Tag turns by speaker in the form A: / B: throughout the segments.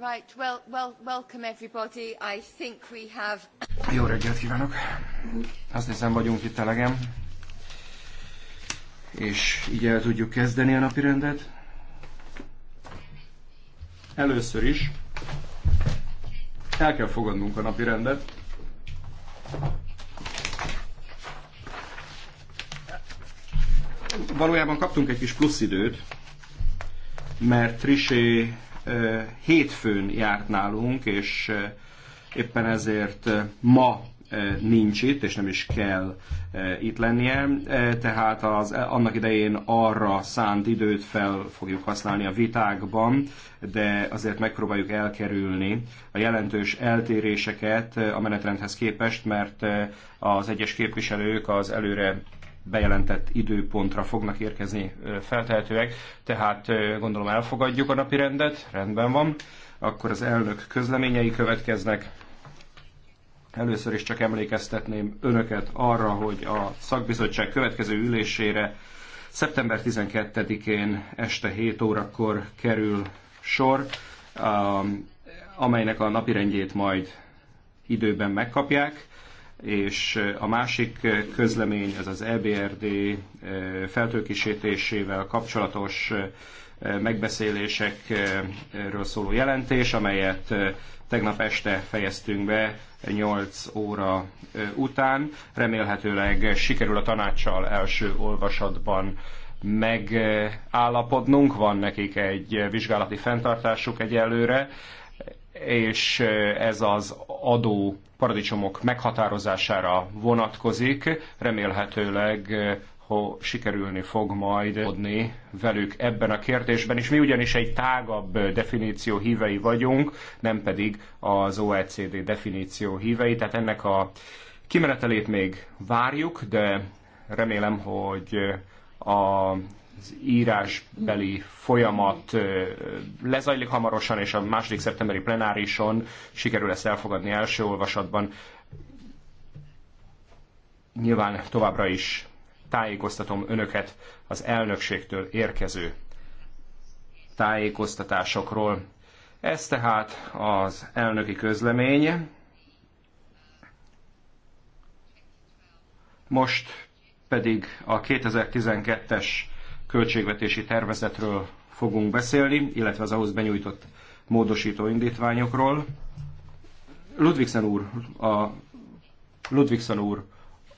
A: Right, well, well, welcome everybody. I think we have...
B: Jó reggelt kívánok! Azt hiszem vagyunk itt elegem, és így el tudjuk kezdeni a napi rendet. Először is el kell fogadnunk a napi rendet. Valójában kaptunk egy kis plusz időt, mert Trisé hétfőn járt nálunk, és éppen ezért ma nincs itt, és nem is kell itt lennie. Tehát az, annak idején arra szánt időt fel fogjuk használni a vitákban, de azért megpróbáljuk elkerülni a jelentős eltéréseket a menetrendhez képest, mert az egyes képviselők az előre bejelentett időpontra fognak érkezni feltehetőek, tehát gondolom elfogadjuk a napi rendet, rendben van. Akkor az elnök közleményei következnek. Először is csak emlékeztetném önöket arra, hogy a szakbizottság következő ülésére szeptember 12-én este 7 órakor kerül sor, amelynek a napirendjét majd időben megkapják és a másik közlemény, ez az EBRD feltőkisítésével kapcsolatos megbeszélésekről szóló jelentés, amelyet tegnap este fejeztünk be 8 óra után. Remélhetőleg sikerül a tanácssal első olvasatban megállapodnunk, van nekik egy vizsgálati fenntartásuk egyelőre, és ez az adó paradicsomok meghatározására vonatkozik. Remélhetőleg ha sikerülni fog majd adni velük ebben a kérdésben, és mi ugyanis egy tágabb definíció hívei vagyunk, nem pedig az OECD definíció hívei, tehát ennek a kimenetelét még várjuk, de remélem, hogy a az írásbeli folyamat lezajlik hamarosan, és a második szeptemberi plenárison sikerül ezt elfogadni első olvasatban. Nyilván továbbra is tájékoztatom önöket az elnökségtől érkező tájékoztatásokról. Ez tehát az elnöki közlemény. Most pedig a 2012-es költségvetési tervezetről fogunk beszélni, illetve az ahhoz benyújtott módosító indítványokról. Ludvigsen úr, a Ludvigsen úr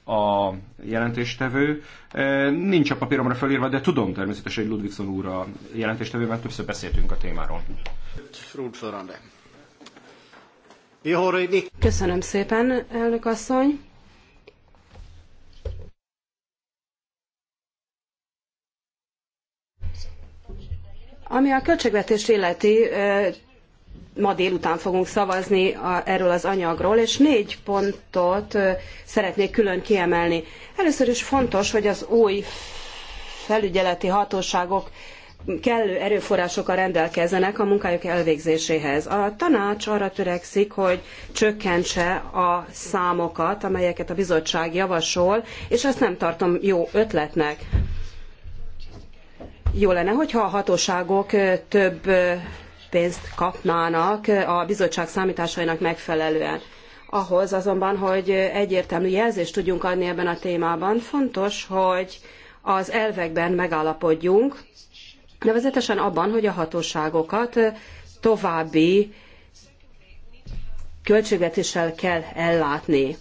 B: a jelentéstevő. E, nincs a papíromra felírva, de tudom természetesen, hogy Ludvigsen úr a jelentéstevő, mert többször beszéltünk a témáról.
C: Köszönöm szépen, elnök asszony. Ami a költségvetést illeti, ma délután fogunk szavazni erről az anyagról, és négy pontot szeretnék külön kiemelni. Először is fontos, hogy az új felügyeleti hatóságok kellő erőforrásokkal rendelkezzenek a munkájuk elvégzéséhez. A tanács arra törekszik, hogy csökkentse a számokat, amelyeket a bizottság javasol, és ezt nem tartom jó ötletnek jó lenne, hogyha a hatóságok több pénzt kapnának a bizottság számításainak megfelelően. Ahhoz azonban, hogy egyértelmű jelzést tudjunk adni ebben a témában, fontos, hogy az elvekben megállapodjunk, nevezetesen abban, hogy a hatóságokat további költségvetéssel kell ellátni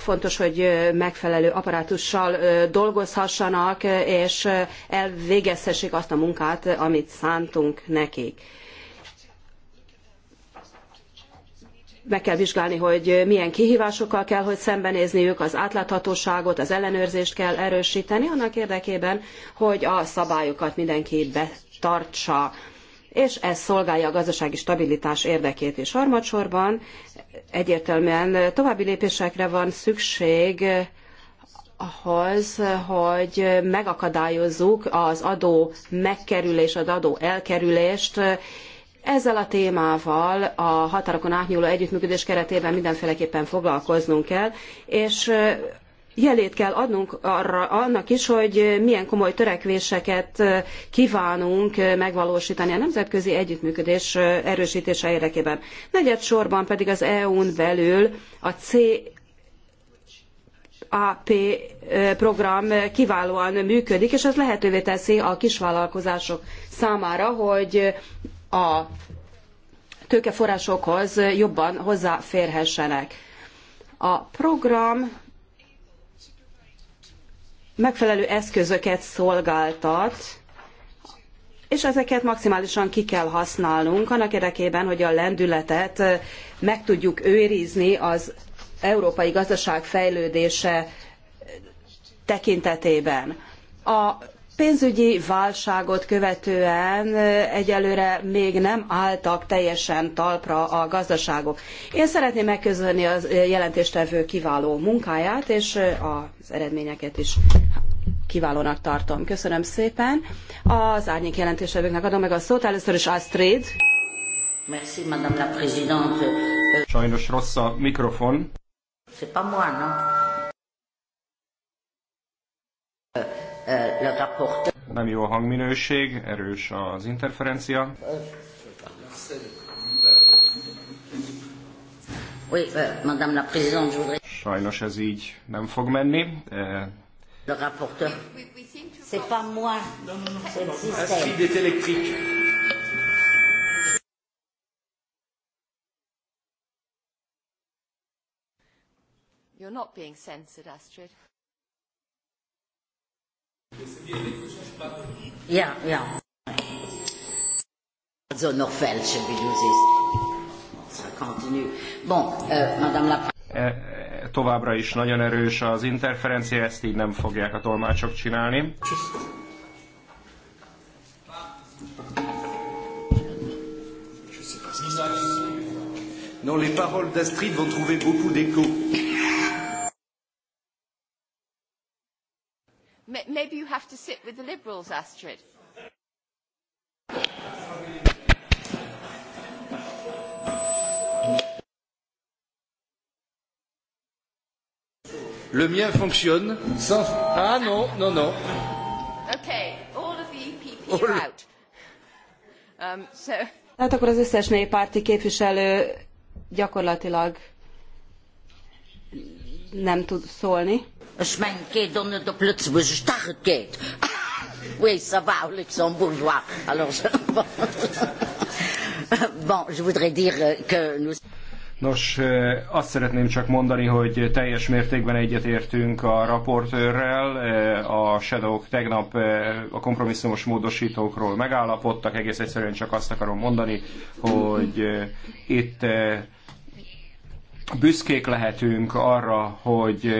C: fontos, hogy megfelelő apparátussal dolgozhassanak, és elvégezhessék azt a munkát, amit szántunk nekik. Meg kell vizsgálni, hogy milyen kihívásokkal kell, hogy szembenézniük, az átláthatóságot, az ellenőrzést kell erősíteni, annak érdekében, hogy a szabályokat mindenki betartsa és ez szolgálja a gazdasági stabilitás érdekét is. Harmadsorban egyértelműen további lépésekre van szükség ahhoz, hogy megakadályozzuk az adó megkerülés, az adó elkerülést, ezzel a témával a határokon átnyúló együttműködés keretében mindenféleképpen foglalkoznunk kell, és jelét kell adnunk arra, annak is, hogy milyen komoly törekvéseket kívánunk megvalósítani a nemzetközi együttműködés erősítése érdekében. Negyed sorban pedig az EU-n belül a C AP program kiválóan működik, és ez lehetővé teszi a kisvállalkozások számára, hogy a tőkeforrásokhoz jobban hozzáférhessenek. A program megfelelő eszközöket szolgáltat, és ezeket maximálisan ki kell használnunk annak érdekében, hogy a lendületet meg tudjuk őrizni az európai gazdaság fejlődése tekintetében. A pénzügyi válságot követően egyelőre még nem álltak teljesen talpra a gazdaságok. Én szeretném megköszönni a jelentéstevő kiváló munkáját, és az eredményeket is kiválónak tartom. Köszönöm szépen. Az árnyék jelentéstevőknek adom meg a szót. Először is Astrid.
B: Merci, Madame la Présidente. Sajnos rossz a mikrofon.
A: C'est pas moi, non?
B: Euh, nem jó a hangminőség, erős az interferencia. Euh, madame Sajnos ez így nem fog menni.
A: You're not being censored,
C: Astrid. Ja, ja. Also noch welche, wie du continue.
B: Bon, euh, Madame la... E, továbbra is nagyon erős az interferencia, ezt így nem fogják a tolmácsok csinálni. Non, les paroles d'Astrid vont trouver beaucoup d'écho.
A: maybe you have to sit with the liberals astrid.
B: Le mien fonctionne sans... Ah non, non, non.
C: Okay, all of the EPP all... are out. Um, so... Hát akkor az összes néppárti képviselő gyakorlatilag nem tud szólni.
A: Schmenke donne de plutz was je
C: target. Oui, ça va au
B: luxembourgeois. Alors je... bon, je voudrais dire euh, que nous... Nos, euh, azt szeretném csak mondani, hogy teljes mértékben egyetértünk a raportőrrel, euh, a Shadowk tegnap a kompromisszumos módosítókról megállapodtak, egész egyszerűen csak azt akarom mondani, hogy itt büszkék lehetünk arra, hogy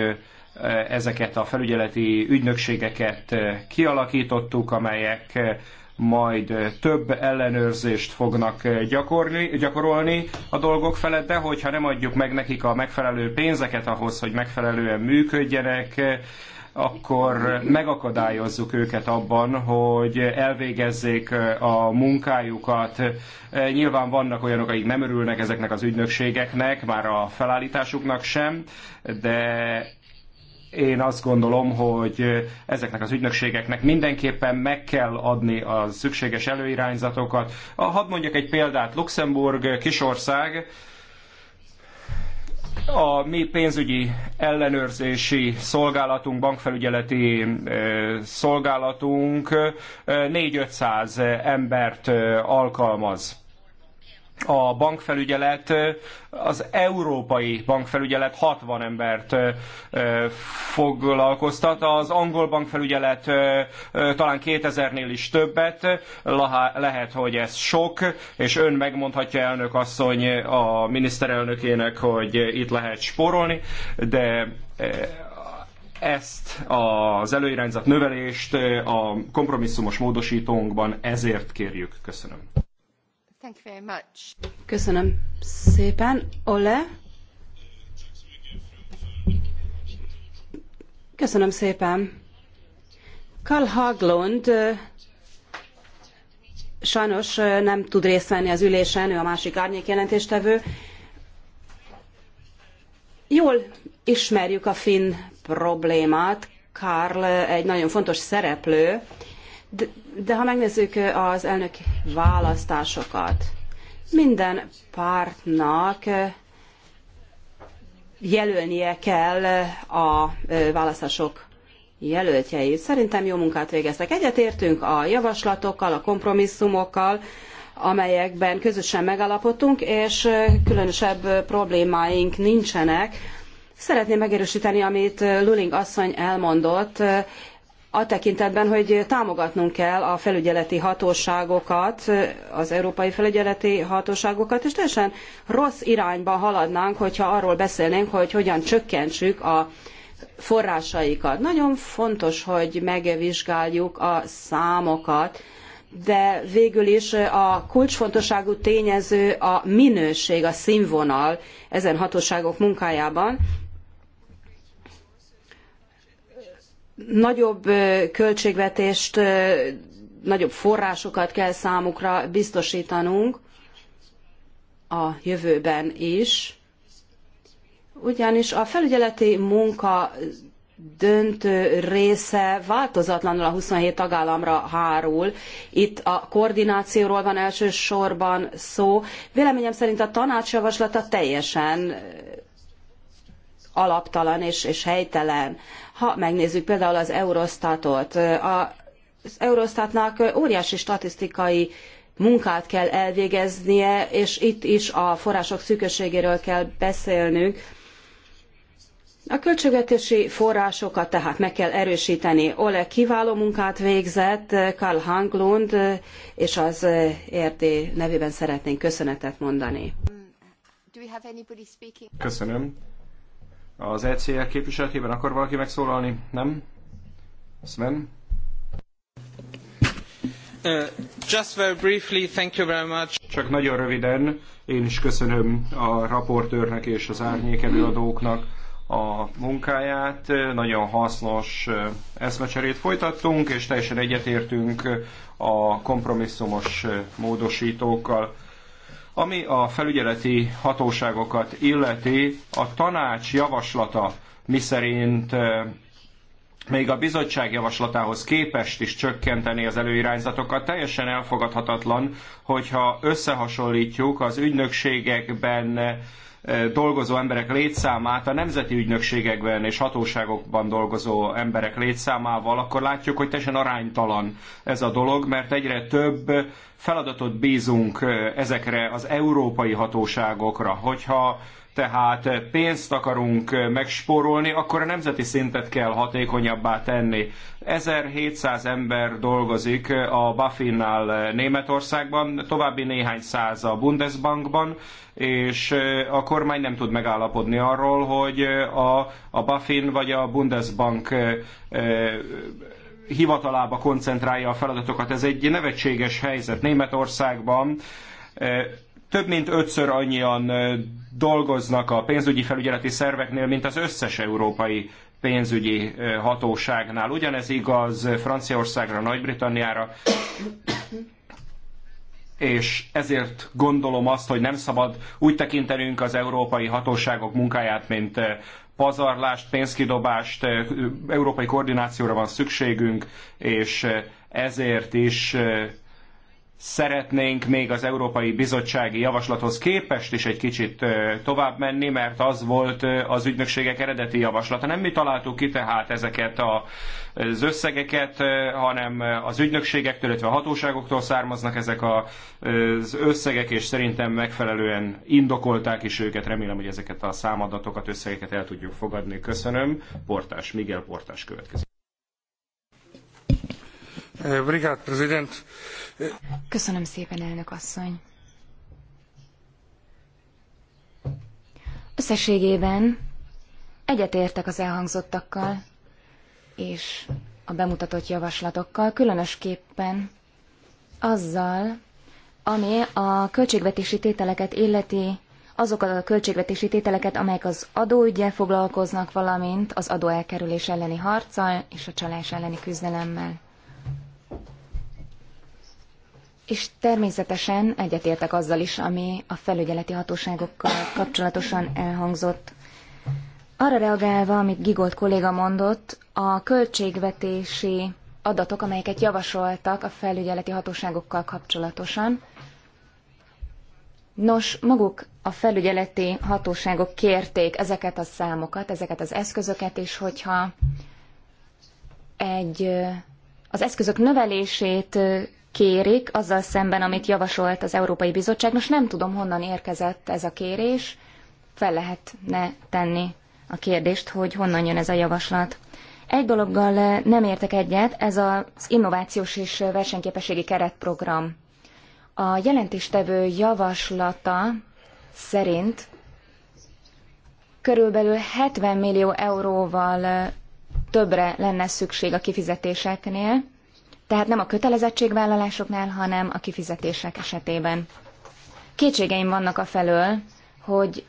B: ezeket a felügyeleti ügynökségeket eh, kialakítottuk, amelyek eh, majd eh, több ellenőrzést fognak gyakorni, gyakorolni a dolgok felett, de hogyha nem adjuk meg nekik a megfelelő pénzeket ahhoz, hogy megfelelően működjenek, akkor megakadályozzuk őket abban, hogy elvégezzék a munkájukat. Nyilván vannak olyanok, akik nem örülnek ezeknek az ügynökségeknek, már a felállításuknak sem, de én azt gondolom, hogy ezeknek az ügynökségeknek mindenképpen meg kell adni a szükséges előirányzatokat. Hadd mondjak egy példát, Luxemburg kisország, a mi pénzügyi ellenőrzési szolgálatunk, bankfelügyeleti szolgálatunk 4-500 embert alkalmaz a bankfelügyelet, az európai bankfelügyelet 60 embert foglalkoztat, az angol bankfelügyelet talán 2000-nél is többet, lehet, hogy ez sok, és ön megmondhatja elnök asszony a miniszterelnökének, hogy itt lehet sporolni, de ezt az előirányzat növelést a kompromisszumos módosítónkban ezért kérjük. Köszönöm.
C: Köszönöm szépen. Ole? Köszönöm szépen. Karl Haglund sajnos nem tud részt venni az ülésen, ő a másik árnyék jelentéstevő. Jól ismerjük a finn problémát. Karl egy nagyon fontos szereplő, de, de ha megnézzük az elnök választásokat, minden pártnak jelölnie kell a választások jelöltjeit. Szerintem jó munkát végeztek. Egyetértünk a javaslatokkal, a kompromisszumokkal, amelyekben közösen megalapodtunk, és különösebb problémáink nincsenek. Szeretném megerősíteni, amit Luling asszony elmondott a tekintetben, hogy támogatnunk kell a felügyeleti hatóságokat, az európai felügyeleti hatóságokat, és teljesen rossz irányba haladnánk, hogyha arról beszélnénk, hogy hogyan csökkentsük a forrásaikat. Nagyon fontos, hogy megvizsgáljuk a számokat, de végül is a kulcsfontosságú tényező a minőség, a színvonal ezen hatóságok munkájában, nagyobb költségvetést, nagyobb forrásokat kell számukra biztosítanunk a jövőben is, ugyanis a felügyeleti munka döntő része változatlanul a 27 tagállamra hárul. Itt a koordinációról van elsősorban szó. Véleményem szerint a tanács javaslata teljesen alaptalan és, és helytelen. Ha megnézzük például az Eurostatot, az Eurostatnak óriási statisztikai munkát kell elvégeznie, és itt is a források szűkösségéről kell beszélnünk. A költségvetési forrásokat tehát meg kell erősíteni. Ole kiváló munkát végzett, Karl
A: Hanglund,
C: és az érti, nevében szeretnénk köszönetet mondani.
A: Köszönöm
B: az ECR képviseletében akar valaki megszólalni? Nem? Sven? Uh, just very briefly, thank you very much. Csak nagyon röviden, én is köszönöm a raportőrnek és az árnyék előadóknak a munkáját. Nagyon hasznos uh, eszmecserét folytattunk, és teljesen egyetértünk a kompromisszumos uh, módosítókkal. Ami a felügyeleti hatóságokat illeti, a tanács javaslata, miszerint még a bizottság javaslatához képest is csökkenteni az előirányzatokat, teljesen elfogadhatatlan, hogyha összehasonlítjuk az ügynökségekben dolgozó emberek létszámát a nemzeti ügynökségekben és hatóságokban dolgozó emberek létszámával, akkor látjuk, hogy teljesen aránytalan ez a dolog, mert egyre több feladatot bízunk ezekre az európai hatóságokra. Hogyha tehát pénzt akarunk megspórolni, akkor a nemzeti szintet kell hatékonyabbá tenni. 1700 ember dolgozik a Bafinnál Németországban, további néhány száz a Bundesbankban, és a kormány nem tud megállapodni arról, hogy a, a Bafin vagy a Bundesbank hivatalába koncentrálja a feladatokat. Ez egy nevetséges helyzet Németországban. Több mint ötször annyian dolgoznak a pénzügyi felügyeleti szerveknél, mint az összes európai pénzügyi hatóságnál. Ugyanez igaz Franciaországra, Nagy-Britanniára, és ezért gondolom azt, hogy nem szabad úgy tekintenünk az európai hatóságok munkáját, mint pazarlást, pénzkidobást, európai koordinációra van szükségünk, és ezért is szeretnénk még az Európai Bizottsági Javaslathoz képest is egy kicsit tovább menni, mert az volt az ügynökségek eredeti javaslata. Nem mi találtuk ki tehát ezeket a, az összegeket, hanem az ügynökségektől, illetve a hatóságoktól származnak ezek az összegek, és szerintem megfelelően indokolták is őket. Remélem, hogy ezeket a számadatokat, összegeket el tudjuk fogadni. Köszönöm. Portás, Miguel Portás következik. prezident.
A: Köszönöm szépen, elnök asszony. Összességében egyetértek az elhangzottakkal és a bemutatott javaslatokkal, különösképpen azzal, ami a költségvetési tételeket illeti, azokat a költségvetési tételeket, amelyek az adóügyel foglalkoznak, valamint az adóelkerülés elleni harccal és a csalás elleni küzdelemmel. És természetesen egyetértek azzal is, ami a felügyeleti hatóságokkal kapcsolatosan elhangzott. Arra reagálva, amit Gigolt kolléga mondott, a költségvetési adatok, amelyeket javasoltak a felügyeleti hatóságokkal kapcsolatosan. Nos, maguk a felügyeleti hatóságok kérték ezeket a számokat, ezeket az eszközöket, és hogyha egy, az eszközök növelését kérik, azzal szemben, amit javasolt az Európai Bizottság. Most nem tudom, honnan érkezett ez a kérés. Fel lehetne tenni a kérdést, hogy honnan jön ez a javaslat. Egy dologgal eh, nem értek egyet, ez az innovációs és versenyképességi keretprogram. A jelentéstevő javaslata szerint körülbelül 70 millió euróval eh, többre lenne szükség a kifizetéseknél, tehát nem a kötelezettségvállalásoknál, hanem a kifizetések esetében. Kétségeim vannak a felől, hogy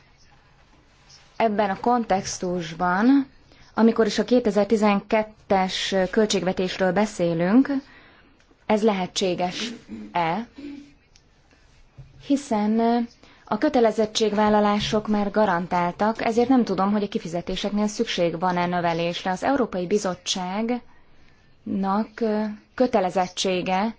A: ebben a kontextusban, amikor is a 2012-es költségvetésről beszélünk, ez lehetséges-e, hiszen a kötelezettségvállalások már garantáltak, ezért nem tudom, hogy a kifizetéseknél szükség van-e növelésre. Az Európai Bizottság nak kötelezettsége,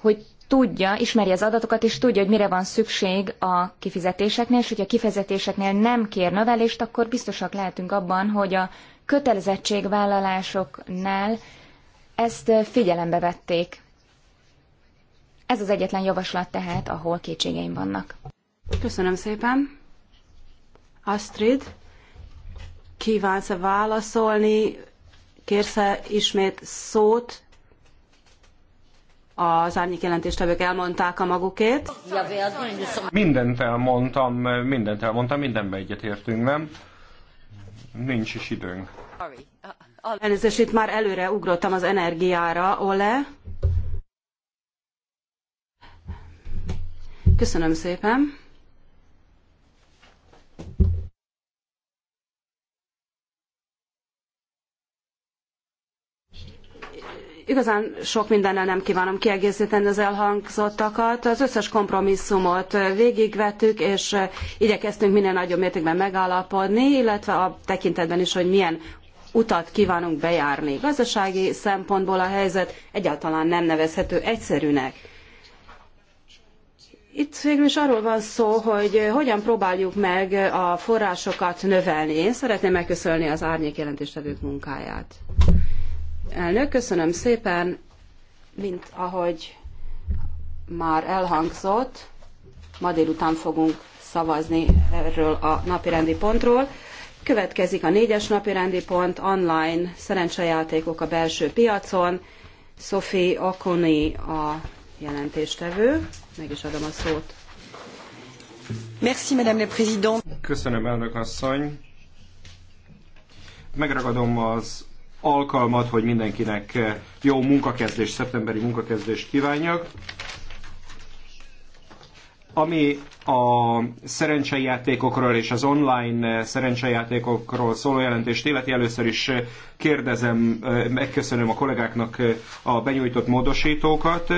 A: hogy tudja, ismeri az adatokat, és tudja, hogy mire van szükség a kifizetéseknél, és hogyha a kifizetéseknél nem kér növelést, akkor biztosak lehetünk abban, hogy a kötelezettségvállalásoknál ezt figyelembe vették. Ez az egyetlen javaslat tehát, ahol kétségeim vannak. Köszönöm szépen. Astrid?
C: Kívánsz-e válaszolni? Kérsz-e ismét szót? Az árnyék jelentéstevők elmondták a magukét.
B: Mindent elmondtam, mindent elmondtam, mindenbe egyetértünk, nem? Nincs is időnk.
C: Elnézést, itt már előre ugrottam az energiára, Ole. Köszönöm szépen. Igazán sok mindennel nem kívánom kiegészíteni az elhangzottakat. Az összes kompromisszumot végigvettük, és eh, igyekeztünk minél nagyobb mértékben megállapodni, illetve a tekintetben is, hogy milyen utat kívánunk bejárni. Gazdasági szempontból a helyzet egyáltalán nem nevezhető egyszerűnek. Itt végül is arról van szó, hogy hogyan próbáljuk meg a forrásokat növelni. Én szeretném megköszönni az árnyék jelentéstevők munkáját. Elnök, köszönöm szépen, mint ahogy már elhangzott, ma délután fogunk szavazni erről a napirendi pontról. Következik a négyes napirendi pont, online szerencsejátékok a belső piacon. Sophie Okoni a jelentéstevő. Meg is adom a szót.
B: Merci, Madame le Président. Köszönöm, elnök asszony. Megragadom az alkalmat, hogy mindenkinek eh, jó munkakezdés, szeptemberi munkakezdést kívánjak. Ami a szerencsejátékokról és az online eh, szerencsejátékokról szóló jelentést illeti, először is eh, kérdezem, megköszönöm a kollégáknak a benyújtott módosítókat.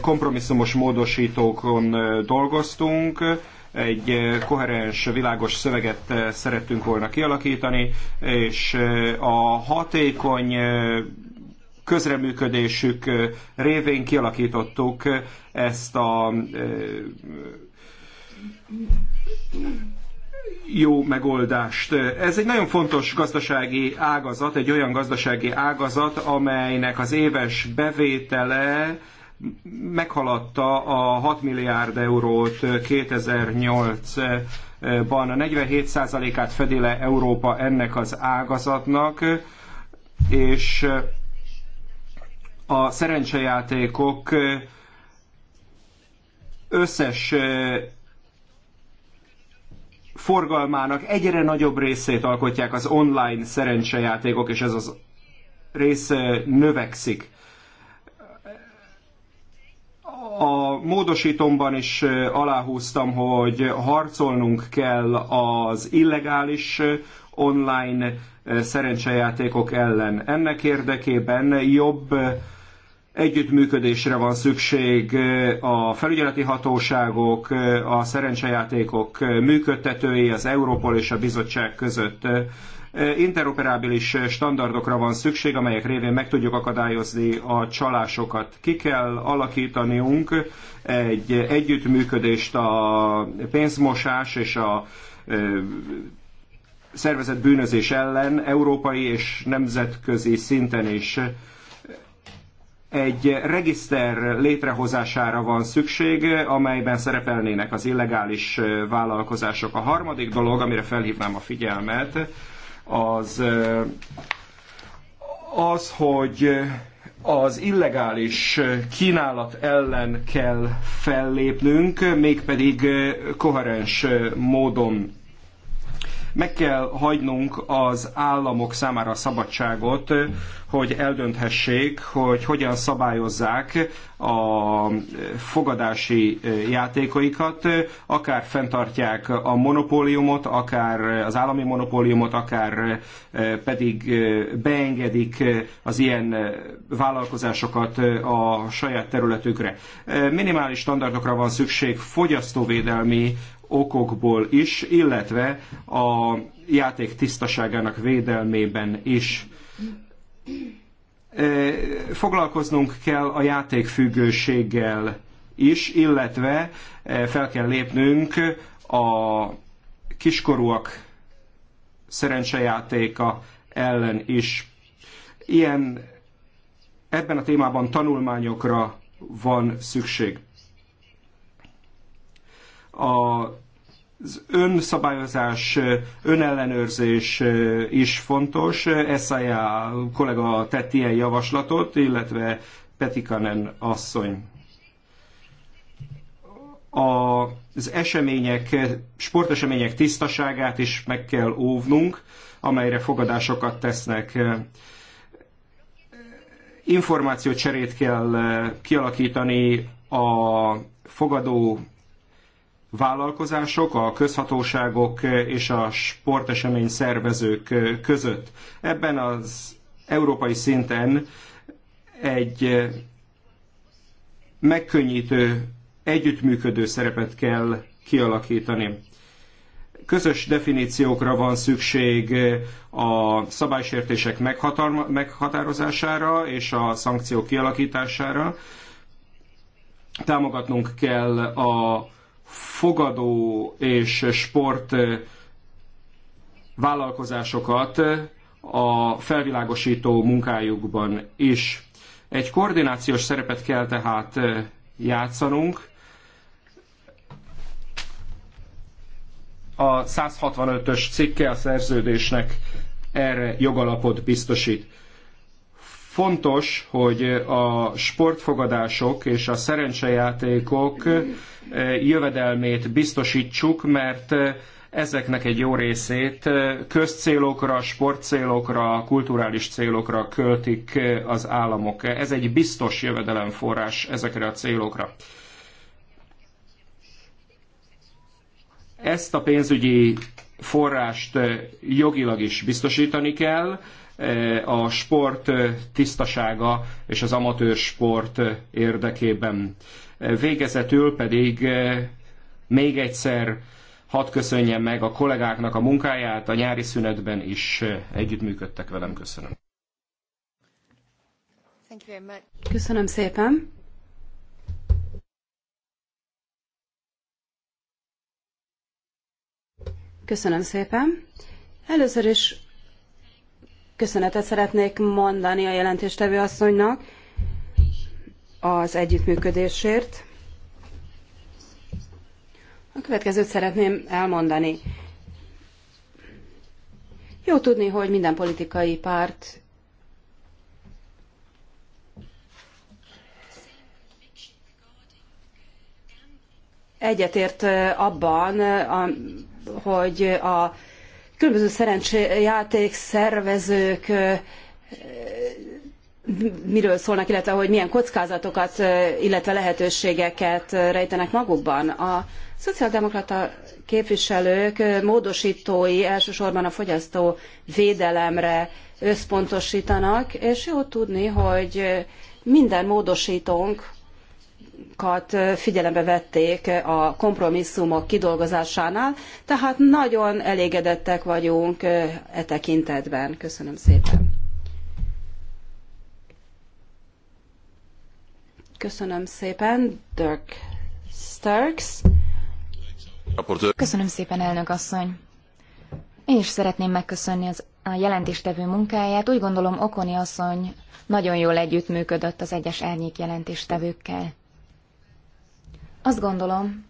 B: Kompromisszumos módosítókon dolgoztunk egy koherens, világos szöveget szerettünk volna kialakítani, és a hatékony közreműködésük révén kialakítottuk ezt a jó megoldást. Ez egy nagyon fontos gazdasági ágazat, egy olyan gazdasági ágazat, amelynek az éves bevétele meghaladta a 6 milliárd eurót 2008-ban. 47%-át fedi le Európa ennek az ágazatnak, és a szerencsejátékok összes forgalmának egyre nagyobb részét alkotják az online szerencsejátékok, és ez az rész növekszik a módosítomban is aláhúztam, hogy harcolnunk kell az illegális online szerencsejátékok ellen. Ennek érdekében jobb együttműködésre van szükség a felügyeleti hatóságok, a szerencsejátékok működtetői, az Európol és a bizottság között interoperábilis standardokra van szükség, amelyek révén meg tudjuk akadályozni a csalásokat. Ki kell alakítaniunk egy együttműködést a pénzmosás és a szervezett bűnözés ellen európai és nemzetközi szinten is egy regiszter létrehozására van szükség, amelyben szerepelnének az illegális vállalkozások. A harmadik dolog, amire felhívnám a figyelmet, az az, hogy az illegális kínálat ellen kell fellépnünk, mégpedig koherens módon. Meg kell hagynunk az államok számára a szabadságot, hogy eldönthessék, hogy hogyan szabályozzák a fogadási játékaikat, akár fenntartják a monopóliumot, akár az állami monopóliumot, akár eh, pedig eh, beengedik eh, az ilyen vállalkozásokat a saját területükre. Minimális standardokra van szükség fogyasztóvédelmi okokból is, illetve a játék tisztaságának védelmében is. E, foglalkoznunk kell a játékfüggőséggel is, illetve e, fel kell lépnünk a kiskorúak szerencsejátéka ellen is. Ilyen ebben a témában tanulmányokra van szükség a az önszabályozás, önellenőrzés is fontos. Eszája kollega tett ilyen javaslatot, illetve Petikanen asszony. Az események, sportesemények tisztaságát is meg kell óvnunk, amelyre fogadásokat tesznek. Információcserét kell kialakítani a fogadó vállalkozások, a közhatóságok és a sportesemény szervezők között. Ebben az európai szinten egy megkönnyítő, együttműködő szerepet kell kialakítani. Közös definíciókra van szükség a szabálysértések meghatározására és a szankciók kialakítására. Támogatnunk kell a fogadó és sport eh, vállalkozásokat eh, a felvilágosító munkájukban is. Egy koordinációs szerepet kell tehát eh, játszanunk. A 165-ös cikke a szerződésnek erre jogalapot biztosít. Fontos, hogy a sportfogadások és a szerencsejátékok eh, jövedelmét biztosítsuk, mert eh, ezeknek egy jó részét eh, közcélokra, sportcélokra, kulturális célokra költik az államok. Ez egy biztos jövedelemforrás ezekre a célokra. Ezt a pénzügyi forrást jogilag is biztosítani kell, Eh, a sport eh, tisztasága és az amatőr sport eh, érdekében. Végezetül pedig még egyszer hadd köszönjem meg a kollégáknak a munkáját, a nyári szünetben is együttműködtek velem, köszönöm.
C: Köszönöm szépen. Köszönöm szépen. Először is Köszönetet szeretnék mondani a jelentéstevő asszonynak az együttműködésért. A következőt szeretném elmondani. Jó tudni, hogy minden politikai párt egyetért eh, abban, hogy a különböző szerencséjáték szervezők miről szólnak, illetve hogy milyen kockázatokat, illetve lehetőségeket rejtenek magukban. A szociáldemokrata képviselők módosítói elsősorban a fogyasztó védelemre összpontosítanak, és jó tudni, hogy minden módosítónk szempontokat figyelembe vették a kompromisszumok kidolgozásánál, tehát nagyon elégedettek vagyunk e tekintetben. Köszönöm szépen. Köszönöm szépen, Dirk Starks.
A: Köszönöm szépen, elnök asszony. Én is szeretném megköszönni az, a jelentéstevő munkáját. Úgy gondolom, Okoni asszony nagyon jól együttműködött az egyes árnyék jelentéstevőkkel. Azt gondolom,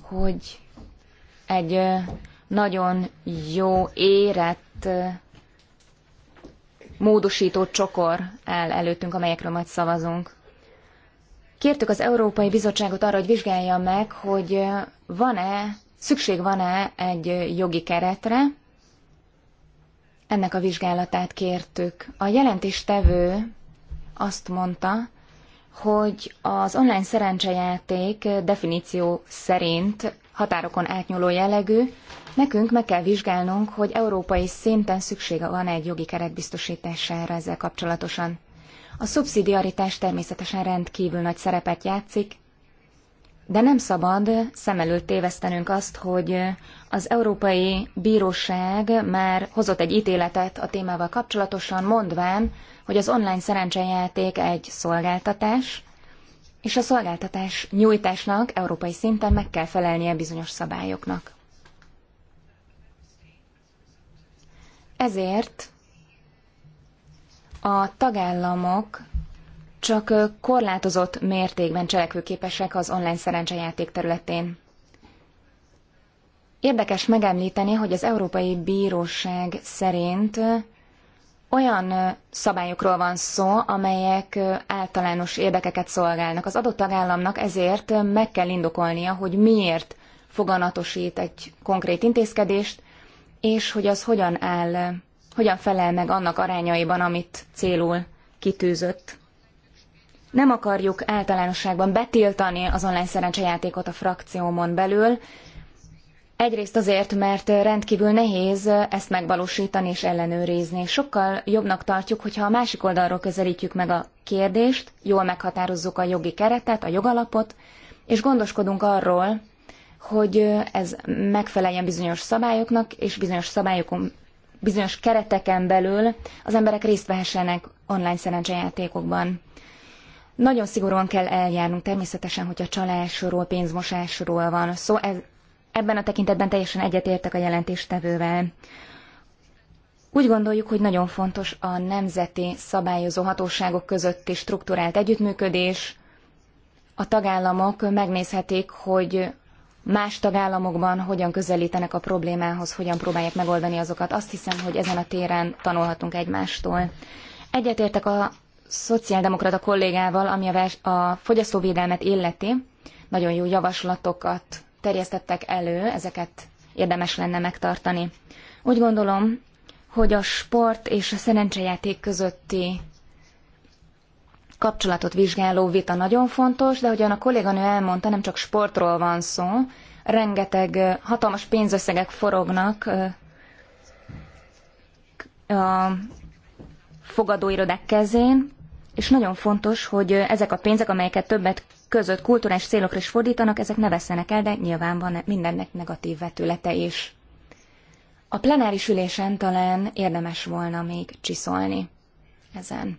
A: hogy egy nagyon jó, érett módosító csokor áll előttünk, amelyekről majd szavazunk. Kértük az Európai Bizottságot arra, hogy vizsgálja meg, hogy van-e, szükség van-e egy jogi keretre. Ennek a vizsgálatát kértük. A jelentéstevő azt mondta, hogy az online szerencsejáték definíció szerint határokon átnyúló jellegű, nekünk meg kell vizsgálnunk, hogy európai szinten szüksége van egy jogi keret biztosítására ezzel kapcsolatosan. A szubszidiaritás természetesen rendkívül nagy szerepet játszik, de nem szabad szem előtt tévesztenünk azt, hogy az Európai Bíróság már hozott egy ítéletet a témával kapcsolatosan, mondván, hogy az online szerencsejáték egy szolgáltatás, és a szolgáltatás nyújtásnak európai szinten meg kell felelnie bizonyos szabályoknak. Ezért a tagállamok csak korlátozott mértékben cselekvőképesek az online szerencsejáték területén. Érdekes megemlíteni, hogy az Európai Bíróság szerint olyan szabályokról van szó, amelyek általános érdekeket szolgálnak. Az adott tagállamnak ezért meg kell indokolnia, hogy miért foganatosít egy konkrét intézkedést, és hogy az hogyan áll, hogyan felel meg annak arányaiban, amit célul kitűzött. Nem akarjuk általánosságban betiltani az online szerencsejátékot a frakciómon belül, Egyrészt azért, mert rendkívül nehéz ezt megvalósítani és ellenőrizni. Sokkal jobbnak tartjuk, hogyha a másik oldalról közelítjük meg a kérdést, jól meghatározzuk a jogi keretet, a jogalapot, és gondoskodunk arról, hogy ez megfeleljen bizonyos szabályoknak, és bizonyos szabályokon, bizonyos kereteken belül az emberek részt vehessenek online szerencsejátékokban. Nagyon szigorúan kell eljárnunk természetesen, hogy a csalásról, pénzmosásról van szó, szóval Ebben a tekintetben teljesen egyetértek a jelentéstevővel. Úgy gondoljuk, hogy nagyon fontos a nemzeti szabályozó hatóságok közötti strukturált együttműködés. A tagállamok megnézhetik, hogy más tagállamokban hogyan közelítenek a problémához, hogyan próbálják megoldani azokat. Azt hiszem, hogy ezen a téren tanulhatunk egymástól. Egyetértek a szociáldemokrata kollégával, ami a, vers- a fogyasztóvédelmet illeti. Nagyon jó javaslatokat terjesztettek elő, ezeket érdemes lenne megtartani. Úgy gondolom, hogy a sport és a szerencsejáték közötti kapcsolatot vizsgáló vita nagyon fontos, de ahogyan a kolléganő elmondta, nem csak sportról van szó, rengeteg hatalmas pénzösszegek forognak a fogadóirodák kezén, és nagyon fontos, hogy ezek a pénzek, amelyeket többet között kulturális célokra is fordítanak, ezek ne veszenek el, de nyilván van mindennek negatív vetülete is. A plenáris ülésen talán érdemes volna még csiszolni ezen.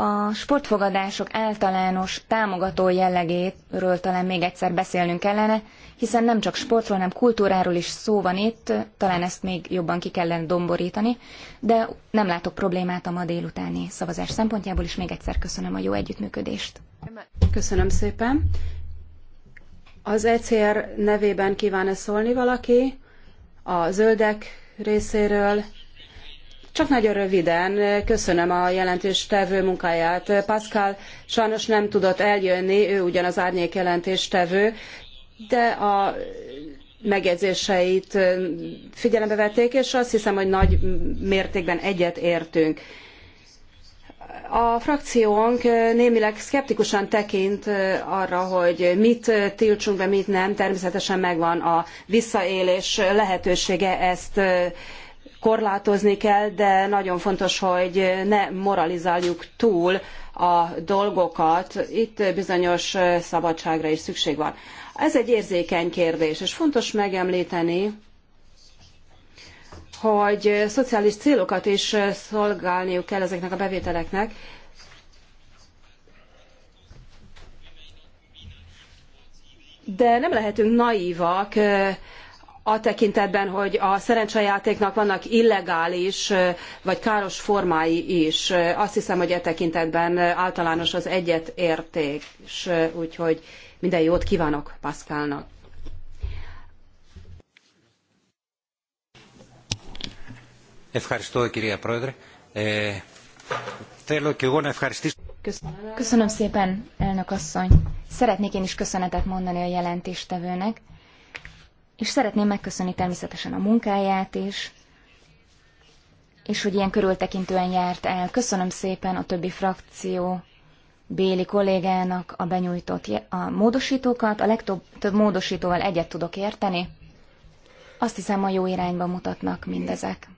A: A sportfogadások általános támogató jellegéről talán még egyszer beszélnünk kellene, hiszen nem csak sportról, hanem kultúráról is szó van itt, talán ezt még jobban ki kellene domborítani, de nem látok problémát a ma délutáni szavazás szempontjából, és még egyszer köszönöm a jó együttműködést. Köszönöm szépen.
C: Az ECR nevében kíván-e szólni valaki? A zöldek részéről csak nagyon röviden köszönöm a jelentős tevő munkáját. Pascal sajnos nem tudott eljönni, ő ugyan az árnyék jelentés tevő, de a megjegyzéseit figyelembe vették, és azt hiszem, hogy nagy mértékben egyet értünk. A frakciónk némileg szkeptikusan tekint arra, hogy mit tiltsunk be, mit nem. Természetesen megvan a visszaélés lehetősége, ezt korlátozni kell, de nagyon fontos, hogy ne moralizáljuk túl a dolgokat. Itt bizonyos szabadságra is szükség van. Ez egy érzékeny kérdés, és fontos megemlíteni, hogy szociális célokat is szolgálniuk kell ezeknek a bevételeknek. De nem lehetünk naívak, a tekintetben, hogy a szerencsejátéknak vannak illegális vagy káros formái is. Azt hiszem, hogy e tekintetben általános az egyetértés, úgyhogy minden jót kívánok Pascalnak.
A: Köszönöm szépen, elnök asszony. Szeretnék én is köszönetet mondani a jelentéstevőnek és szeretném megköszönni természetesen a munkáját is, és hogy ilyen körültekintően járt el. Köszönöm szépen a többi frakció Béli kollégának a benyújtott a módosítókat. A legtöbb több módosítóval egyet tudok érteni. Azt hiszem, a jó irányba mutatnak mindezek.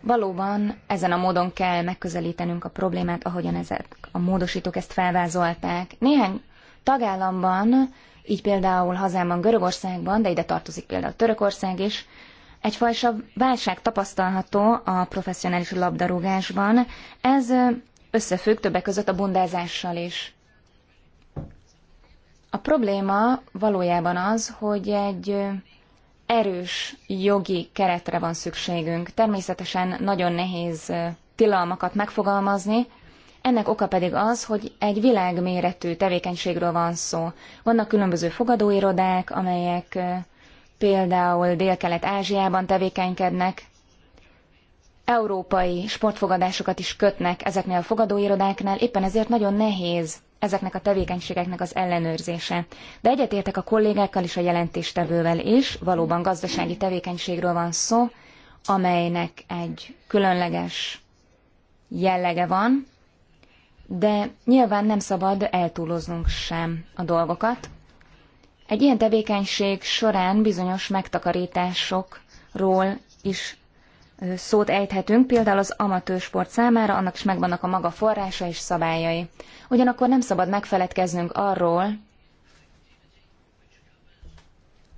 A: Valóban ezen a módon kell megközelítenünk a problémát, ahogyan ezek a módosítók ezt felvázolták. Néhány tagállamban így például hazámban Görögországban, de ide tartozik például Törökország is, egyfajta válság tapasztalható a professzionális labdarúgásban. Ez összefügg többek között a bundázással is. A probléma valójában az, hogy egy erős jogi keretre van szükségünk. Természetesen nagyon nehéz tilalmakat megfogalmazni, ennek oka pedig az, hogy egy világméretű tevékenységről van szó. Vannak különböző fogadóirodák, amelyek például Dél-Kelet-Ázsiában tevékenykednek, európai sportfogadásokat is kötnek ezeknél a fogadóirodáknál, éppen ezért nagyon nehéz ezeknek a tevékenységeknek az ellenőrzése. De egyetértek a kollégákkal és a jelentéstevővel is, valóban gazdasági tevékenységről van szó, amelynek egy különleges jellege van, de nyilván nem szabad eltúloznunk sem a dolgokat. Egy ilyen tevékenység során bizonyos megtakarításokról is szót ejthetünk, például az amatőr sport számára, annak is megvannak a maga forrása és szabályai. Ugyanakkor nem szabad megfeledkeznünk arról,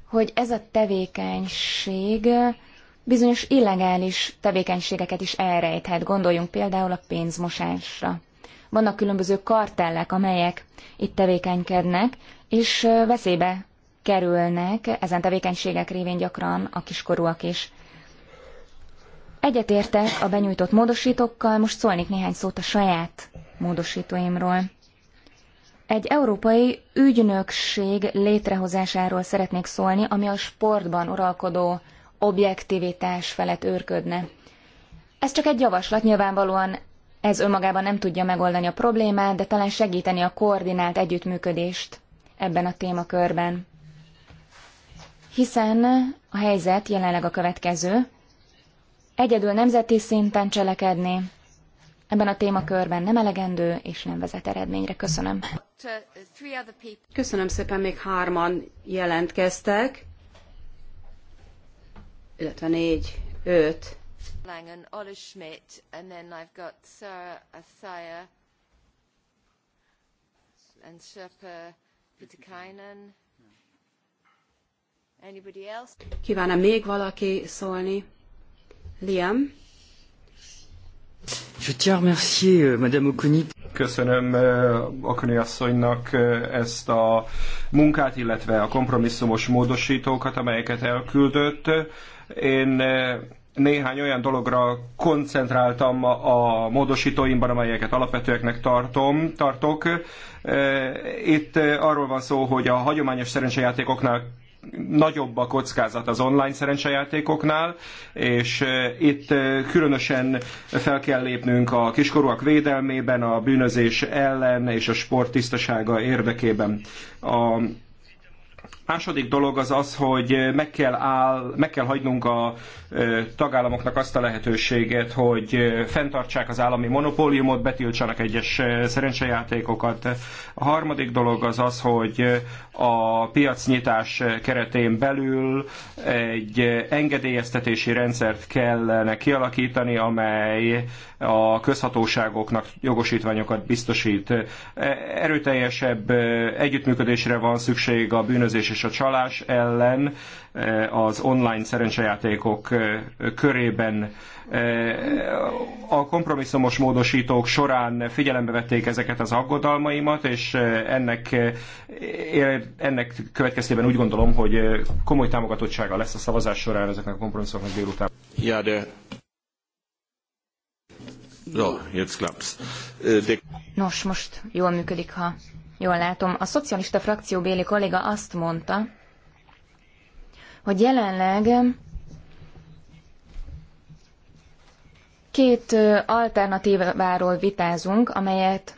A: hogy ez a tevékenység bizonyos illegális tevékenységeket is elrejthet. Gondoljunk például a pénzmosásra vannak különböző kartellek, amelyek itt tevékenykednek, és veszélybe kerülnek ezen tevékenységek révén gyakran a kiskorúak is. Egyetértek a benyújtott módosítókkal, most szólnék néhány szót a saját módosítóimról. Egy európai ügynökség létrehozásáról szeretnék szólni, ami a sportban uralkodó objektivitás felett őrködne. Ez csak egy javaslat, nyilvánvalóan ez önmagában nem tudja megoldani a problémát, de talán segíteni a koordinált együttműködést ebben a témakörben. Hiszen a helyzet jelenleg a következő. Egyedül nemzeti szinten cselekedni ebben a témakörben nem elegendő és nem vezet eredményre. Köszönöm.
C: Köszönöm szépen, még hárman
A: jelentkeztek,
C: illetve négy, öt.
A: Langen, Schmidt, and then
C: I've got Sarah Asaya and Sherpa Pitikainen. Anybody else? Kívánna még valaki szólni? Liam?
B: Je tiens à remercier euh, Madame Oconi. Köszönöm euh, Okoni asszonynak euh, ezt a munkát, illetve a kompromisszumos módosítókat, amelyeket elküldött. Én néhány olyan dologra koncentráltam a módosítóimban, amelyeket alapvetőeknek tartom, tartok. E, itt arról van szó, hogy a hagyományos szerencsejátékoknál nagyobb a kockázat az online szerencsejátékoknál, és e, itt e, különösen fel kell lépnünk a kiskorúak védelmében, a bűnözés ellen és a sport tisztasága érdekében. A Második dolog az az, hogy meg kell, áll, meg kell hagynunk a tagállamoknak azt a lehetőséget, hogy fenntartsák az állami monopóliumot, betiltsanak egyes szerencsejátékokat. A harmadik dolog az az, hogy a piacnyitás keretén belül egy engedélyeztetési rendszert kellene kialakítani, amely a közhatóságoknak jogosítványokat biztosít. Erőteljesebb együttműködésre van szükség a bűnözés és és a csalás ellen eh, az online szerencsejátékok eh, körében eh, a kompromisszumos módosítók során figyelembe vették ezeket az aggodalmaimat, és ennek, ennek következtében úgy gondolom, hogy komoly támogatottsága lesz a szavazás során ezeknek a kompromisszumoknak délután. Ja, de
A: Nos, most jól működik, ha jól látom. A szocialista frakcióbéli kolléga azt mondta, hogy jelenleg két alternatíváról vitázunk, amelyet,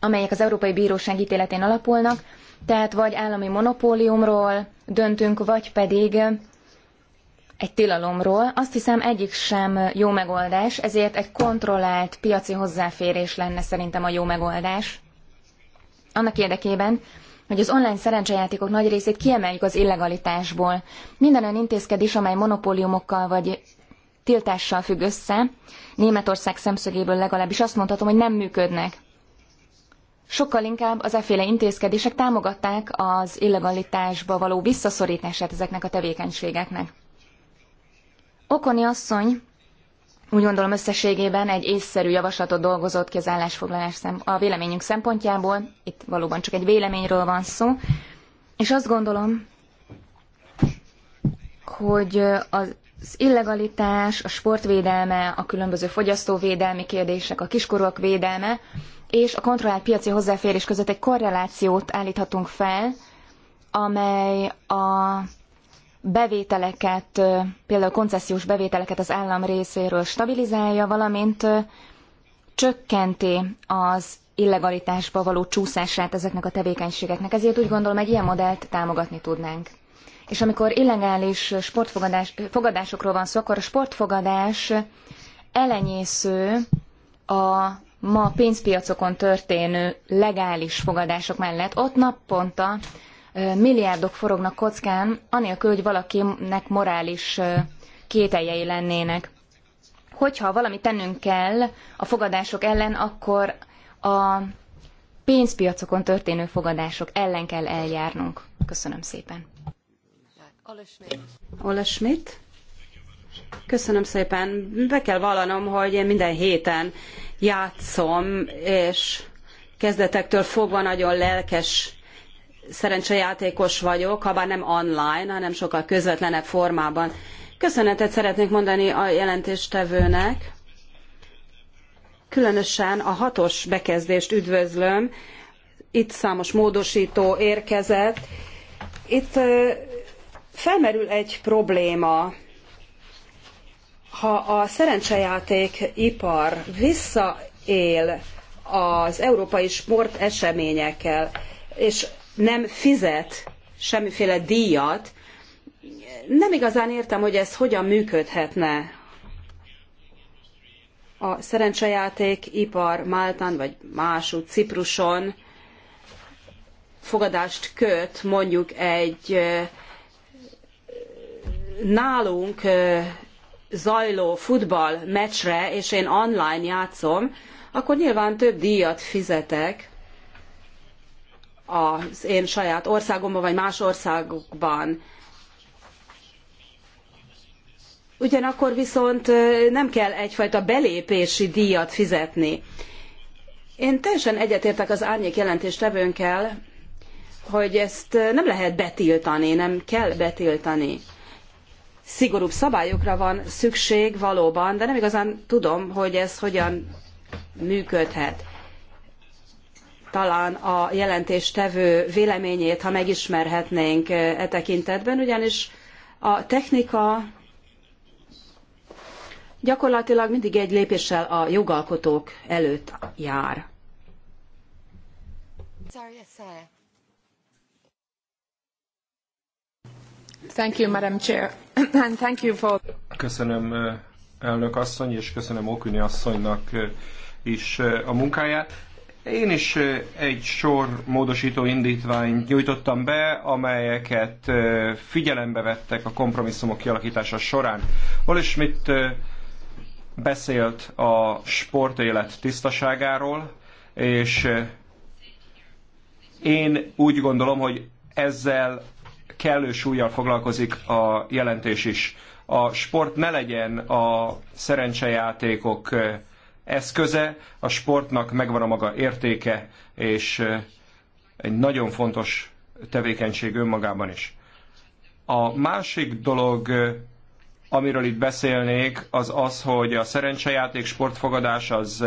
A: amelyek az Európai Bíróság ítéletén alapulnak, tehát vagy állami monopóliumról döntünk, vagy pedig egy tilalomról. Azt hiszem egyik sem jó megoldás, ezért egy kontrollált piaci hozzáférés lenne szerintem a jó megoldás annak érdekében, hogy az online szerencsejátékok nagy részét kiemeljük az illegalitásból. Minden olyan intézkedés, amely monopóliumokkal vagy tiltással függ össze, Németország szemszögéből legalábbis azt mondhatom, hogy nem működnek. Sokkal inkább az eféle intézkedések támogatták az illegalitásba való visszaszorítását ezeknek a tevékenységeknek. Okoni asszony úgy gondolom összességében egy észszerű javaslatot dolgozott ki az állásfoglalás szem, a véleményünk szempontjából. Itt valóban csak egy véleményről van szó. És azt gondolom, hogy az illegalitás, a sportvédelme, a különböző fogyasztóvédelmi kérdések, a kiskorúak védelme és a kontrollált piaci hozzáférés között egy korrelációt állíthatunk fel, amely a bevételeket, például koncesziós bevételeket az állam részéről stabilizálja, valamint csökkenti az illegalitásba való csúszását ezeknek a tevékenységeknek. Ezért úgy gondolom, egy ilyen modellt támogatni tudnánk. És amikor illegális sportfogadásokról van szó, akkor a sportfogadás elenyésző a ma pénzpiacokon történő legális fogadások mellett. Ott naponta milliárdok forognak kockán, anélkül, hogy valakinek morális kételjei lennének. Hogyha valamit tennünk kell a fogadások ellen, akkor a pénzpiacokon történő fogadások ellen kell eljárnunk. Köszönöm szépen. Ole Schmidt. Köszönöm szépen. Be kell vallanom, hogy én minden
C: héten játszom, és kezdetektől fogva nagyon lelkes szerencsejátékos vagyok, habár nem online, hanem sokkal közvetlenebb formában. Köszönetet szeretnék mondani a jelentéstevőnek. Különösen a hatos bekezdést üdvözlöm. Itt számos módosító érkezett. Itt felmerül egy probléma. Ha a szerencsejáték ipar visszaél az európai eseményekkel és nem fizet semmiféle díjat, nem igazán értem, hogy ez hogyan működhetne a szerencsejáték ipar Máltán vagy mású Cipruson fogadást köt mondjuk egy nálunk zajló futball meccsre, és én online játszom, akkor nyilván több díjat fizetek, az én saját országomban vagy más országokban. Ugyanakkor viszont nem kell egyfajta belépési díjat fizetni. Én teljesen egyetértek az árnyék jelentéstevőnkkel, hogy ezt nem lehet betiltani, nem kell betiltani. Szigorúbb szabályokra van szükség valóban, de nem igazán tudom, hogy ez hogyan működhet talán a jelentéstevő véleményét, ha megismerhetnénk e, e tekintetben, ugyanis a technika gyakorlatilag mindig egy lépéssel a jogalkotók előtt jár.
A: Thank you, Madam Chair. And thank you for...
B: Köszönöm e, elnök asszony, és köszönöm Oküni asszonynak e, is a munkáját. Én is egy sor módosító indítványt nyújtottam be, amelyeket figyelembe vettek a kompromisszumok kialakítása során. Hol is mit beszélt a sportélet tisztaságáról, és én úgy gondolom, hogy ezzel kellő súlyjal foglalkozik a jelentés is. A sport ne legyen a szerencsejátékok eszköze, a sportnak megvan a maga értéke, és egy nagyon fontos tevékenység önmagában is. A másik dolog, amiről itt beszélnék, az az, hogy a szerencsejáték sportfogadás az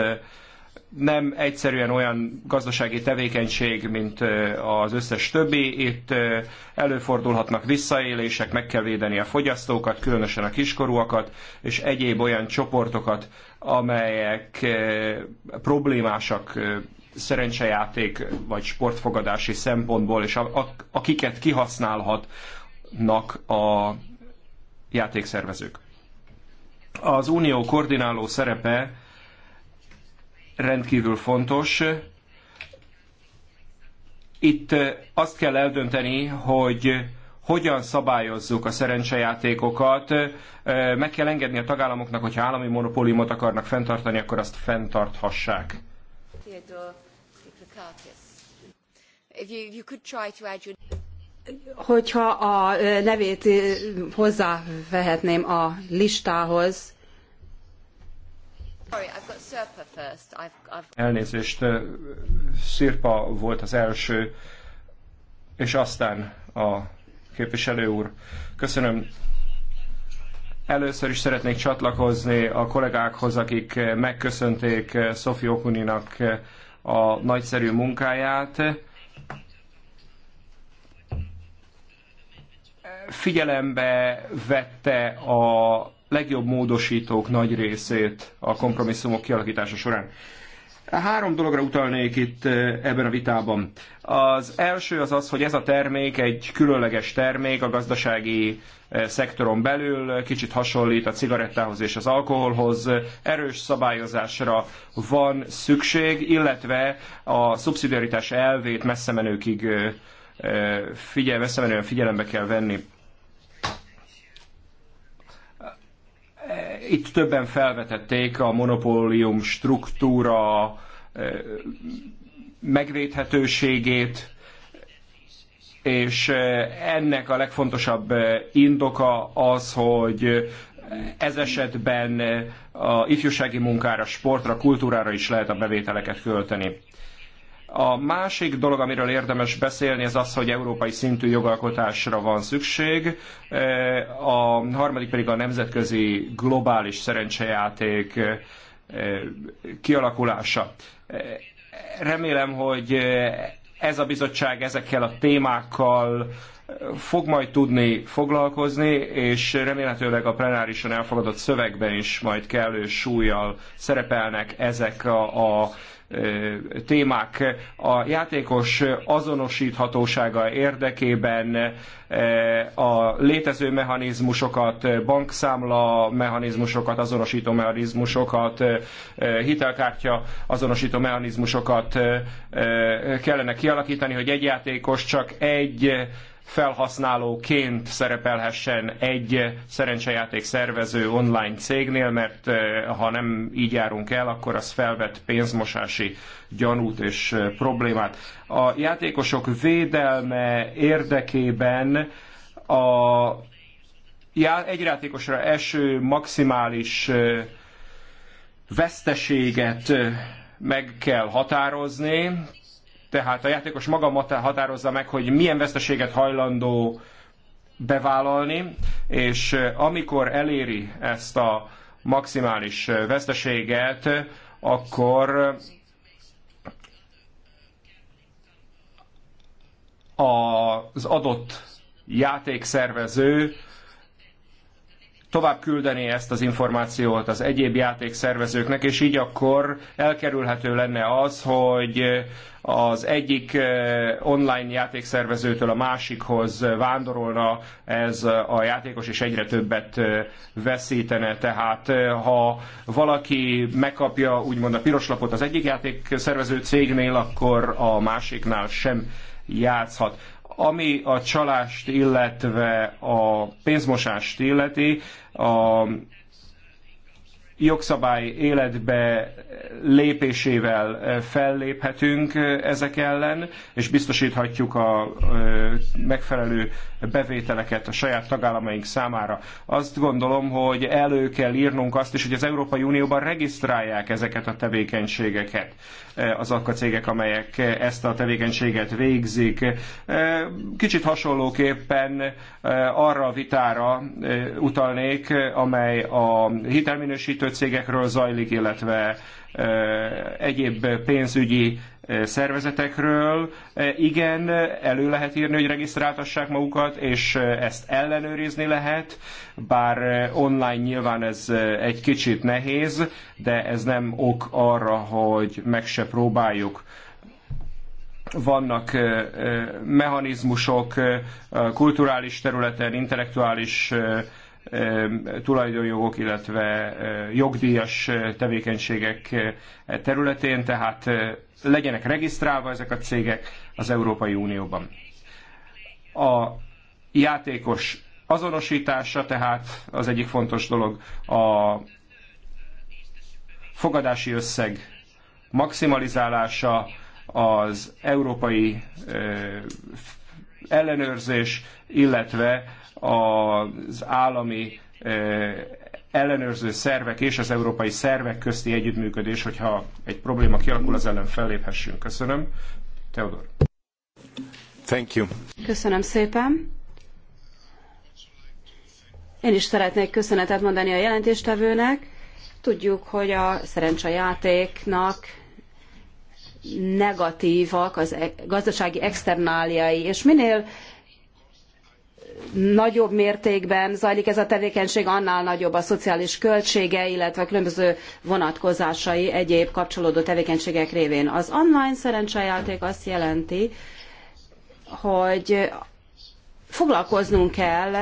B: nem egyszerűen olyan gazdasági tevékenység, mint az összes többi. Itt előfordulhatnak visszaélések, meg kell védeni a fogyasztókat, különösen a kiskorúakat, és egyéb olyan csoportokat, amelyek problémásak szerencsejáték vagy sportfogadási szempontból, és akiket kihasználhatnak a játékszervezők. Az unió koordináló szerepe rendkívül fontos. Itt azt kell eldönteni, hogy hogyan szabályozzuk a szerencsejátékokat. Meg kell engedni a tagállamoknak, hogyha állami monopóliumot akarnak fenntartani, akkor azt fenntarthassák. Hogyha a nevét
C: hozzávehetném a listához,
B: Elnézést, Szirpa volt az első, és aztán a képviselő úr. Köszönöm. Először is szeretnék csatlakozni a kollégákhoz, akik megköszönték Szofi Okuninak a nagyszerű munkáját. Figyelembe vette a legjobb módosítók nagy részét a kompromisszumok kialakítása során. Három dologra utalnék itt eh, ebben a vitában. Az első az az, hogy ez a termék egy különleges termék a gazdasági eh, szektoron belül, kicsit hasonlít a cigarettához és az alkoholhoz, erős szabályozásra van szükség, illetve a szubszidiaritás elvét messze menőkig eh, figyel, messze menően figyelembe kell venni. Itt többen felvetették a monopólium struktúra megvédhetőségét, és ennek a legfontosabb indoka az, hogy ez esetben a ifjúsági munkára, sportra, kultúrára is lehet a bevételeket költeni. A másik dolog, amiről érdemes beszélni, az az, hogy európai szintű jogalkotásra van szükség. E, a harmadik pedig a nemzetközi globális szerencsejáték e, kialakulása. E, remélem, hogy ez a bizottság ezekkel a témákkal fog majd tudni foglalkozni, és remélhetőleg a plenárisan elfogadott szövegben is majd kellő súlyjal szerepelnek ezek a, a témák a játékos azonosíthatósága érdekében a létező mechanizmusokat, bankszámla mechanizmusokat, azonosító mechanizmusokat, hitelkártya azonosító mechanizmusokat kellene kialakítani, hogy egy játékos csak egy felhasználóként szerepelhessen egy szerencsejáték szervező online cégnél, mert eh, ha nem így járunk el, akkor az felvet pénzmosási gyanút és eh, problémát. A játékosok védelme érdekében a egy játékosra eső maximális eh, veszteséget meg kell határozni, tehát a játékos maga határozza meg, hogy milyen veszteséget hajlandó bevállalni, és amikor eléri ezt a maximális veszteséget, akkor az adott játékszervező tovább küldeni ezt az információt az egyéb játékszervezőknek, és így akkor elkerülhető lenne az, hogy az egyik eh, online játékszervezőtől a másikhoz vándorolna ez a játékos, és egyre többet eh, veszítene. Tehát eh, ha valaki megkapja úgymond a piros lapot az egyik játékszervező cégnél, akkor a másiknál sem játszhat. Ami a csalást, illetve a pénzmosást illeti, a jogszabály életbe lépésével eh, felléphetünk eh, ezek ellen, és biztosíthatjuk a eh, megfelelő bevételeket a saját tagállamaink számára. Azt gondolom, hogy elő kell írnunk azt is, hogy az Európai Unióban regisztrálják ezeket a tevékenységeket azok a cégek, amelyek ezt a tevékenységet végzik. Kicsit hasonlóképpen arra a vitára utalnék, amely a hitelminősítő cégekről zajlik, illetve egyéb pénzügyi szervezetekről. Igen, elő lehet írni, hogy regisztráltassák magukat, és ezt ellenőrizni lehet, bár online nyilván ez egy kicsit nehéz, de ez nem ok arra, hogy meg se próbáljuk vannak mechanizmusok kulturális területen, intellektuális tulajdonjogok, illetve e, jogdíjas e, tevékenységek e, területén, tehát legyenek regisztrálva ezek a cégek az Európai Unióban. A játékos azonosítása tehát az egyik fontos dolog, a fogadási összeg maximalizálása, az európai ellenőrzés, illetve az állami ellenőrző szervek és az európai szervek közti együttműködés, hogyha egy probléma kialakul, az ellen felléphessünk. Köszönöm. Teodor. Thank you.
C: Köszönöm szépen. Én is szeretnék köszönetet mondani a jelentéstevőnek. Tudjuk, hogy a szerencsejátéknak negatívak az e- gazdasági externáliai, és minél nagyobb mértékben zajlik ez a tevékenység, annál nagyobb a szociális költsége, illetve különböző vonatkozásai egyéb kapcsolódó tevékenységek révén. Az online szerencsejáték azt jelenti, hogy foglalkoznunk kell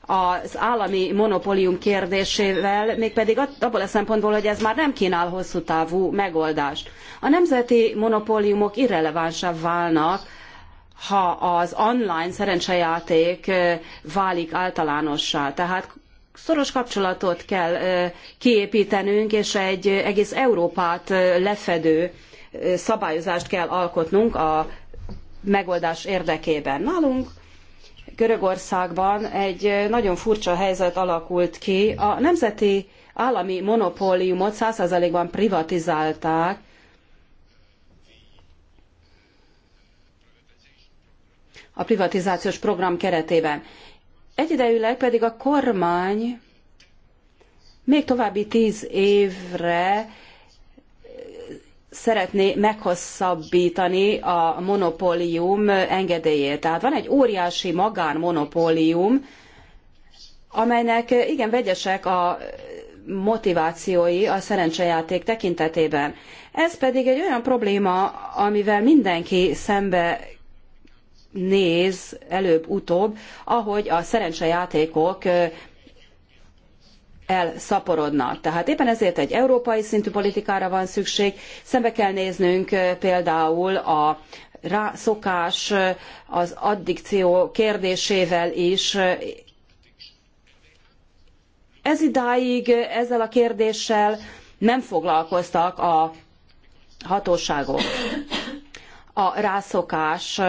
C: az állami monopólium kérdésével, mégpedig abból a szempontból, hogy ez már nem kínál hosszú távú megoldást. A nemzeti monopóliumok irrelevánsá válnak, ha az online szerencsejáték válik általánossá. Tehát szoros kapcsolatot kell kiépítenünk, és egy egész Európát lefedő szabályozást kell alkotnunk a megoldás érdekében. Nálunk Görögországban egy nagyon furcsa helyzet alakult ki. A nemzeti állami monopóliumot 100%-ban privatizálták, a privatizációs program keretében. Egyidejűleg pedig a kormány még további tíz évre szeretné meghosszabbítani a monopólium engedélyét. Tehát van egy óriási magánmonopólium, amelynek igen vegyesek a motivációi a szerencsejáték tekintetében. Ez pedig egy olyan probléma, amivel mindenki szembe néz előbb-utóbb, ahogy a szerencsejátékok elszaporodnak. Tehát éppen ezért egy európai szintű politikára van szükség. Szembe kell néznünk például a rászokás az addikció kérdésével is. Ez idáig ezzel a kérdéssel nem foglalkoztak a hatóságok. A rászokás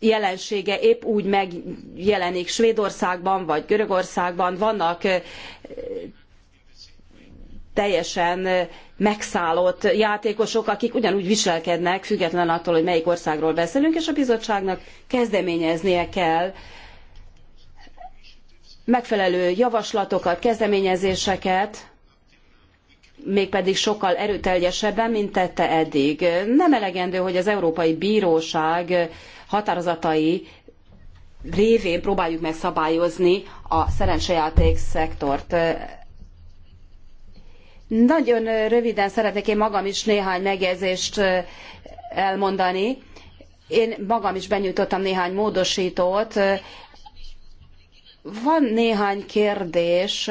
C: jelensége épp úgy megjelenik Svédországban vagy Görögországban. Vannak teljesen megszállott játékosok, akik ugyanúgy viselkednek, független attól, hogy melyik országról beszélünk, és a bizottságnak kezdeményeznie kell megfelelő javaslatokat, kezdeményezéseket, mégpedig sokkal erőteljesebben, mint tette eddig. Nem elegendő, hogy az Európai Bíróság határozatai révén próbáljuk meg szabályozni a szerencsejáték szektort. Nagyon röviden szeretnék én magam is néhány megjegyzést elmondani. Én magam is benyújtottam néhány módosítót. Van néhány kérdés,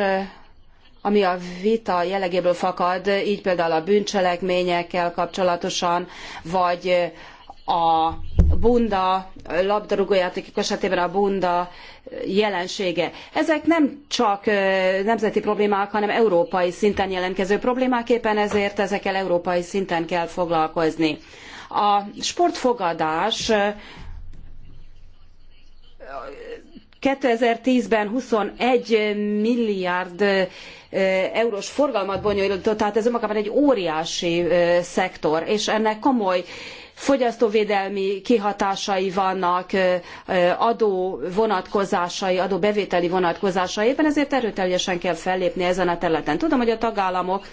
C: ami a vita jellegéből fakad, így például a bűncselekményekkel kapcsolatosan, vagy a bunda, labdarúgójátékok esetében a bunda jelensége. Ezek nem csak nemzeti problémák, hanem európai szinten jelentkező problémák, éppen ezért ezekkel európai szinten kell foglalkozni. A sportfogadás 2010-ben 21 milliárd eurós forgalmat bonyolított, tehát ez önmagában egy óriási szektor, és ennek komoly fogyasztóvédelmi kihatásai vannak, adó vonatkozásai, adóbevételi vonatkozásai, éppen ezért erőteljesen kell fellépni ezen a területen. Tudom, hogy a tagállamok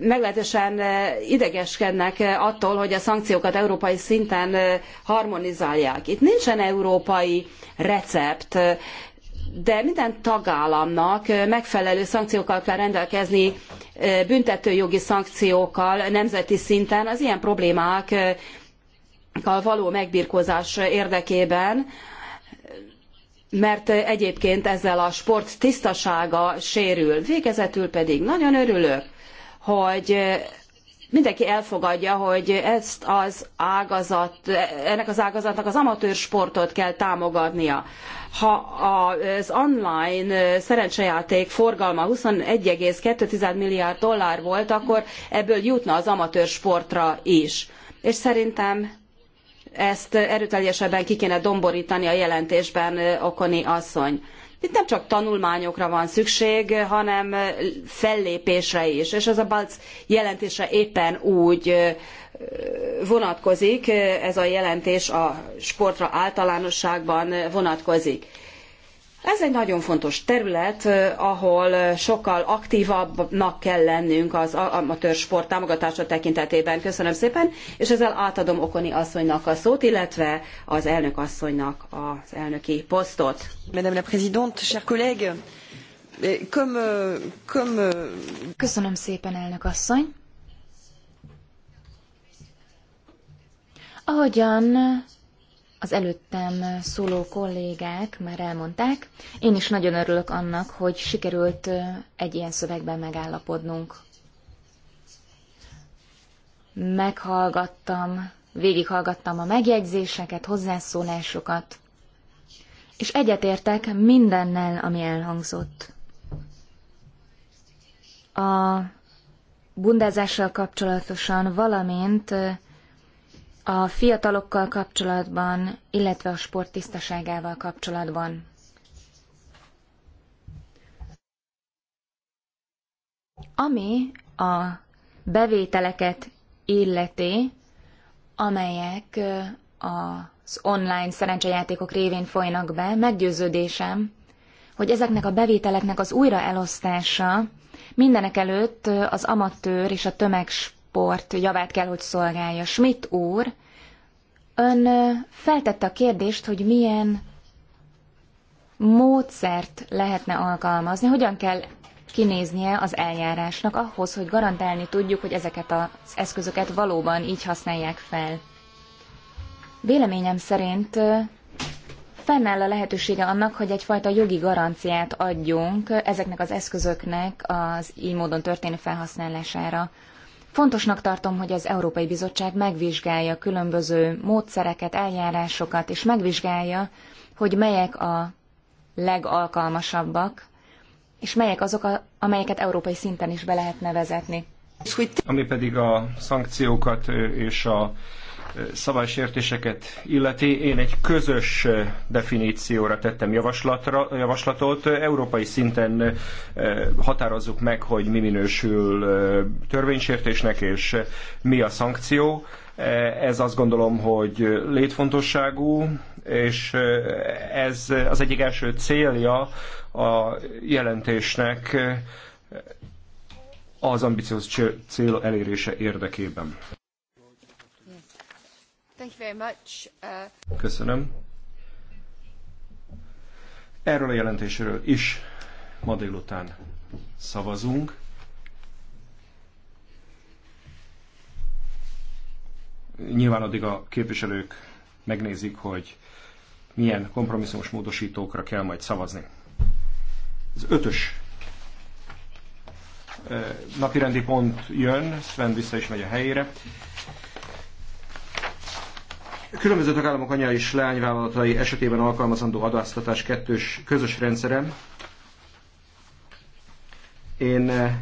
C: meglehetősen eh, idegeskednek eh, attól, hogy a szankciókat európai szinten eh, harmonizálják. Itt nincsen európai recept, de minden tagállamnak megfelelő szankciókkal kell rendelkezni, büntetőjogi szankciókkal nemzeti szinten az ilyen problémákkal való megbirkózás érdekében, mert egyébként ezzel a sport tisztasága sérül. Végezetül pedig nagyon örülök, hogy eh, mindenki elfogadja, hogy ezt az ágazat, ennek az ágazatnak az amatőr sportot kell támogatnia. Ha az online eh, szerencsejáték forgalma 21,2 milliárd dollár volt, akkor ebből jutna az amatőr sportra is. És szerintem ezt erőteljesebben ki kéne domborítani a jelentésben, eh, Okoni asszony. Itt nem csak tanulmányokra van szükség, hanem fellépésre is, és ez a BALC jelentésre éppen úgy vonatkozik, ez a jelentés a sportra általánosságban vonatkozik. Ez egy nagyon fontos terület, ahol sokkal aktívabbnak kell lennünk az amatőr sport támogatása tekintetében. Köszönöm szépen, és ezzel átadom Okoni asszonynak a szót, illetve az elnök asszonynak az elnöki posztot. Madame la présidente, chers collègues, eh, comme, euh, comme... Euh,
A: Köszönöm szépen, elnök asszony. Ahogyan az előttem szóló kollégák már elmondták. Én is nagyon örülök annak, hogy sikerült egy ilyen szövegben megállapodnunk. Meghallgattam, végighallgattam a megjegyzéseket, hozzászólásokat, és egyetértek mindennel, ami elhangzott. A bundázással kapcsolatosan, valamint a fiatalokkal kapcsolatban, illetve a sport tisztaságával kapcsolatban. Ami a bevételeket illeti, amelyek az online szerencsejátékok révén folynak be, meggyőződésem, hogy ezeknek a bevételeknek az újraelosztása mindenek előtt az amatőr és a tömegs csoport javát kell, hogy szolgálja. Schmidt úr, ön feltette a kérdést, hogy milyen módszert lehetne alkalmazni, hogyan kell kinéznie az eljárásnak ahhoz, hogy garantálni tudjuk, hogy ezeket az eszközöket valóban így használják fel. Véleményem szerint fennáll a lehetősége annak, hogy egyfajta jogi garanciát adjunk ezeknek az eszközöknek az így módon történő felhasználására. Fontosnak tartom, hogy az Európai Bizottság megvizsgálja különböző módszereket, eljárásokat, és megvizsgálja, hogy melyek a legalkalmasabbak, és melyek azok, a, amelyeket európai szinten is be lehetne vezetni.
B: Ami pedig a szankciókat és a szabálysértéseket illeti, én egy közös definícióra tettem javaslatra, javaslatot. Európai szinten eh, határozzuk meg, hogy mi minősül eh, törvénysértésnek, és mi a szankció. Eh, ez azt gondolom, hogy létfontosságú, és ez az egyik első célja a jelentésnek az ambiciózus cél elérése érdekében.
C: Thank you very much. Uh...
B: Köszönöm. Erről a jelentésről is ma délután szavazunk. Nyilván addig a képviselők megnézik, hogy milyen kompromisszumos módosítókra kell majd szavazni. Az ötös eh, napirendi pont jön, Sven vissza is megy a helyére. Különböző tagállamok anya és leányvállalatai esetében alkalmazandó adóztatás kettős közös rendszerem. Én eh,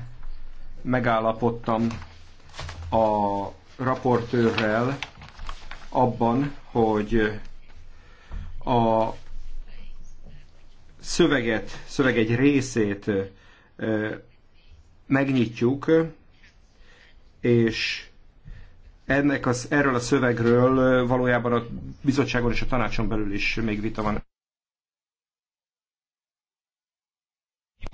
B: megállapodtam a raportőrrel abban, hogy eh, a szöveget, szöveg egy részét eh, megnyitjuk, és ennek az, erről a szövegről valójában a bizottságon és a tanácson belül is még vita van.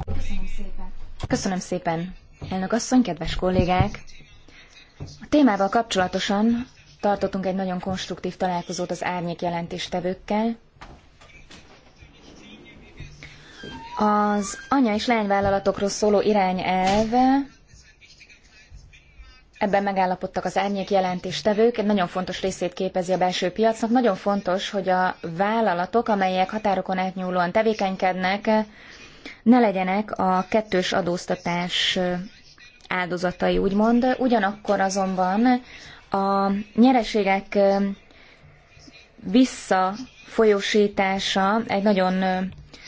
A: Köszönöm szépen. Köszönöm szépen. Elnök asszony, kedves kollégák! A témával kapcsolatosan tartottunk egy nagyon konstruktív találkozót az árnyék jelentéstevőkkel. Az anya és lányvállalatokról szóló irányelve Ebben megállapodtak az árnyék jelentéstevők, egy nagyon fontos részét képezi a belső piacnak. Nagyon fontos, hogy a vállalatok, amelyek határokon átnyúlóan tevékenykednek, ne legyenek a kettős adóztatás áldozatai, úgymond. Ugyanakkor azonban a nyereségek visszafolyósítása egy nagyon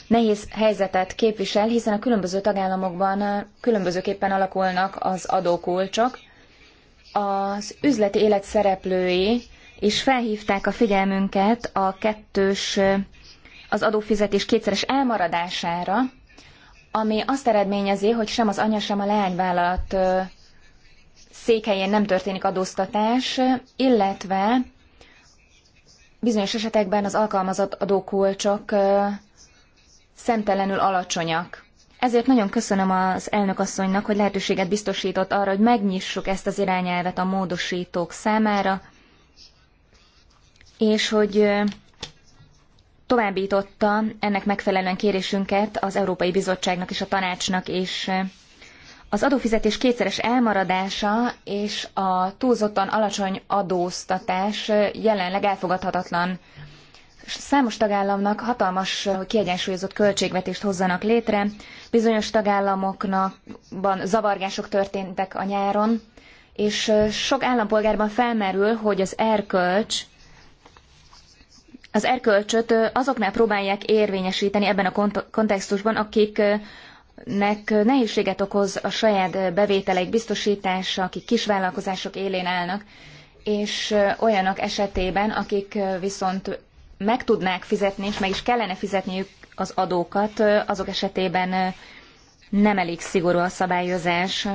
A: nehéz helyzetet képvisel, hiszen a különböző tagállamokban különbözőképpen alakulnak az adókulcsok az üzleti élet szereplői is felhívták a figyelmünket a kettős, az adófizetés kétszeres elmaradására, ami azt eredményezi, hogy sem az anya, sem a leányvállalat székhelyén nem történik adóztatás, illetve bizonyos esetekben az alkalmazott adókulcsok szemtelenül alacsonyak. Ezért nagyon köszönöm az elnök asszonynak, hogy lehetőséget biztosított arra, hogy megnyissuk ezt az irányelvet a módosítók számára, és hogy továbbította ennek megfelelően kérésünket az Európai Bizottságnak és a tanácsnak, és az adófizetés kétszeres elmaradása és a túlzottan alacsony adóztatás jelenleg elfogadhatatlan Számos tagállamnak hatalmas eh, kiegyensúlyozott költségvetést hozzanak létre, bizonyos tagállamoknakban zavargások történtek a nyáron, és eh, sok állampolgárban felmerül, hogy az erkölcs, az erkölcsöt eh, azoknál próbálják érvényesíteni ebben a kont kontextusban, akiknek nehézséget okoz a saját bevételeik biztosítása, akik kisvállalkozások élén állnak, és olyanok esetében, akik viszont meg tudnák fizetni, és meg is kellene fizetniük az adókat, azok esetében nem elég szigorú a szabályozás.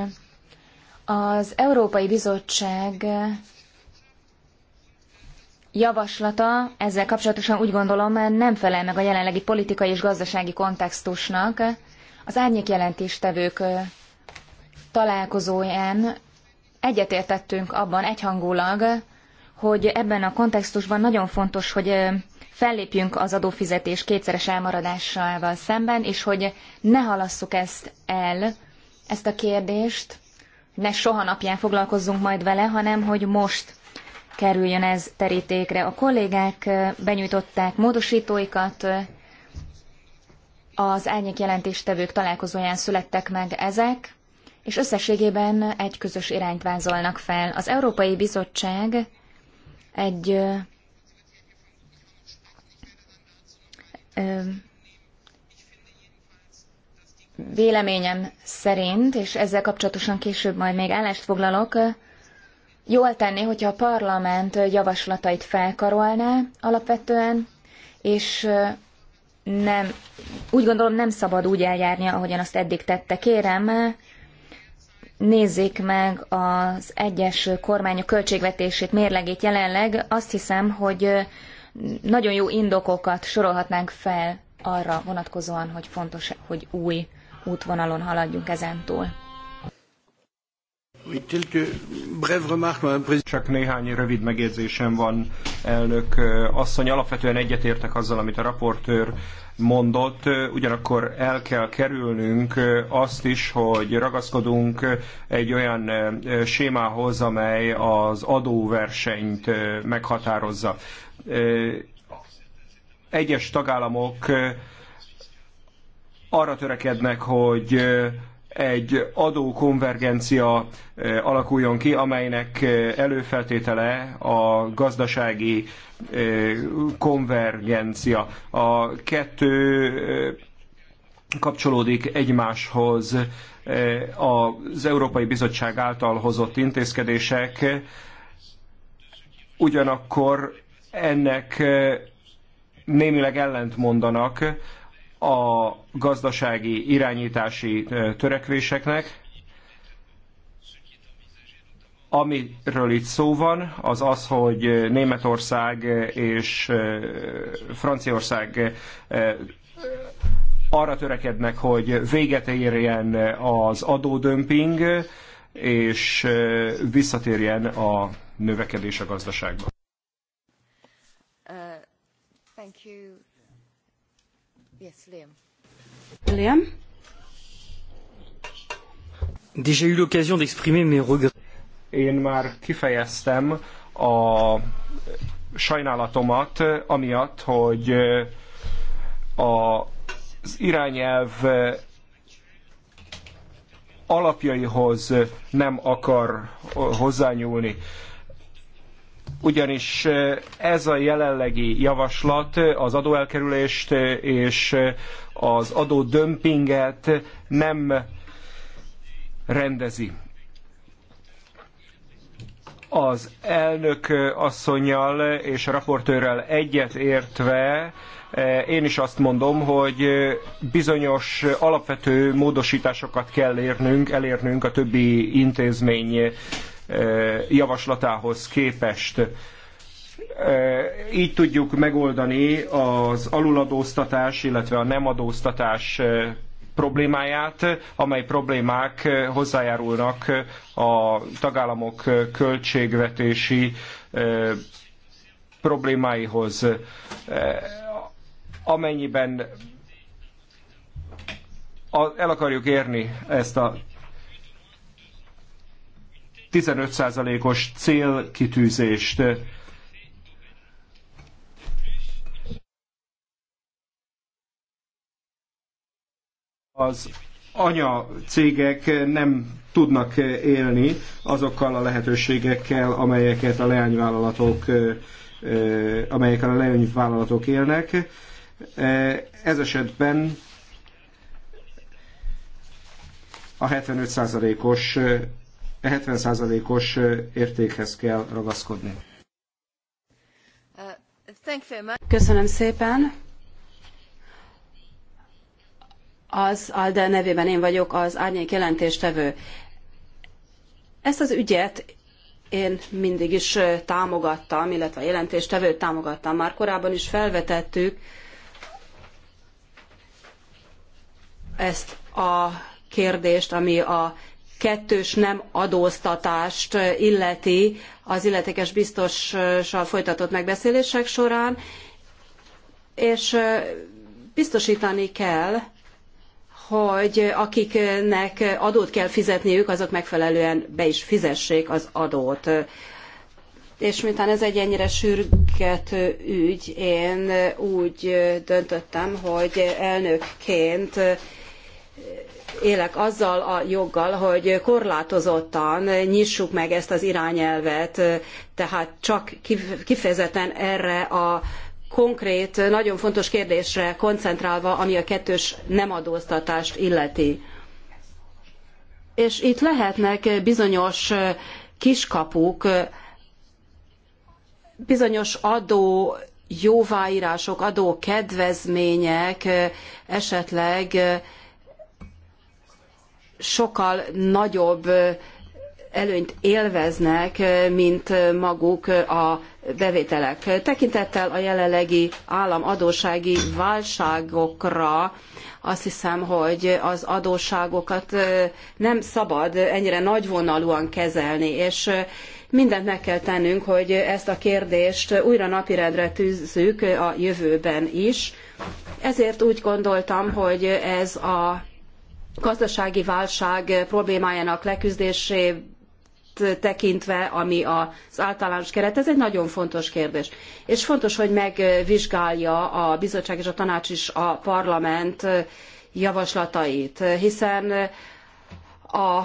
A: Az Európai Bizottság javaslata ezzel kapcsolatosan úgy gondolom nem felel meg a jelenlegi politikai és gazdasági kontextusnak. Az árnyék jelentéstevők találkozóján egyetértettünk abban egyhangulag, hogy ebben a kontextusban nagyon fontos, hogy fellépjünk az adófizetés kétszeres elmaradásával szemben, és hogy ne halasszuk ezt el, ezt a kérdést, ne soha napján foglalkozzunk majd vele, hanem hogy most kerüljön ez terítékre. A kollégák benyújtották módosítóikat, az árnyék jelentéstevők találkozóján születtek meg ezek, és összességében egy közös irányt vázolnak fel. Az Európai Bizottság egy véleményem szerint, és ezzel kapcsolatosan később majd még állást foglalok, jól tenni, hogyha a parlament javaslatait felkarolná alapvetően, és nem, úgy gondolom nem szabad úgy eljárnia, ahogyan azt eddig tette. Kérem, nézzék meg az egyes kormányok költségvetését, mérlegét jelenleg. Azt hiszem, hogy nagyon jó indokokat sorolhatnánk fel arra vonatkozóan, hogy fontos, hogy új útvonalon haladjunk ezentúl.
B: Csak néhány rövid megjegyzésem van, elnök asszony. Alapvetően egyetértek azzal, amit a raportőr mondott, ugyanakkor el kell kerülnünk azt is, hogy ragaszkodunk egy olyan sémához, amely az adóversenyt meghatározza egyes tagállamok arra törekednek, hogy egy adókonvergencia alakuljon ki, amelynek előfeltétele a gazdasági konvergencia. A kettő kapcsolódik egymáshoz az Európai Bizottság által hozott intézkedések, ugyanakkor ennek némileg ellent mondanak a gazdasági irányítási törekvéseknek. Amiről itt szó van, az az, hogy Németország és Franciaország arra törekednek, hogy véget érjen az adódömping, és visszatérjen a növekedés a gazdaságban.
A: Thank you. Yes, Liam.
C: Liam.
B: Déjà eu l'occasion d'exprimer mes regrets. Én már kifejeztem a sajnálatomat, amiatt, hogy az irányelv alapjaihoz nem akar hozzányúlni ugyanis ez a jelenlegi javaslat az adóelkerülést és az adódömpinget nem rendezi. Az elnök asszonyjal és a raportőrrel egyet értve én is azt mondom, hogy bizonyos alapvető módosításokat kell érnünk, elérnünk a többi intézmény javaslatához képest. Így tudjuk megoldani az aluladóztatás, illetve a nem adóztatás problémáját, amely problémák hozzájárulnak a tagállamok költségvetési problémáihoz. Amennyiben el akarjuk érni ezt a 15%-os célkitűzést. Az anya cégek nem tudnak élni azokkal a lehetőségekkel, amelyeket a leányvállalatok, amelyekkel a leányvállalatok élnek. Ez esetben a 75%-os 70%-os értékhez kell ragaszkodni.
C: Köszönöm szépen. Az ALDE nevében én vagyok az árnyék jelentéstevő. Ezt az ügyet én mindig is támogattam, illetve a jelentéstevőt támogattam. Már korábban is felvetettük ezt a kérdést, ami a kettős nem adóztatást illeti az illetékes biztossal folytatott megbeszélések során, és biztosítani kell, hogy akiknek adót kell fizetniük, azok megfelelően be is fizessék az adót. És miután ez egy ennyire sürgető ügy, én úgy döntöttem, hogy elnökként élek azzal a joggal, hogy korlátozottan nyissuk meg ezt az irányelvet, tehát csak kifejezetten erre a konkrét, nagyon fontos kérdésre koncentrálva, ami a kettős nem adóztatást illeti. És itt lehetnek bizonyos kiskapuk, bizonyos adó jóváírások, adó kedvezmények esetleg sokkal nagyobb előnyt élveznek, mint maguk a bevételek. Tekintettel a jelenlegi államadósági válságokra azt hiszem, hogy az adósságokat nem szabad ennyire nagyvonalúan kezelni, és mindent meg kell tennünk, hogy ezt a kérdést újra napirendre tűzzük a jövőben is. Ezért úgy gondoltam, hogy ez a gazdasági válság problémájának leküzdését tekintve, ami az általános keret, ez egy nagyon fontos kérdés. És fontos, hogy megvizsgálja a bizottság és a tanács is a parlament javaslatait, hiszen a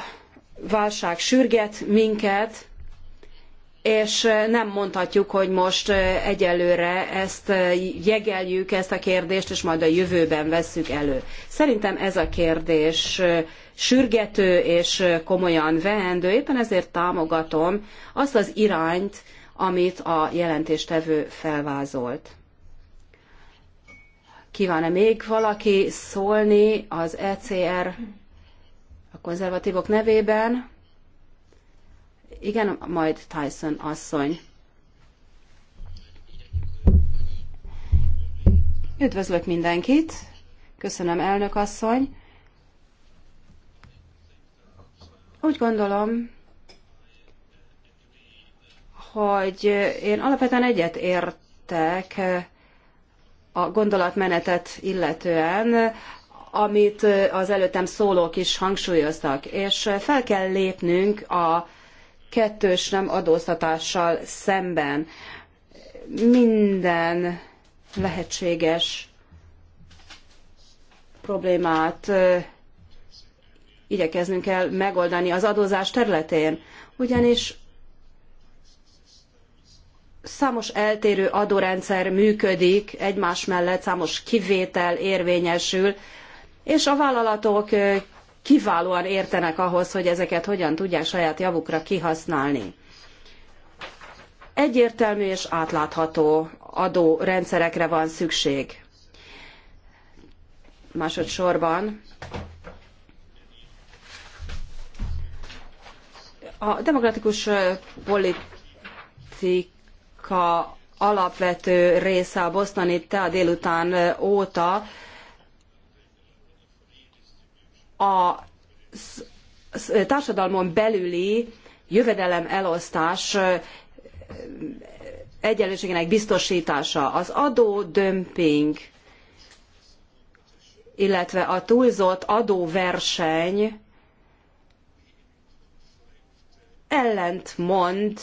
C: válság sürget minket, és eh, nem mondhatjuk, hogy most eh, egyelőre ezt eh, jegeljük, ezt a kérdést, és majd a jövőben vesszük elő. Szerintem ez a kérdés sürgető és komolyan veendő, éppen ezért támogatom azt az irányt, amit a jelentéstevő felvázolt. Kíván-e még valaki szólni az ECR a konzervatívok nevében? Igen, majd Tyson asszony. Üdvözlök mindenkit. Köszönöm, elnök asszony. Úgy gondolom, hogy én alapvetően egyet értek a gondolatmenetet illetően, amit az előttem szólók is hangsúlyoztak, és fel kell lépnünk a kettős nem adóztatással szemben. Minden lehetséges problémát igyekeznünk kell megoldani az adózás területén, ugyanis számos eltérő adórendszer működik, egymás mellett számos kivétel érvényesül, és a vállalatok kiválóan értenek ahhoz, hogy ezeket hogyan tudják saját javukra kihasználni. Egyértelmű és átlátható adórendszerekre van szükség. Másodszorban a demokratikus politika alapvető része a bosztani tea délután óta a társadalmon belüli jövedelem elosztás egyenlőségének biztosítása, az adódömping, illetve a túlzott adóverseny ellentmond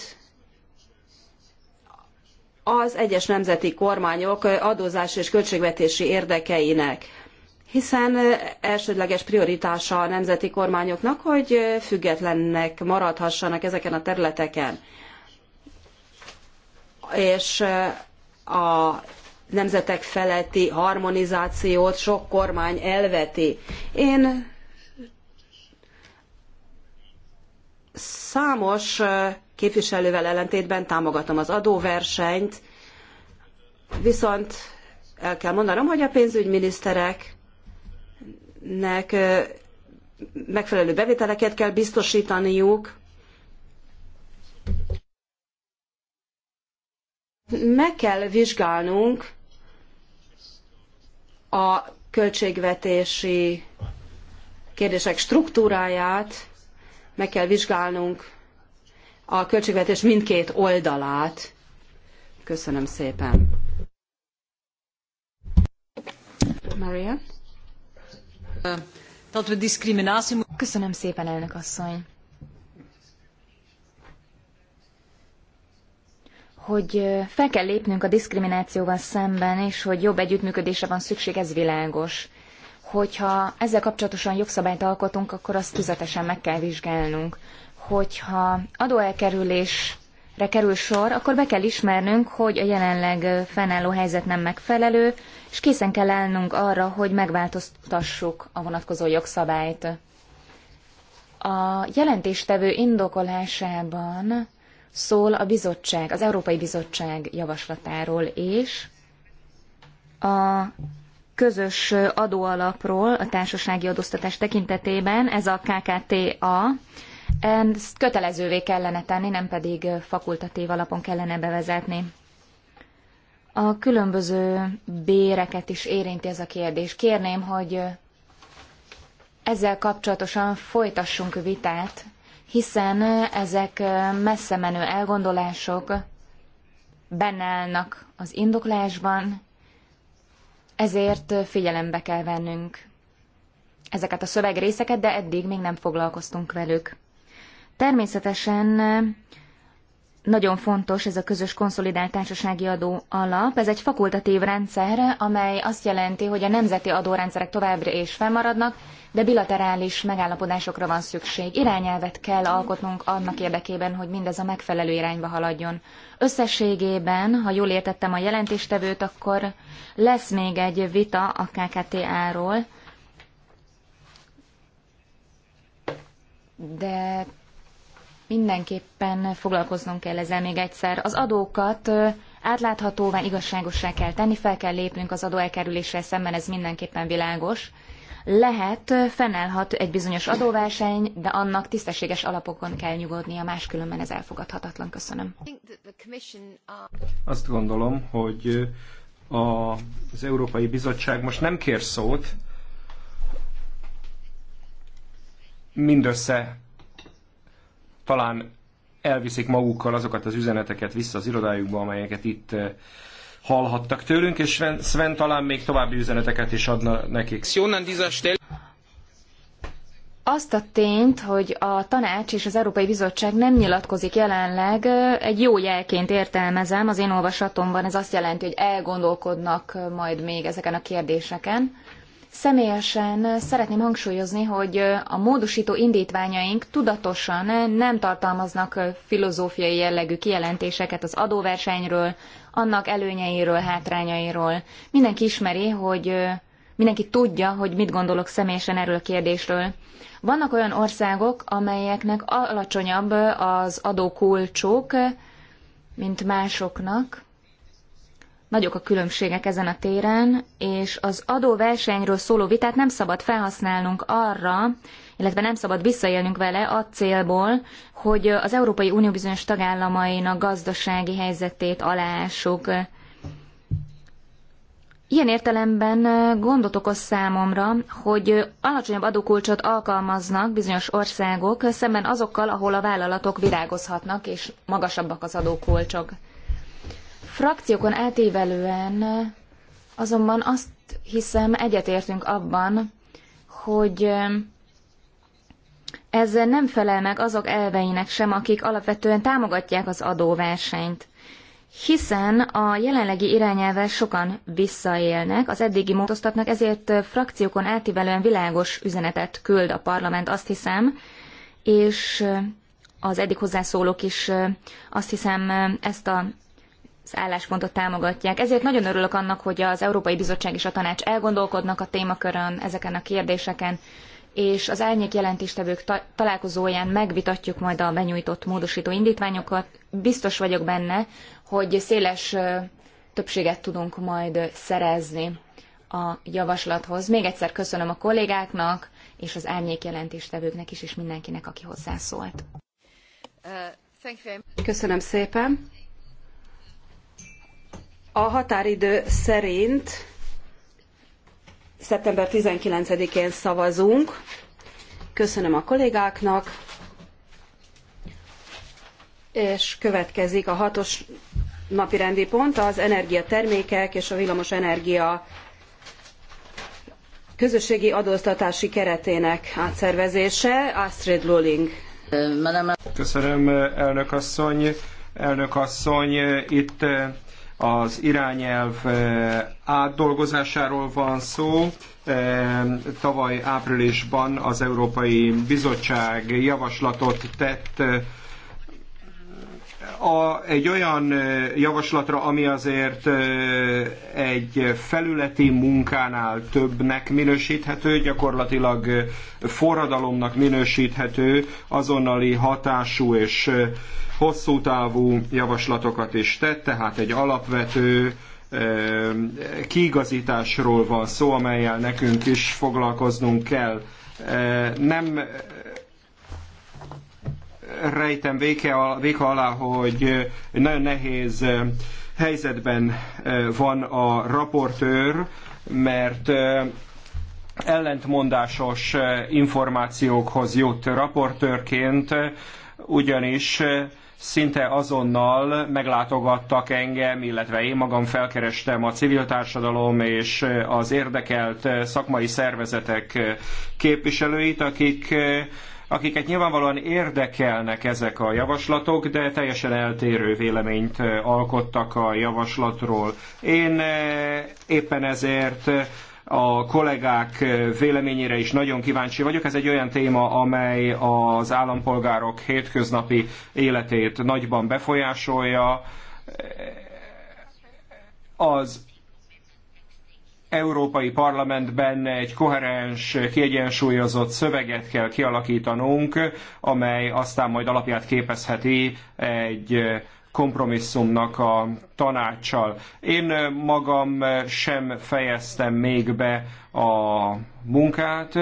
C: az egyes nemzeti kormányok adózási és költségvetési érdekeinek hiszen elsődleges prioritása a nemzeti kormányoknak, hogy függetlennek maradhassanak ezeken a területeken. És a nemzetek feletti harmonizációt sok kormány elveti. Én számos képviselővel ellentétben támogatom az adóversenyt, viszont el kell mondanom, hogy a pénzügyminiszterek nek megfelelő bevételeket kell biztosítaniuk. Meg kell vizsgálnunk a költségvetési kérdések struktúráját, meg kell vizsgálnunk a költségvetés mindkét oldalát. Köszönöm szépen.
A: Maria? Köszönöm szépen, elnök asszony. hogy fel kell lépnünk a diszkriminációval szemben, és hogy jobb együttműködésre van szükség, ez világos. Hogyha ezzel kapcsolatosan jogszabályt alkotunk, akkor azt tüzetesen meg kell vizsgálnunk. Hogyha adóelkerülés kerül sor, akkor be kell ismernünk, hogy a jelenleg fennálló helyzet nem megfelelő, és készen kell állnunk arra, hogy megváltoztassuk a vonatkozó jogszabályt. A jelentéstevő indokolásában szól a bizottság, az Európai Bizottság javaslatáról és a közös adóalapról a társasági adóztatás tekintetében, ez a KKTA, ezt kötelezővé kellene tenni, nem pedig fakultatív alapon kellene bevezetni. A különböző béreket is érinti ez a kérdés. Kérném, hogy ezzel kapcsolatosan folytassunk vitát, hiszen ezek messze menő elgondolások benne állnak az indoklásban, ezért figyelembe kell vennünk ezeket a szövegrészeket, de eddig még nem foglalkoztunk velük. Természetesen eh, nagyon fontos ez a közös konszolidált társasági adó alap. Ez egy fakultatív rendszer, amely azt jelenti, hogy a nemzeti adórendszerek továbbra is felmaradnak, de bilaterális megállapodásokra van szükség. Irányelvet kell alkotnunk annak érdekében, hogy mindez a megfelelő irányba haladjon. Összességében, ha jól értettem a jelentéstevőt, akkor lesz még egy vita a KKTA-ról, de Mindenképpen foglalkoznunk kell ezzel még egyszer. Az adókat átláthatóvá, igazságosá kell tenni, fel kell lépnünk az adóelkerüléssel szemben, ez mindenképpen világos. Lehet, fennállhat egy bizonyos adóverseny, de annak tisztességes alapokon kell nyugodnia, máskülönben ez elfogadhatatlan. Köszönöm.
B: Azt gondolom, hogy a, az Európai Bizottság most nem kér szót, mindössze talán elviszik magukkal azokat az üzeneteket vissza az irodájukba, amelyeket itt eh, hallhattak tőlünk, és Sven, Sven talán még további üzeneteket is adna nekik.
A: Azt a tényt, hogy a tanács és az Európai Bizottság nem nyilatkozik jelenleg, eh, egy jó jelként értelmezem, az én olvasatomban ez azt jelenti, hogy elgondolkodnak eh, majd még ezeken a kérdéseken. Személyesen szeretném hangsúlyozni, hogy a módosító indítványaink tudatosan nem tartalmaznak filozófiai jellegű kijelentéseket az adóversenyről, annak előnyeiről, hátrányairól. Mindenki ismeri, hogy mindenki tudja, hogy mit gondolok személyesen erről a kérdésről. Vannak olyan országok, amelyeknek alacsonyabb az adókulcsok, mint másoknak, Nagyok a különbségek ezen a téren, és az adóversenyről szóló vitát nem szabad felhasználnunk arra, illetve nem szabad visszaélnünk vele a célból, hogy az Európai Unió bizonyos tagállamainak gazdasági helyzetét aláássuk. Ilyen értelemben gondot okoz számomra, hogy alacsonyabb adókulcsot alkalmaznak bizonyos országok szemben azokkal, ahol a vállalatok virágozhatnak, és magasabbak az adókulcsok frakciókon eltévelően azonban azt hiszem egyetértünk abban, hogy ez nem felel meg azok elveinek sem, akik alapvetően támogatják az adóversenyt. Hiszen a jelenlegi irányelvvel sokan visszaélnek, az eddigi módosztatnak, ezért frakciókon átívelően világos üzenetet küld a parlament, azt hiszem, és az eddig hozzászólók is azt hiszem ezt a az álláspontot támogatják. Ezért nagyon örülök annak, hogy az Európai Bizottság és a Tanács elgondolkodnak a témakörön, ezeken a kérdéseken, és az árnyék jelentéstevők ta- találkozóján megvitatjuk majd a benyújtott módosító indítványokat. Biztos vagyok benne, hogy széles többséget tudunk majd szerezni a javaslathoz. Még egyszer köszönöm a kollégáknak, és az árnyék jelentéstevőknek is, és mindenkinek, aki hozzászólt. Uh, köszönöm
C: szépen a határidő szerint szeptember 19-én szavazunk. Köszönöm a kollégáknak, és következik a hatos napirendi pont, az energiatermékek és a villamosenergia közösségi adóztatási keretének átszervezése. Astrid Luling.
B: Köszönöm, elnök asszony. Elnök asszony, itt az irányelv eh, átdolgozásáról van szó. Eh, tavaly áprilisban az Európai Bizottság javaslatot tett eh, a, egy olyan javaslatra, ami azért egy felületi munkánál többnek minősíthető, gyakorlatilag forradalomnak minősíthető, azonnali hatású és hosszú távú javaslatokat is tett, tehát egy alapvető kiigazításról van szó, amelyel nekünk is foglalkoznunk kell. Nem rejtem véke, véka alá, hogy nagyon nehéz helyzetben van a raportőr, mert ellentmondásos információkhoz jut raportőrként, ugyanis szinte azonnal meglátogattak engem, illetve én magam felkerestem a civil társadalom és az érdekelt szakmai szervezetek képviselőit, akik akiket nyilvánvalóan érdekelnek ezek a javaslatok, de teljesen eltérő véleményt alkottak a javaslatról. Én éppen ezért a kollégák véleményére is nagyon kíváncsi vagyok. Ez egy olyan téma, amely az állampolgárok hétköznapi életét nagyban befolyásolja. Az Európai Parlamentben egy koherens, kiegyensúlyozott szöveget kell kialakítanunk, amely aztán majd alapját képezheti egy kompromisszumnak a tanácsal. Én magam sem fejeztem még be a munkát,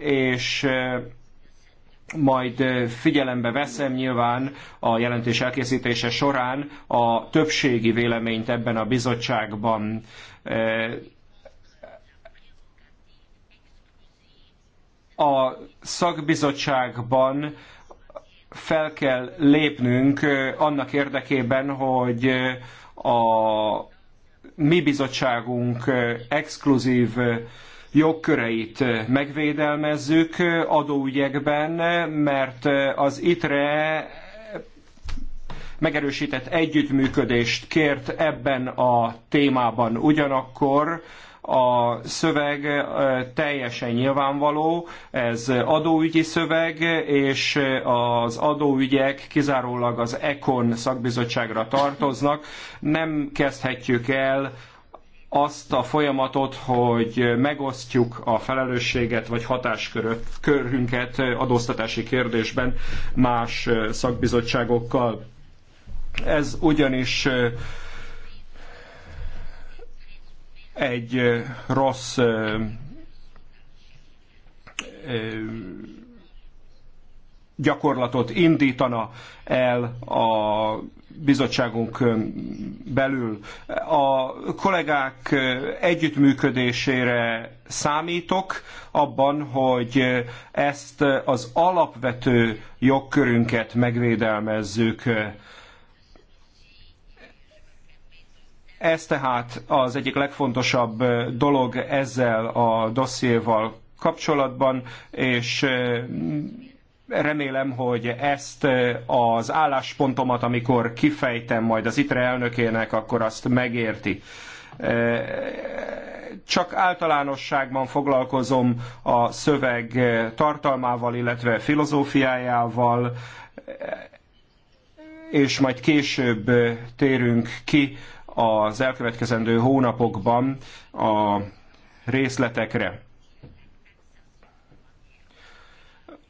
B: és majd figyelembe veszem nyilván a jelentés elkészítése során a többségi véleményt ebben a bizottságban. A szakbizottságban fel kell lépnünk annak érdekében, hogy a mi bizottságunk exkluzív jogköreit megvédelmezzük adóügyekben, mert az ITRE megerősített együttműködést kért ebben a témában. Ugyanakkor a szöveg teljesen nyilvánvaló, ez adóügyi szöveg, és az adóügyek kizárólag az ECON szakbizottságra tartoznak. Nem kezdhetjük el azt a folyamatot, hogy megosztjuk a felelősséget vagy hatáskörünket adóztatási kérdésben más szakbizottságokkal. Ez ugyanis egy rossz gyakorlatot indítana el a bizottságunk belül. A kollégák együttműködésére számítok abban, hogy ezt az alapvető jogkörünket megvédelmezzük. Ez tehát az egyik legfontosabb dolog ezzel a dossziéval kapcsolatban, és remélem, hogy ezt az álláspontomat, amikor kifejtem majd az ITRE elnökének, akkor azt megérti. Csak általánosságban foglalkozom a szöveg tartalmával, illetve filozófiájával, és majd később térünk ki az elkövetkezendő hónapokban a részletekre.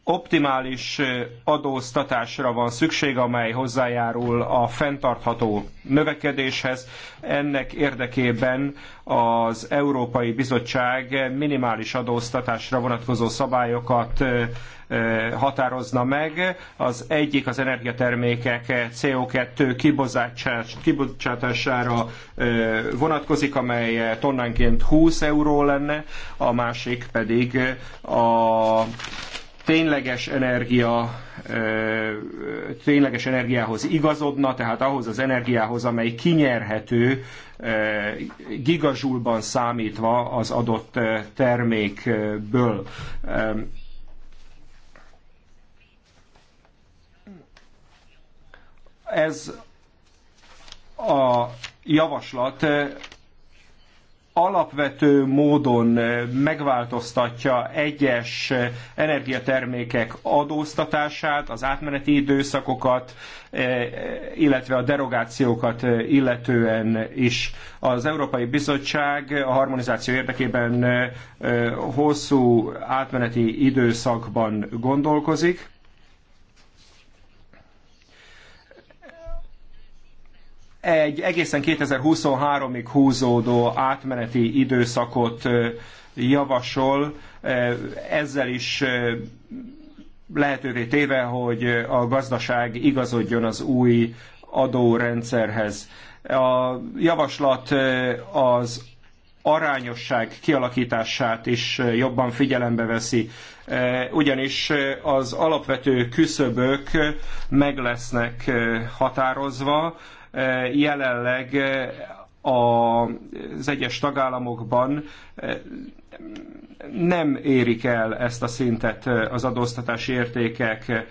B: optimális adóztatásra van szükség, amely hozzájárul a fenntartható növekedéshez. Ennek érdekében az Európai Bizottság minimális adóztatásra vonatkozó szabályokat határozna meg. Az egyik az energiatermékek CO2 kibocsátására vonatkozik, amely tonnánként 20 euró lenne, a másik pedig a tényleges energia tényleges energiához igazodna, tehát ahhoz az energiához, amely kinyerhető gigazsulban számítva az adott termékből. Ez a javaslat alapvető módon eh, megváltoztatja egyes eh, energiatermékek adóztatását, az átmeneti időszakokat, eh, illetve a derogációkat illetően is. Az Európai Bizottság a harmonizáció érdekében hosszú átmeneti időszakban gondolkozik egy egészen 2023-ig húzódó átmeneti időszakot javasol, ezzel is lehetővé téve, hogy a gazdaság igazodjon az új adórendszerhez. A javaslat az arányosság kialakítását is jobban figyelembe veszi, ugyanis az alapvető küszöbök meg lesznek határozva, jelenleg eh, az egyes tagállamokban eh, nem érik el ezt a szintet eh, az adóztatási értékek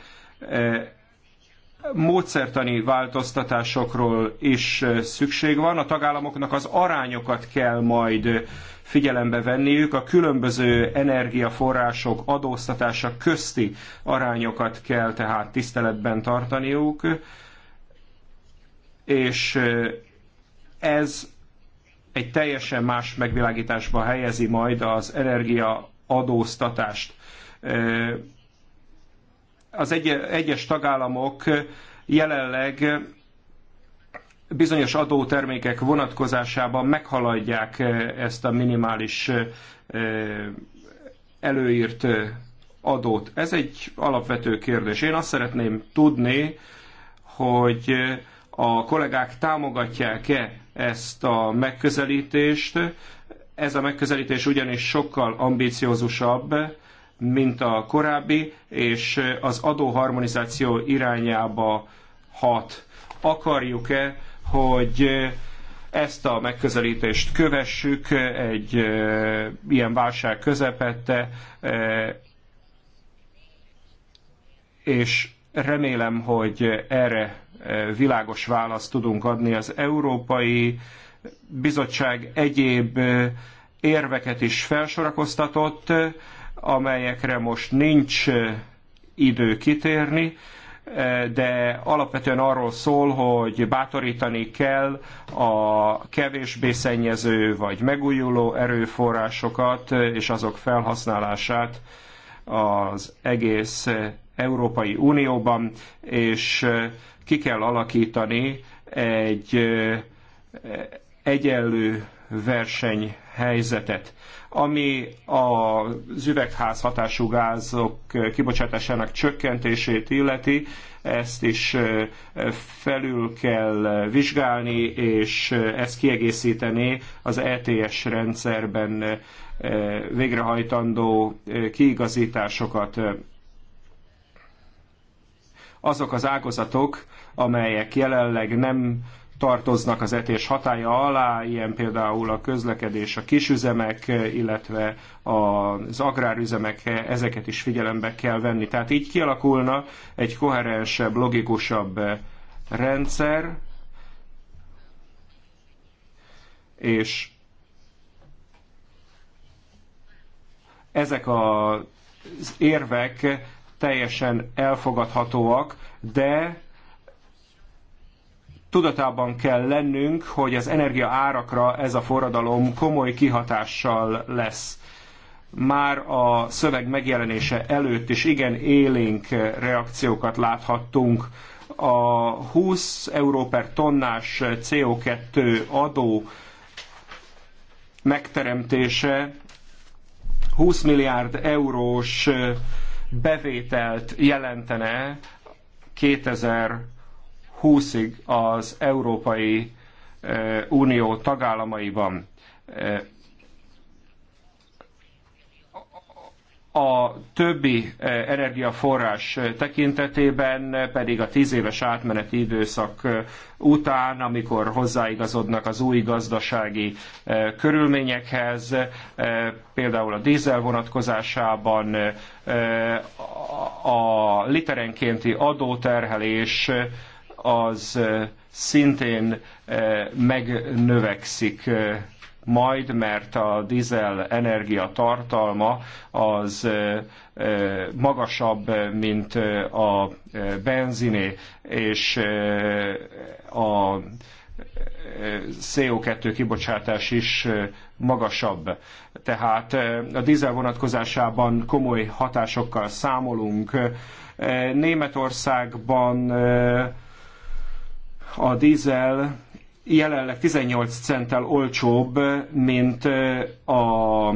B: módszertani változtatásokról is szükség van. A tagállamoknak az arányokat kell majd figyelembe venniük, a különböző energiaforrások adóztatása közti arányokat kell tehát tiszteletben tartaniuk és ez egy teljesen más megvilágításba helyezi majd az energia adóztatást. Az egy, egyes tagállamok jelenleg bizonyos adótermékek vonatkozásában meghaladják ezt a minimális előírt adót. Ez egy alapvető kérdés. Én azt szeretném tudni, hogy a kollégák támogatják-e ezt a megközelítést. Ez a megközelítés ugyanis sokkal ambiciózusabb, mint a korábbi, és az adóharmonizáció irányába hat. Akarjuk-e, hogy ezt a megközelítést kövessük egy e, ilyen válság közepette, e, és remélem, hogy erre világos választ tudunk adni. Az Európai Bizottság egyéb érveket is felsorakoztatott, amelyekre most nincs idő kitérni, de alapvetően arról szól, hogy bátorítani kell a kevésbé szennyező vagy megújuló erőforrásokat és azok felhasználását az egész Európai Unióban, és ki kell alakítani egy egyenlő versenyhelyzetet, ami az üvegház hatású gázok kibocsátásának csökkentését illeti, ezt is felül kell vizsgálni, és ezt kiegészíteni az ETS rendszerben végrehajtandó kiigazításokat azok az ágazatok, amelyek jelenleg nem tartoznak az etés hatája alá, ilyen például a közlekedés, a kisüzemek, illetve az agrárüzemek, ezeket is figyelembe kell venni. Tehát így kialakulna egy koherensebb, logikusabb rendszer, és ezek az érvek teljesen elfogadhatóak, de tudatában kell lennünk, hogy az energia árakra ez a forradalom komoly kihatással lesz. Már a szöveg megjelenése előtt is igen élénk reakciókat láthattunk. A 20 euró per tonnás CO2 adó megteremtése 20 milliárd eurós bevételt jelentene 2020-ig az Európai eh, Unió tagállamaiban. Eh, a többi e, energiaforrás e, tekintetében e, pedig a tíz éves átmeneti időszak után, amikor hozzáigazodnak az új gazdasági körülményekhez, például a dízel vonatkozásában a literenkénti adóterhelés az szintén megnövekszik majd, mert a dízel energia tartalma az magasabb, mint a benziné, és a CO2 kibocsátás is magasabb. Tehát a dízel vonatkozásában komoly hatásokkal számolunk. Németországban a dízel jelenleg 18 centtel olcsóbb, mint a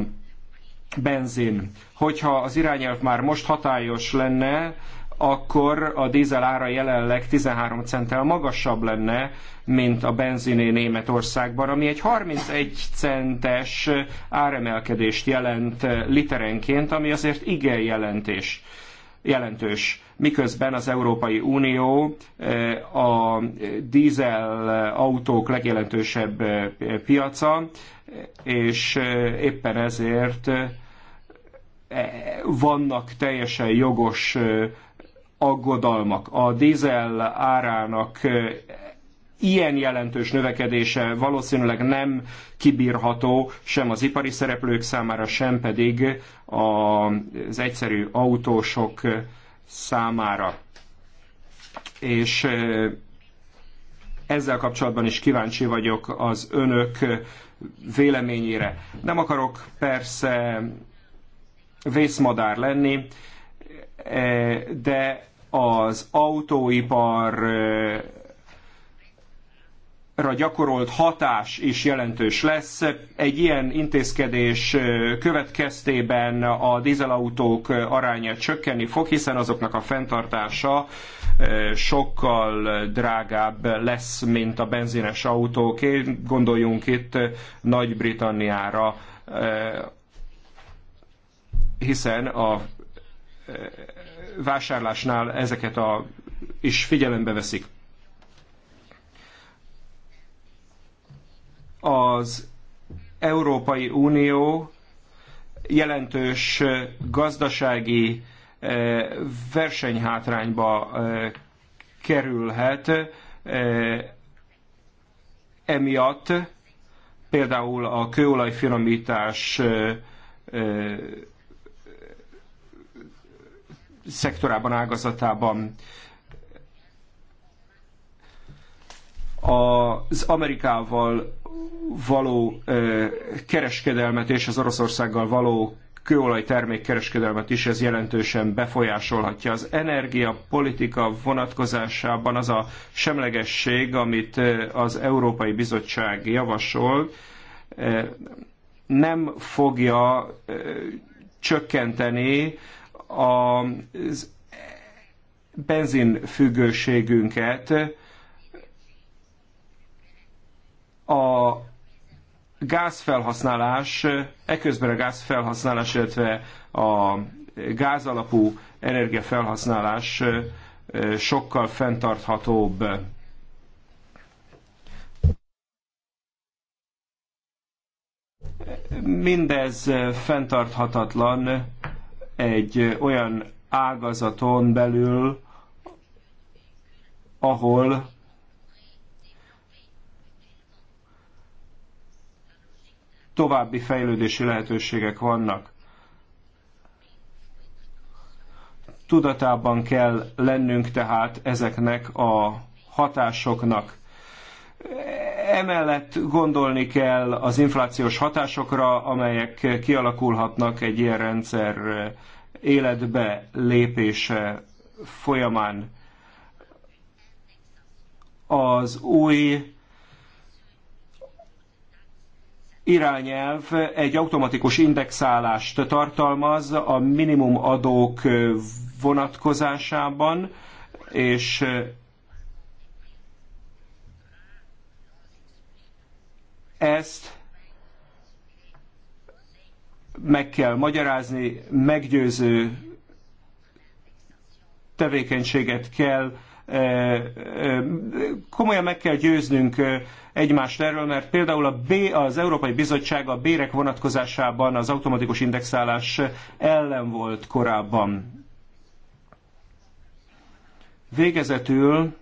B: benzin. Hogyha az irányelv már most hatályos lenne, akkor a dízel ára jelenleg 13 centtel magasabb lenne, mint a benziné Németországban, ami egy 31 centes áremelkedést jelent literenként, ami azért igen jelentés jelentős, miközben az Európai Unió e, a dízel autók legjelentősebb e, piaca, és e, éppen ezért vannak teljesen jogos aggodalmak. A dízel árának ilyen jelentős növekedése valószínűleg nem kibírható sem az ipari szereplők számára, sem pedig az egyszerű autósok számára. És ezzel kapcsolatban is kíváncsi vagyok az önök véleményére. Nem akarok persze vészmadár lenni, de az autóipar gyakorolt hatás is jelentős lesz. Egy ilyen intézkedés következtében a dízelautók aránya csökkenni fog, hiszen azoknak a fenntartása sokkal drágább lesz, mint a benzines autóké. Gondoljunk itt Nagy-Britanniára, hiszen a vásárlásnál ezeket a, is figyelembe veszik. az Európai Unió jelentős gazdasági versenyhátrányba kerülhet emiatt, például a kőolajfinomítás szektorában, ágazatában. Az Amerikával való kereskedelmet és az Oroszországgal való kőolaj termékkereskedelmet is ez jelentősen befolyásolhatja. Az energiapolitika vonatkozásában az a semlegesség, amit az Európai Bizottság javasol, nem fogja csökkenteni az benzinfüggőségünket, a gázfelhasználás, eközben a gázfelhasználás, illetve a gázalapú energiafelhasználás sokkal fenntarthatóbb. Mindez fenntarthatatlan egy olyan ágazaton belül, ahol további fejlődési lehetőségek vannak. Tudatában kell lennünk tehát ezeknek a hatásoknak. Emellett gondolni kell az inflációs hatásokra, amelyek kialakulhatnak egy ilyen rendszer életbe lépése folyamán. Az új irányelv egy automatikus indexálást tartalmaz a minimum adók vonatkozásában, és ezt meg kell magyarázni, meggyőző tevékenységet kell eh, eh, komolyan meg kell győznünk eh, egymást erről, mert például a B, az Európai Bizottság a bérek vonatkozásában az automatikus indexálás ellen volt korábban. Végezetül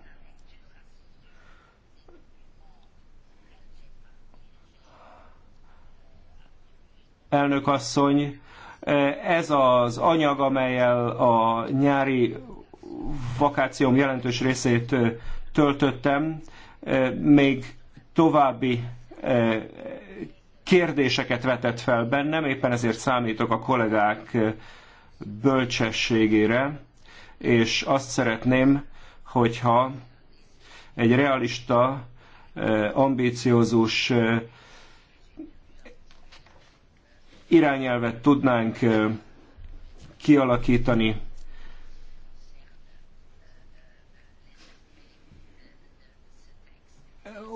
B: elnök asszony, ez az anyag, amelyel a nyári vakációm jelentős részét töltöttem, még további e, kérdéseket vetett fel bennem, éppen ezért számítok a kollégák e, bölcsességére, és azt szeretném, hogyha egy realista, e, ambíciózus irányelvet tudnánk kialakítani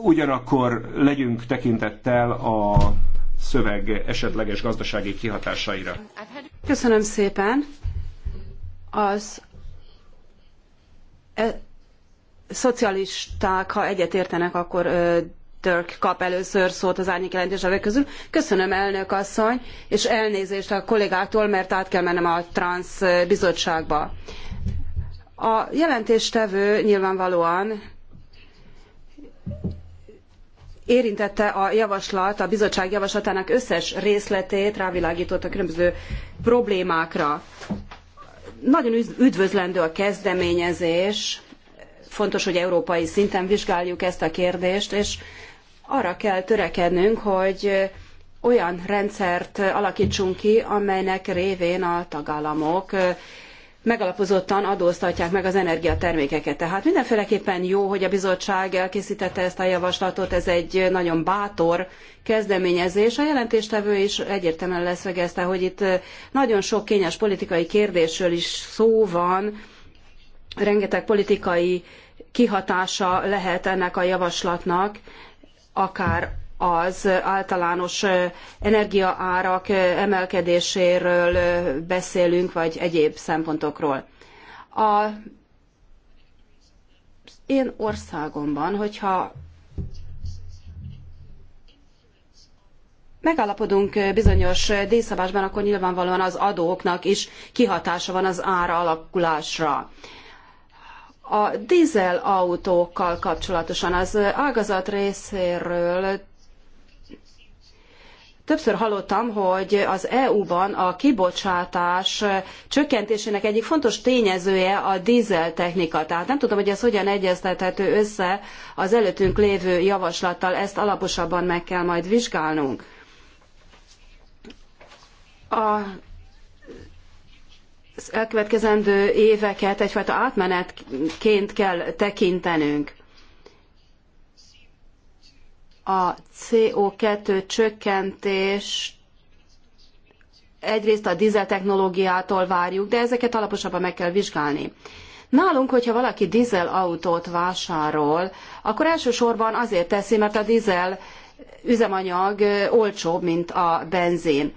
B: ugyanakkor legyünk tekintettel a szöveg esetleges gazdasági kihatásaira.
C: Köszönöm szépen. Az e, szocialisták, ha egyetértenek, akkor ö, Dirk kap először szót az árnyék jelentésevek közül. Köszönöm, elnök asszony, és elnézést a kollégáktól, mert át kell mennem a transz bizottságba. A jelentéstevő nyilvánvalóan érintette a javaslat, a bizottság javaslatának összes részletét, rávilágított a különböző problémákra. Nagyon üdvözlendő a kezdeményezés, fontos, hogy európai szinten vizsgáljuk ezt a kérdést, és arra kell törekednünk, hogy olyan rendszert alakítsunk ki, amelynek révén a tagállamok megalapozottan adóztatják meg az energiatermékeket. Tehát mindenféleképpen jó, hogy a bizottság elkészítette ezt a javaslatot, ez egy nagyon bátor kezdeményezés. A jelentéstevő is egyértelműen leszögezte, hogy itt nagyon sok kényes politikai kérdésről is szó van, rengeteg politikai kihatása lehet ennek a javaslatnak, akár az általános energiaárak emelkedéséről beszélünk, vagy egyéb szempontokról. A én országomban, hogyha megállapodunk bizonyos díjszabásban, akkor nyilvánvalóan az adóknak is kihatása van az ára alakulásra. A dízelautókkal kapcsolatosan az ágazat részéről Többször hallottam, hogy az EU-ban a kibocsátás csökkentésének egyik fontos tényezője a dízel technika. Tehát nem tudom, hogy ez hogyan egyeztethető össze az előttünk lévő javaslattal, ezt alaposabban meg kell majd vizsgálnunk. A az elkövetkezendő éveket egyfajta átmenetként kell tekintenünk a CO2 csökkentés egyrészt a dízel technológiától várjuk, de ezeket alaposabban meg kell vizsgálni. Nálunk, hogyha valaki dízel autót vásárol, akkor elsősorban azért teszi, mert a dízel üzemanyag olcsóbb, mint a benzin.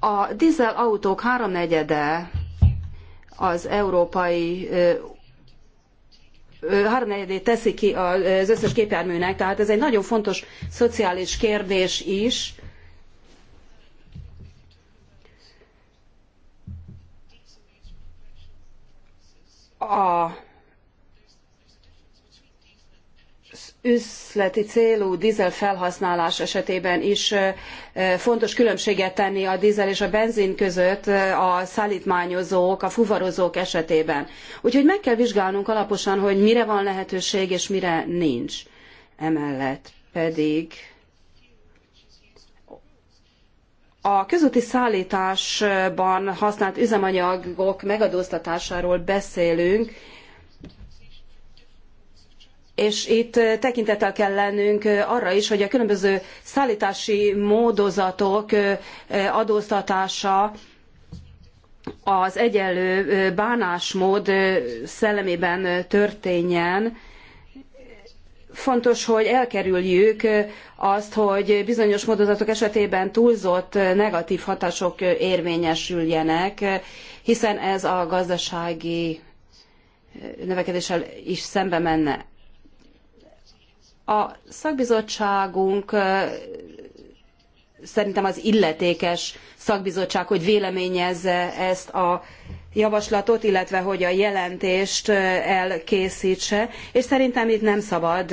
C: A dízel autók háromnegyede az Európai háromnegyedét teszi ki az összes gépjárműnek, tehát ez egy nagyon fontos szociális kérdés is. A üzleti célú dízel felhasználás esetében is fontos különbséget tenni a dízel és a benzin között a szállítmányozók, a fuvarozók esetében. Úgyhogy meg kell vizsgálnunk alaposan, hogy mire van lehetőség és mire nincs. Emellett pedig a közúti szállításban használt üzemanyagok megadóztatásáról beszélünk, és itt eh, tekintettel kell lennünk eh, arra is, hogy a különböző szállítási módozatok eh, adóztatása az egyenlő bánásmód szellemében történjen. Fontos, hogy elkerüljük azt, hogy bizonyos módozatok esetében túlzott negatív hatások érvényesüljenek, hiszen ez a gazdasági növekedéssel is szembe menne. A szakbizottságunk szerintem az illetékes szakbizottság, hogy véleményezze ezt a javaslatot, illetve hogy a jelentést elkészítse, és szerintem itt nem szabad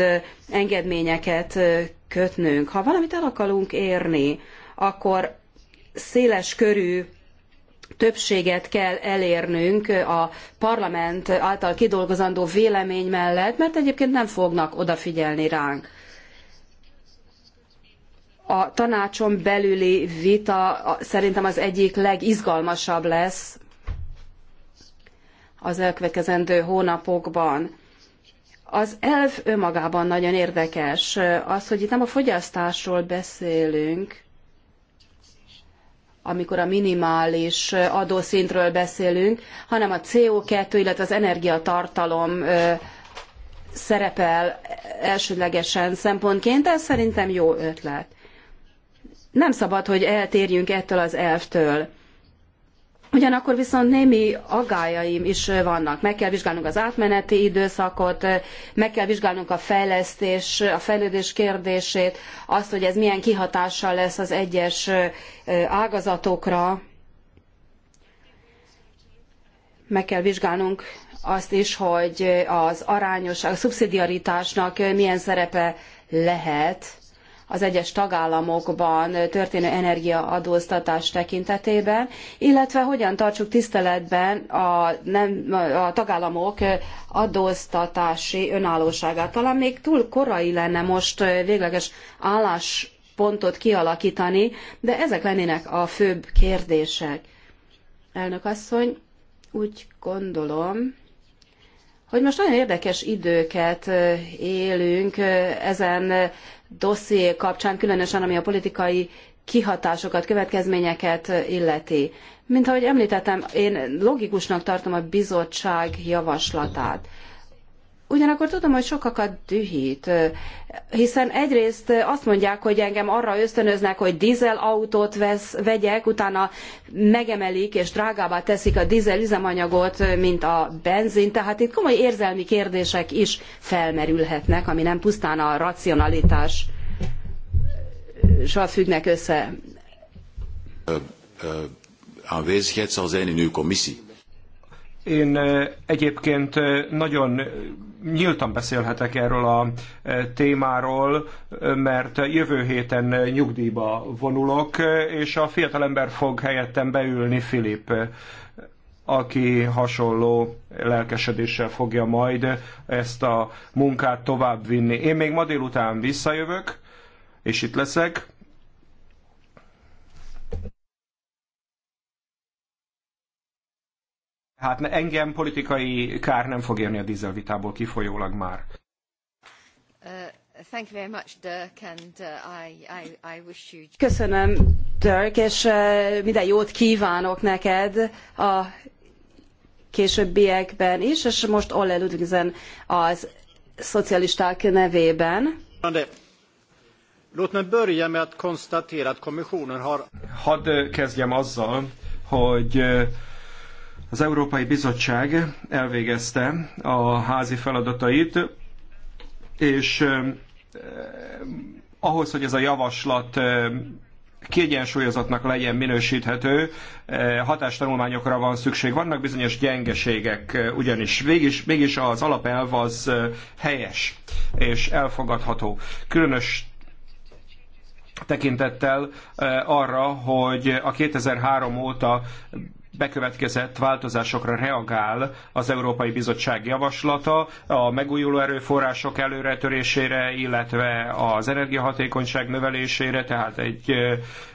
C: engedményeket kötnünk. Ha valamit el akarunk érni, akkor széles körű többséget kell elérnünk a parlament által kidolgozandó vélemény mellett, mert egyébként nem fognak odafigyelni ránk. A tanácson belüli vita szerintem az egyik legizgalmasabb lesz az elkövetkezendő hónapokban. Az elv önmagában nagyon érdekes. Az, hogy itt nem a fogyasztásról beszélünk, amikor a minimális adószintről beszélünk, hanem a CO2, illetve az energiatartalom szerepel elsődlegesen szempontként, ez szerintem jó ötlet. Nem szabad, hogy eltérjünk ettől az elvtől. Ugyanakkor viszont némi agályaim is vannak. Meg kell vizsgálnunk az átmeneti időszakot, meg kell vizsgálnunk a fejlesztés, a fejlődés kérdését, azt, hogy ez milyen kihatással lesz az egyes ágazatokra. Meg kell vizsgálnunk azt is, hogy az arányos, a szubszidiaritásnak milyen szerepe lehet az egyes tagállamokban történő energiaadóztatás tekintetében, illetve hogyan tartsuk tiszteletben a, nem, a tagállamok adóztatási önállóságát. Talán még túl korai lenne most végleges álláspontot kialakítani, de ezek lennének a főbb kérdések. Elnök asszony, úgy gondolom, hogy most nagyon érdekes időket élünk ezen dosszié kapcsán, különösen ami a politikai kihatásokat, következményeket illeti. Mint ahogy említettem, én logikusnak tartom a bizottság javaslatát. Ugyanakkor tudom, hogy sokakat dühít, hiszen egyrészt azt mondják, hogy engem arra ösztönöznek, hogy autót vesz, vegyek, utána megemelik és drágábbá teszik a dízel üzemanyagot, mint a benzin, tehát itt komoly érzelmi kérdések is felmerülhetnek, ami nem pusztán a racionalitás függnek össze. Uh, uh, aanwezigheid zal zijn in uw commissie.
B: Én egyébként nagyon nyíltan beszélhetek erről a témáról, mert jövő héten nyugdíjba vonulok, és a fiatalember fog helyettem beülni Filip, aki hasonló lelkesedéssel fogja majd ezt a munkát továbbvinni. Én még ma délután visszajövök, és itt leszek, Hát engem politikai kár nem fog érni a dízelvitából kifolyólag már.
A: Uh, uh,
C: Köszönöm, Dirk, és uh, minden jót kívánok neked a későbbiekben is, és most Olle Ludwigsen az szocialisták nevében.
B: Hadd kezdjem azzal, hogy az Európai Bizottság elvégezte a házi feladatait, és eh, ahhoz, hogy ez a javaslat kiegyensúlyozottnak legyen minősíthető, eh, hatástanulmányokra van szükség. Vannak bizonyos gyengeségek, ugyanis mégis, mégis az alapelv az helyes és elfogadható. Különös tekintettel arra, hogy a 2003 óta bekövetkezett változásokra reagál az Európai Bizottság javaslata a megújuló erőforrások előretörésére, illetve az energiahatékonyság növelésére, tehát egy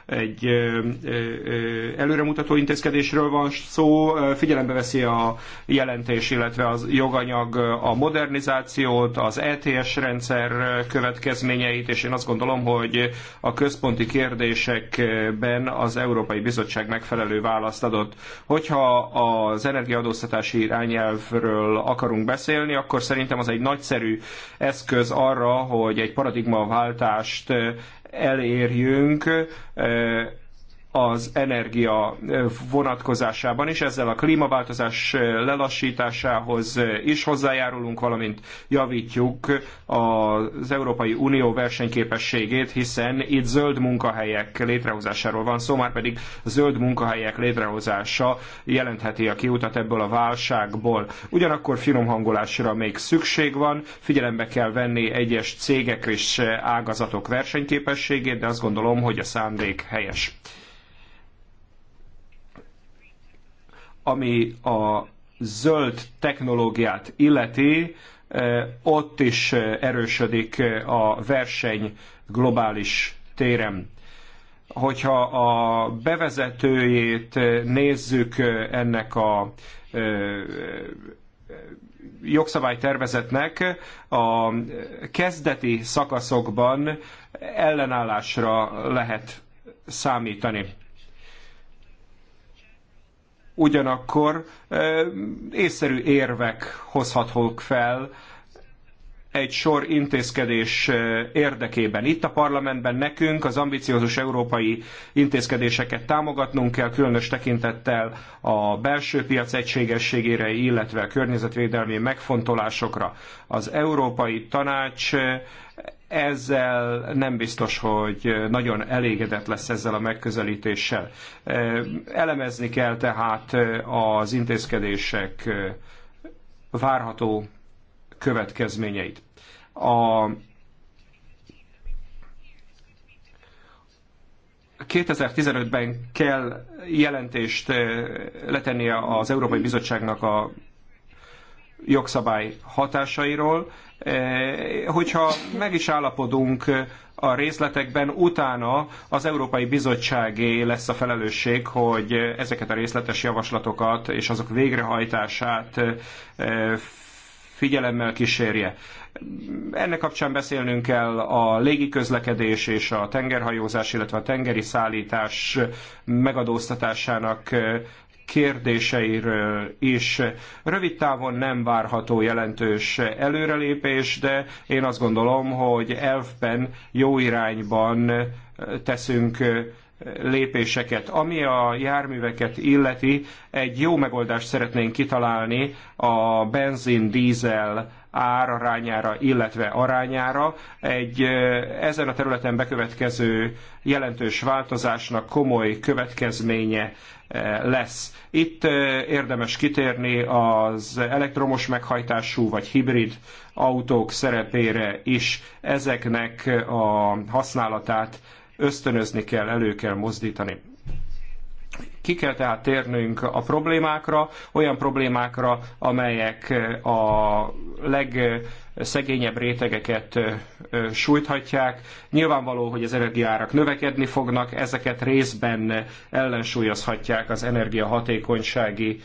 B: egy előremutató intézkedésről van szó, figyelembe veszi a jelentés, illetve az joganyag a modernizációt, az ETS rendszer következményeit, és én azt gondolom, hogy a központi kérdésekben az Európai Bizottság megfelelő választ adott. Hogyha az energiaadóztatási irányelvről akarunk beszélni, akkor szerintem az egy nagyszerű eszköz arra, hogy egy paradigmaváltást elérjünk az energia vonatkozásában is, ezzel a klímaváltozás lelassításához is hozzájárulunk, valamint javítjuk az Európai Unió versenyképességét, hiszen itt zöld munkahelyek létrehozásáról van szó, már pedig zöld munkahelyek létrehozása jelentheti a kiutat ebből a válságból. Ugyanakkor finom hangolásra még szükség van, figyelembe kell venni egyes cégek és ágazatok versenyképességét, de azt gondolom, hogy a szándék helyes. ami a zöld technológiát illeti, eh, ott is eh, erősödik eh, a verseny globális téren. Hogyha a bevezetőjét nézzük ennek a jogszabálytervezetnek, a kezdeti szakaszokban ellenállásra lehet számítani ugyanakkor észszerű érvek hozhatók fel egy sor intézkedés érdekében. Itt a parlamentben nekünk az ambiciózus európai intézkedéseket támogatnunk kell, különös tekintettel a belső piac egységességére, illetve a környezetvédelmi megfontolásokra. Az Európai Tanács ezzel nem biztos, hogy nagyon elégedett lesz ezzel a megközelítéssel. Elemezni kell tehát az intézkedések várható következményeit. A 2015-ben kell jelentést letennie az Európai Bizottságnak a jogszabály hatásairól. E, hogyha meg is állapodunk a részletekben, utána az Európai Bizottságé lesz a felelősség, hogy ezeket a részletes javaslatokat és azok végrehajtását e, figyelemmel kísérje. Ennek kapcsán beszélnünk kell a légiközlekedés és a tengerhajózás, illetve a tengeri szállítás megadóztatásának e, kérdéseiről is. Rövid távon nem várható jelentős előrelépés, de én azt gondolom, hogy elfben jó irányban teszünk lépéseket. Ami a járműveket illeti, egy jó megoldást szeretnénk kitalálni a benzin-dízel árarányára, illetve arányára. Egy ezen a területen bekövetkező jelentős változásnak komoly következménye E, lesz. Itt e, érdemes kitérni az elektromos meghajtású vagy hibrid autók szerepére is. Ezeknek a használatát ösztönözni kell, elő kell mozdítani. Ki kell tehát térnünk a problémákra, olyan problémákra, amelyek a legszegényebb rétegeket sújthatják. Nyilvánvaló, hogy az energiaárak növekedni fognak, ezeket részben ellensúlyozhatják az energiahatékonysági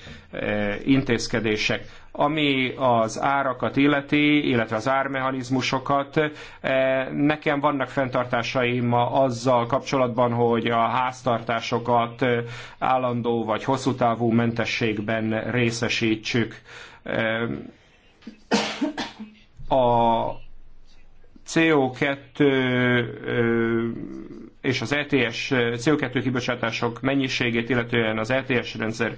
B: intézkedések. Ami az árakat illeti, illetve az ármechanizmusokat, eh, nekem vannak fenntartásaim azzal kapcsolatban, hogy a háztartásokat eh, állandó vagy hosszú távú mentességben részesítsük. Eh, a CO2 és az e ETS CO2 kibocsátások mennyiségét, illetően az ETS rendszer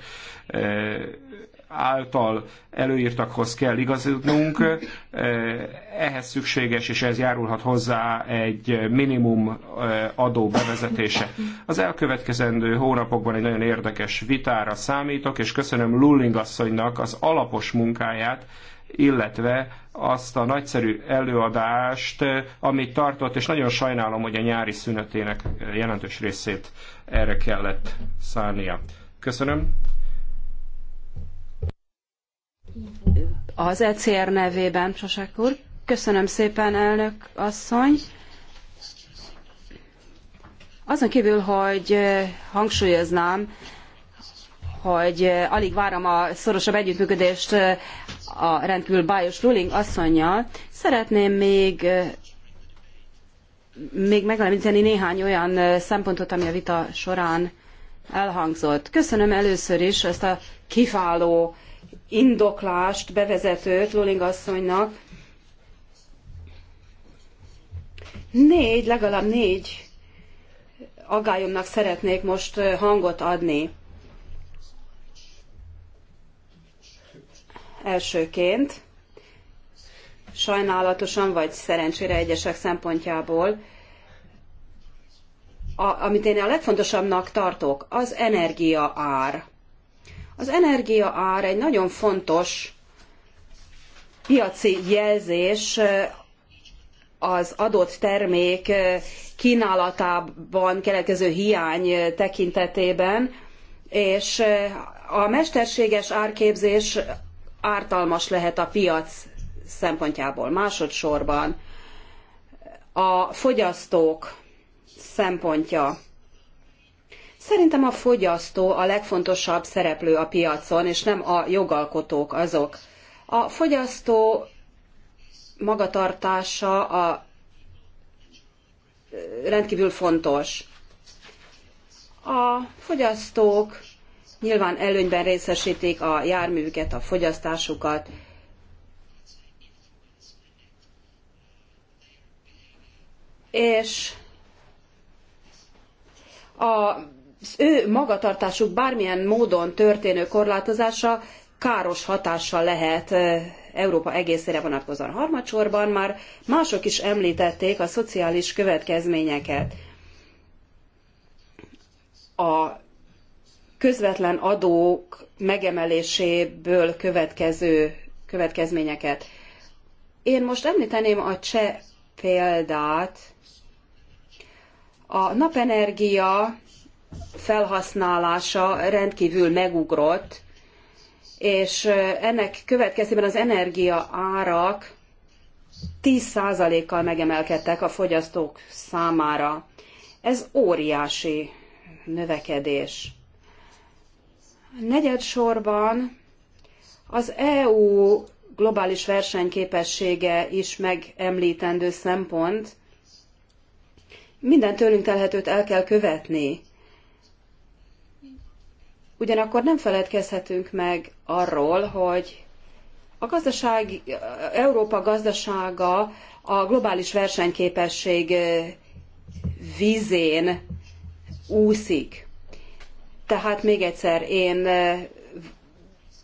B: által előírtakhoz kell igazodnunk, eh, ehhez szükséges, és ez járulhat hozzá egy minimum eh, adó bevezetése. Az elkövetkezendő hónapokban egy nagyon érdekes vitára számítok, és köszönöm Lulling asszonynak az alapos munkáját, illetve azt a nagyszerű előadást, eh, amit tartott, és nagyon sajnálom, hogy a nyári szünetének jelentős részét erre kellett szánnia. Köszönöm
C: az ECR nevében, Sasák úr. Köszönöm szépen, elnök asszony. Azon kívül, hogy hangsúlyoznám, hogy alig várom a szorosabb együttműködést a rendkívül bájos ruling asszonynal, szeretném még még megemlíteni néhány olyan szempontot, ami a vita során elhangzott. Köszönöm először is ezt a kiváló indoklást, bevezetőt Luling asszonynak. Négy, legalább négy agályomnak szeretnék most hangot adni. Elsőként, sajnálatosan vagy szerencsére egyesek szempontjából, a, amit én a legfontosabbnak tartok, az energia ár. Az energia ár egy nagyon fontos piaci jelzés az adott termék kínálatában keletkező hiány tekintetében, és a mesterséges árképzés ártalmas lehet a piac szempontjából. Másodszorban a fogyasztók szempontja Szerintem a fogyasztó a legfontosabb szereplő a piacon, és nem a jogalkotók azok. A fogyasztó magatartása a rendkívül fontos. A fogyasztók nyilván előnyben részesítik a járművüket, a fogyasztásukat, és a az ő magatartásuk bármilyen módon történő korlátozása káros hatással lehet Európa egészére vonatkozóan. Harmadsorban már mások is említették a szociális következményeket. A közvetlen adók megemeléséből következő következményeket. Én most említeném a cseh példát. A napenergia felhasználása rendkívül megugrott, és ennek következtében az energia árak 10%-kal megemelkedtek a fogyasztók számára. Ez óriási növekedés. Negyedsorban az EU globális versenyképessége is megemlítendő szempont. Minden tőlünk telhetőt el kell követni Ugyanakkor nem feledkezhetünk meg arról, hogy a gazdaság, Európa gazdasága a globális versenyképesség vízén úszik. Tehát még egyszer én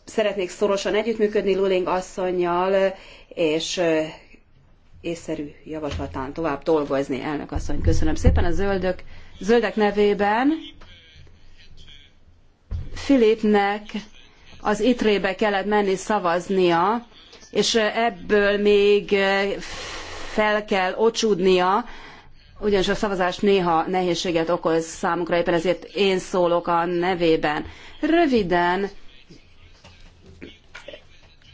C: szeretnék szorosan együttműködni Luling asszonynal, és észszerű javaslatán tovább dolgozni. Elnök asszony, köszönöm szépen a zöldök, zöldek nevében. Filipnek az itrébe kellett menni szavaznia, és ebből még fel kell ocsúdnia, ugyanis a szavazás néha nehézséget okoz számukra, éppen ezért én szólok a nevében. Röviden,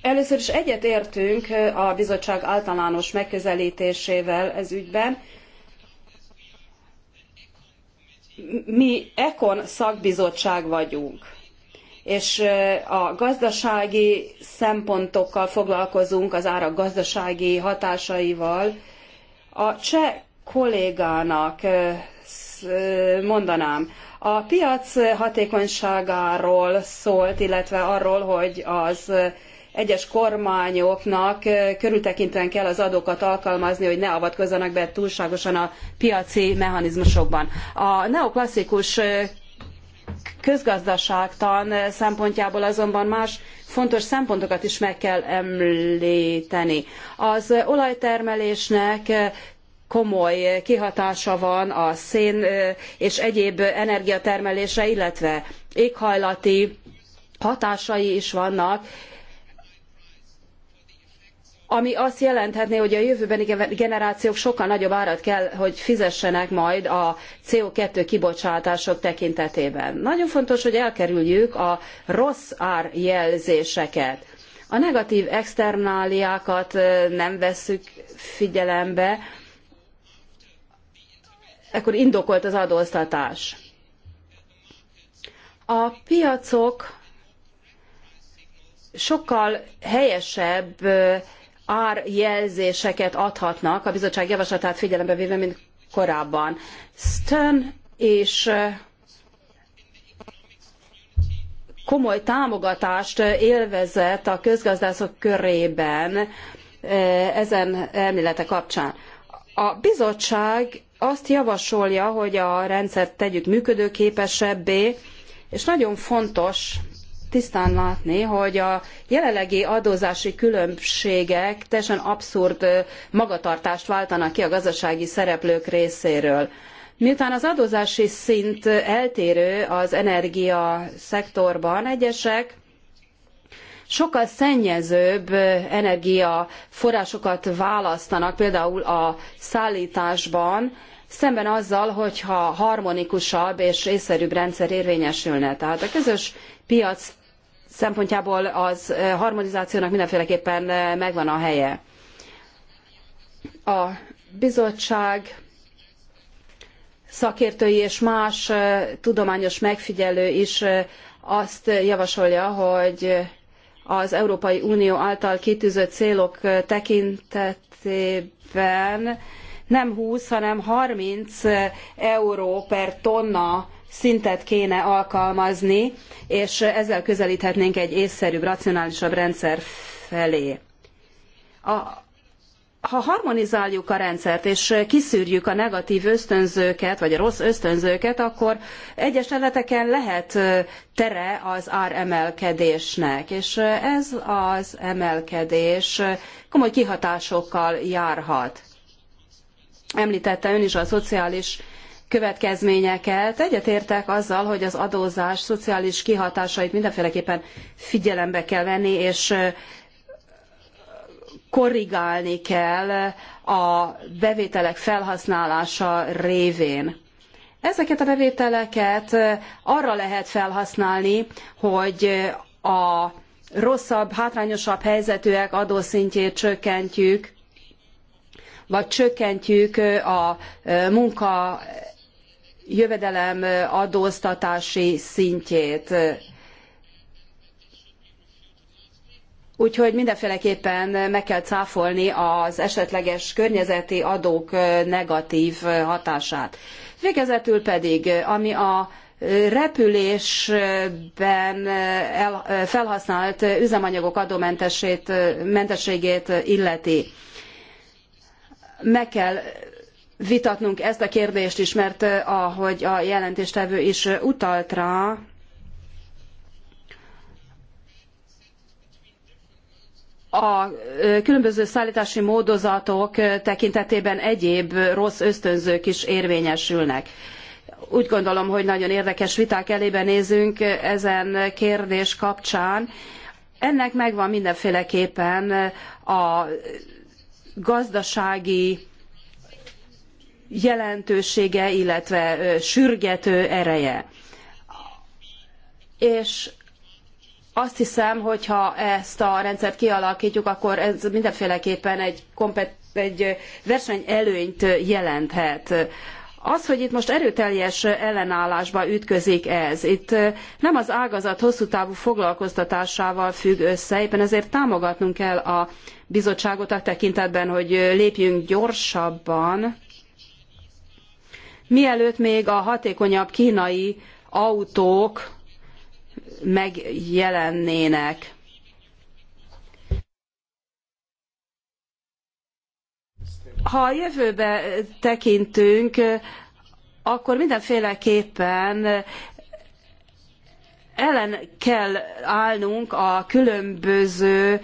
C: először is egyetértünk a bizottság általános megközelítésével ez ügyben, mi Ekon szakbizottság vagyunk, és a gazdasági szempontokkal foglalkozunk, az árak gazdasági hatásaival. A cseh kollégának mondanám, a piac hatékonyságáról szólt, illetve arról, hogy az egyes kormányoknak körültekintően kell az adókat alkalmazni, hogy ne avatkozzanak be túlságosan a piaci mechanizmusokban. A neoklasszikus közgazdaságtan szempontjából azonban más fontos szempontokat is meg kell említeni. Az olajtermelésnek komoly kihatása van a szén és egyéb energiatermelésre, illetve éghajlati hatásai is vannak, ami azt jelenthetné, hogy a jövőbeni generációk sokkal nagyobb árat kell, hogy fizessenek majd a CO2 kibocsátások tekintetében. Nagyon fontos, hogy elkerüljük a rossz árjelzéseket. A negatív externáliákat nem vesszük figyelembe, ekkor indokolt az adóztatás. A piacok sokkal helyesebb árjelzéseket adhatnak a bizottság javaslatát figyelembe véve, mint korábban. Stern és komoly támogatást élvezett a közgazdászok körében ezen elmélete kapcsán. A bizottság azt javasolja, hogy a rendszert tegyük működőképesebbé, és nagyon fontos tisztán látni, hogy a jelenlegi adózási különbségek teljesen abszurd magatartást váltanak ki a gazdasági szereplők részéről. Miután az adózási szint eltérő az energia szektorban, egyesek sokkal szennyezőbb energiaforrásokat választanak, például a szállításban, szemben azzal, hogyha harmonikusabb és észszerűbb rendszer érvényesülne. Tehát a közös piac szempontjából az harmonizációnak mindenféleképpen megvan a helye. A bizottság szakértői és más tudományos megfigyelő is azt javasolja, hogy az Európai Unió által kitűzött célok tekintetében nem 20, hanem 30 euró per tonna szintet kéne alkalmazni, és ezzel közelíthetnénk egy észszerűbb, racionálisabb rendszer felé. A, ha harmonizáljuk a rendszert, és kiszűrjük a negatív ösztönzőket, vagy a rossz ösztönzőket, akkor egyes területeken lehet tere az áremelkedésnek, és ez az emelkedés komoly kihatásokkal járhat. Említette ön is a szociális következményeket. Egyetértek azzal, hogy az adózás szociális kihatásait mindenféleképpen figyelembe kell venni, és korrigálni kell a bevételek felhasználása révén. Ezeket a bevételeket arra lehet felhasználni, hogy a rosszabb, hátrányosabb helyzetűek adószintjét csökkentjük, vagy csökkentjük a munka jövedelem adóztatási szintjét. Úgyhogy mindenféleképpen meg kell cáfolni az esetleges környezeti adók negatív hatását. Végezetül pedig, ami a repülésben felhasznált üzemanyagok adómentességét illeti. Meg kell vitatnunk ezt a kérdést is, mert ahogy a jelentéstevő is utalt rá, a különböző szállítási módozatok tekintetében egyéb rossz ösztönzők is érvényesülnek. Úgy gondolom, hogy nagyon érdekes viták elébe nézünk ezen kérdés kapcsán. Ennek megvan mindenféleképpen a gazdasági jelentősége, illetve sürgető ereje. És azt hiszem, hogy ha ezt a rendszert kialakítjuk, akkor ez mindenféleképpen egy, kompet, egy versenyelőnyt jelenthet. Az, hogy itt most erőteljes ellenállásba ütközik ez, itt nem az ágazat hosszú távú foglalkoztatásával függ össze, éppen ezért támogatnunk kell a bizottságot a tekintetben, hogy lépjünk gyorsabban, mielőtt még a hatékonyabb kínai autók megjelennének. Ha a jövőbe tekintünk, akkor mindenféleképpen ellen kell állnunk a különböző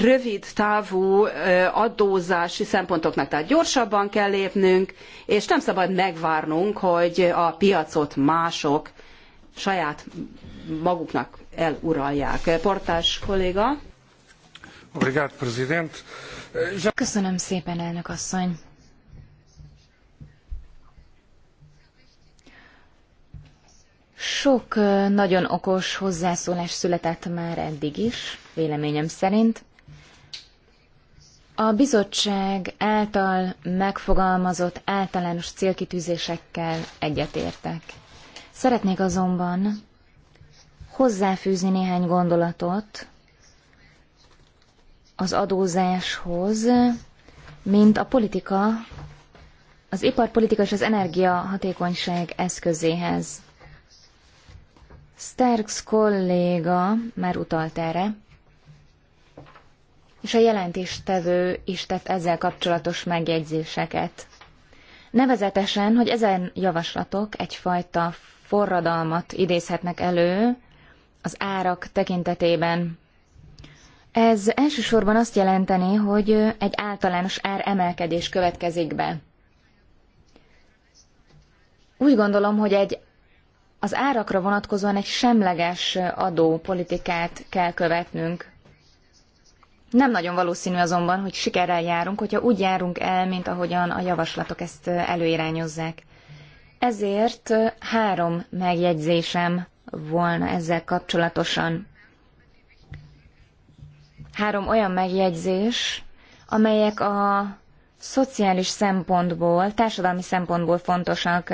C: rövid távú adózási szempontoknak. Tehát gyorsabban kell lépnünk, és nem szabad megvárnunk, hogy a piacot mások saját maguknak eluralják. Portás
A: kolléga. Köszönöm szépen, elnök asszony. Sok nagyon okos hozzászólás született már eddig is, véleményem szerint. A bizottság által megfogalmazott általános célkitűzésekkel egyetértek. Szeretnék azonban hozzáfűzni néhány gondolatot az adózáshoz, mint a politika, az iparpolitika és az energiahatékonyság eszközéhez. Sterks kolléga már utalt erre, és a jelentéstevő is tett ezzel kapcsolatos megjegyzéseket. Nevezetesen, hogy ezen javaslatok egyfajta forradalmat idézhetnek elő az árak tekintetében. Ez elsősorban azt jelenteni, hogy egy általános ár emelkedés következik be. Úgy gondolom, hogy egy az árakra vonatkozóan egy semleges adópolitikát kell követnünk. Nem nagyon valószínű azonban, hogy sikerrel járunk, hogyha úgy járunk el, mint ahogyan a javaslatok ezt előirányozzák. Ezért három megjegyzésem volna ezzel kapcsolatosan. Három olyan megjegyzés, amelyek a szociális szempontból, társadalmi szempontból fontosak.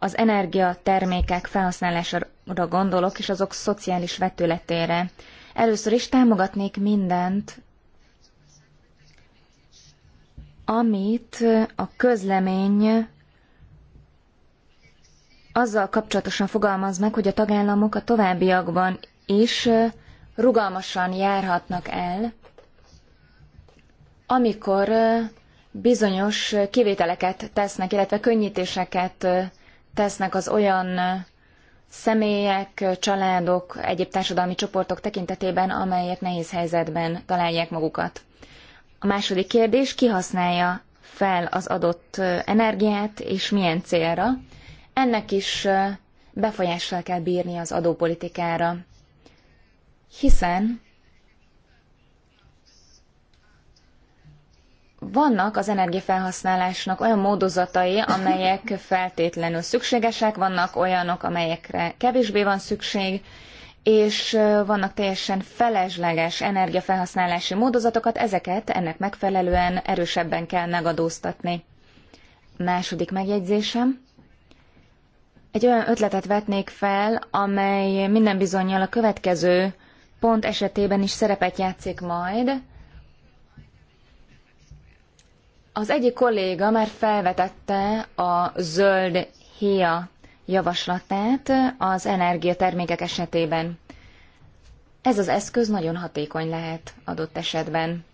A: Az energiatermékek felhasználására gondolok, és azok szociális vetületére. Először is támogatnék mindent, amit a közlemény azzal kapcsolatosan fogalmaz meg, hogy a tagállamok a továbbiakban is rugalmasan járhatnak el, amikor bizonyos kivételeket tesznek, illetve könnyítéseket tesznek az olyan személyek, családok, egyéb társadalmi csoportok tekintetében, amelyek nehéz helyzetben találják magukat. A második kérdés, ki használja fel az adott energiát, és milyen célra? Ennek is befolyással kell bírni az adópolitikára, hiszen vannak az energiafelhasználásnak olyan módozatai, amelyek feltétlenül szükségesek, vannak olyanok, amelyekre kevésbé van szükség, és vannak teljesen felesleges energiafelhasználási módozatokat, ezeket ennek megfelelően erősebben kell megadóztatni. Második megjegyzésem. Egy olyan ötletet vetnék fel, amely minden bizonyal a következő pont esetében is szerepet játszik majd, Az egyik kolléga már felvetette a zöld héja javaslatát az energiatermékek esetében. Ez az eszköz nagyon hatékony lehet adott esetben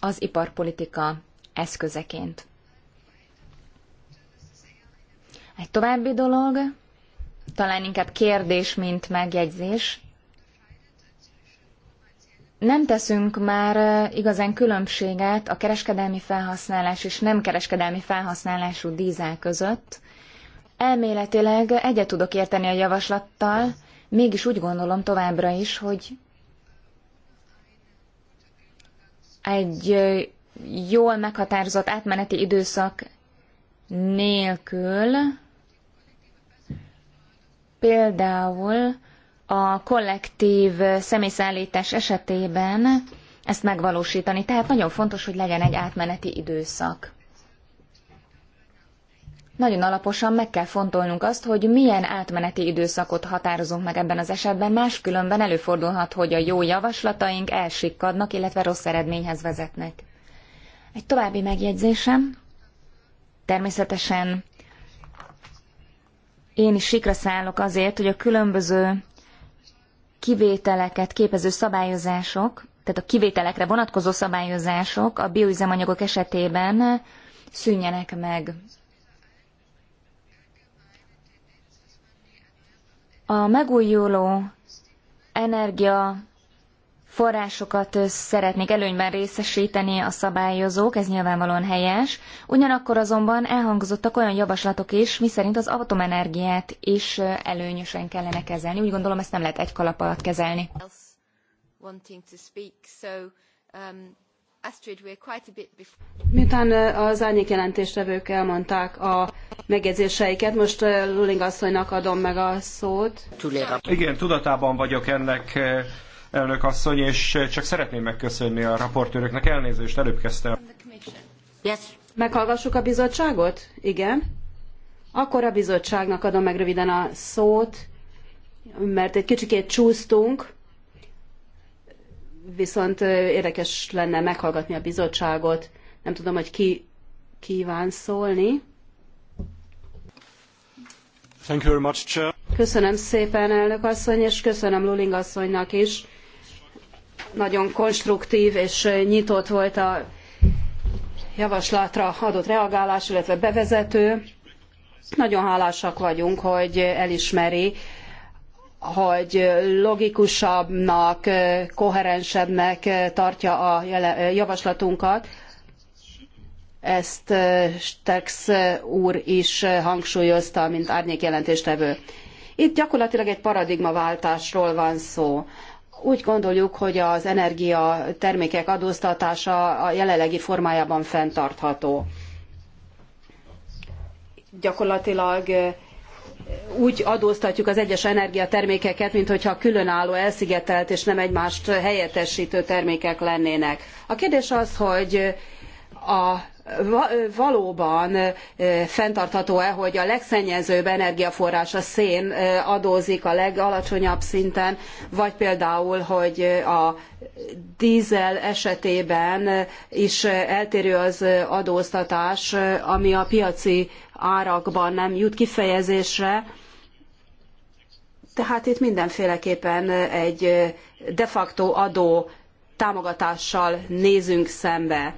A: az iparpolitika eszközeként. Egy további dolog, talán inkább kérdés, mint megjegyzés, nem teszünk már igazán különbséget a kereskedelmi felhasználás és nem kereskedelmi felhasználású dízel között. Elméletileg egyet tudok érteni a javaslattal, mégis úgy gondolom továbbra is, hogy egy jól meghatározott átmeneti időszak nélkül például a kollektív személyszállítás esetében ezt megvalósítani. Tehát nagyon fontos, hogy legyen egy átmeneti időszak. Nagyon alaposan meg kell fontolnunk azt, hogy milyen átmeneti időszakot határozunk meg ebben az esetben, máskülönben előfordulhat, hogy a jó javaslataink elsikkadnak, illetve rossz eredményhez vezetnek. Egy további megjegyzésem. Természetesen én is sikra szállok azért, hogy a különböző kivételeket képező szabályozások, tehát a kivételekre vonatkozó szabályozások a bioüzemanyagok esetében szűnjenek meg. A megújuló energia forrásokat szeretnék előnyben részesíteni a szabályozók, ez nyilvánvalóan helyes. Ugyanakkor azonban elhangzottak olyan javaslatok is, miszerint az atomenergiát is előnyösen kellene kezelni. Úgy gondolom, ezt nem lehet egy kalap alatt kezelni.
C: Miután az árnyék jelentéstevők elmondták a megjegyzéseiket, most Luling asszonynak adom meg a szót.
B: Igen, tudatában vagyok ennek elnök asszony, és csak szeretném megköszönni a raportőröknek elnézést, előbb kezdte.
C: Yes. Meghallgassuk a bizottságot? Igen. Akkor a bizottságnak adom meg röviden a szót, mert egy kicsikét csúsztunk, viszont érdekes lenne meghallgatni a bizottságot. Nem tudom, hogy ki kíván szólni.
B: Thank you very much, Chair.
C: Köszönöm szépen, elnök asszony, és köszönöm Luling asszonynak is nagyon konstruktív és nyitott volt a javaslatra adott reagálás, illetve bevezető. Nagyon hálásak vagyunk, hogy elismeri, hogy logikusabbnak, koherensebbnek tartja a javaslatunkat. Ezt Stex úr is hangsúlyozta, mint árnyék jelentéstevő. Itt gyakorlatilag egy paradigmaváltásról van szó úgy gondoljuk, hogy az energia termékek adóztatása a jelenlegi formájában fenntartható. Gyakorlatilag úgy adóztatjuk az egyes energiatermékeket, mintha különálló, elszigetelt és nem egymást helyettesítő termékek lennének. A kérdés az, hogy a valóban fenntartható-e, hogy a legszennyezőbb energiaforrás a szén adózik a legalacsonyabb szinten, vagy például, hogy a dízel esetében is eltérő az adóztatás, ami a piaci árakban nem jut kifejezésre. Tehát itt mindenféleképpen egy de facto adó támogatással nézünk szembe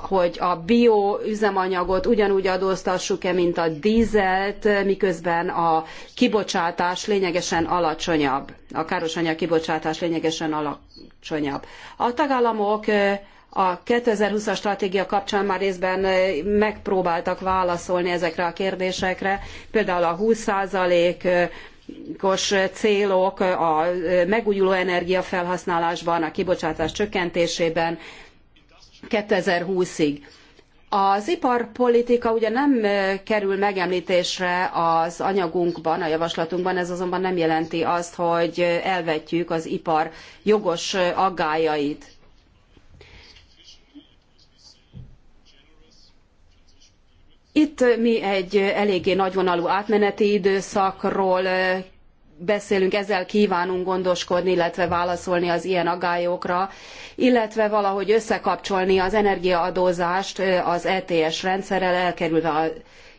C: hogy a bioüzemanyagot ugyanúgy adóztassuk-e, mint a dízelt, miközben a kibocsátás lényegesen alacsonyabb, a károsanyag kibocsátás lényegesen alacsonyabb. A tagállamok a 2020-as stratégia kapcsán már részben megpróbáltak válaszolni ezekre a kérdésekre, például a 20% os célok a megújuló energiafelhasználásban, a kibocsátás csökkentésében, 2020-ig. Az iparpolitika ugye nem kerül megemlítésre az anyagunkban, a javaslatunkban, ez azonban nem jelenti azt, hogy elvetjük az ipar jogos aggályait. Itt mi egy eléggé nagyvonalú átmeneti időszakról beszélünk, ezzel kívánunk gondoskodni, illetve válaszolni az ilyen agályokra, illetve valahogy összekapcsolni az energiaadózást az ETS rendszerrel, elkerülve a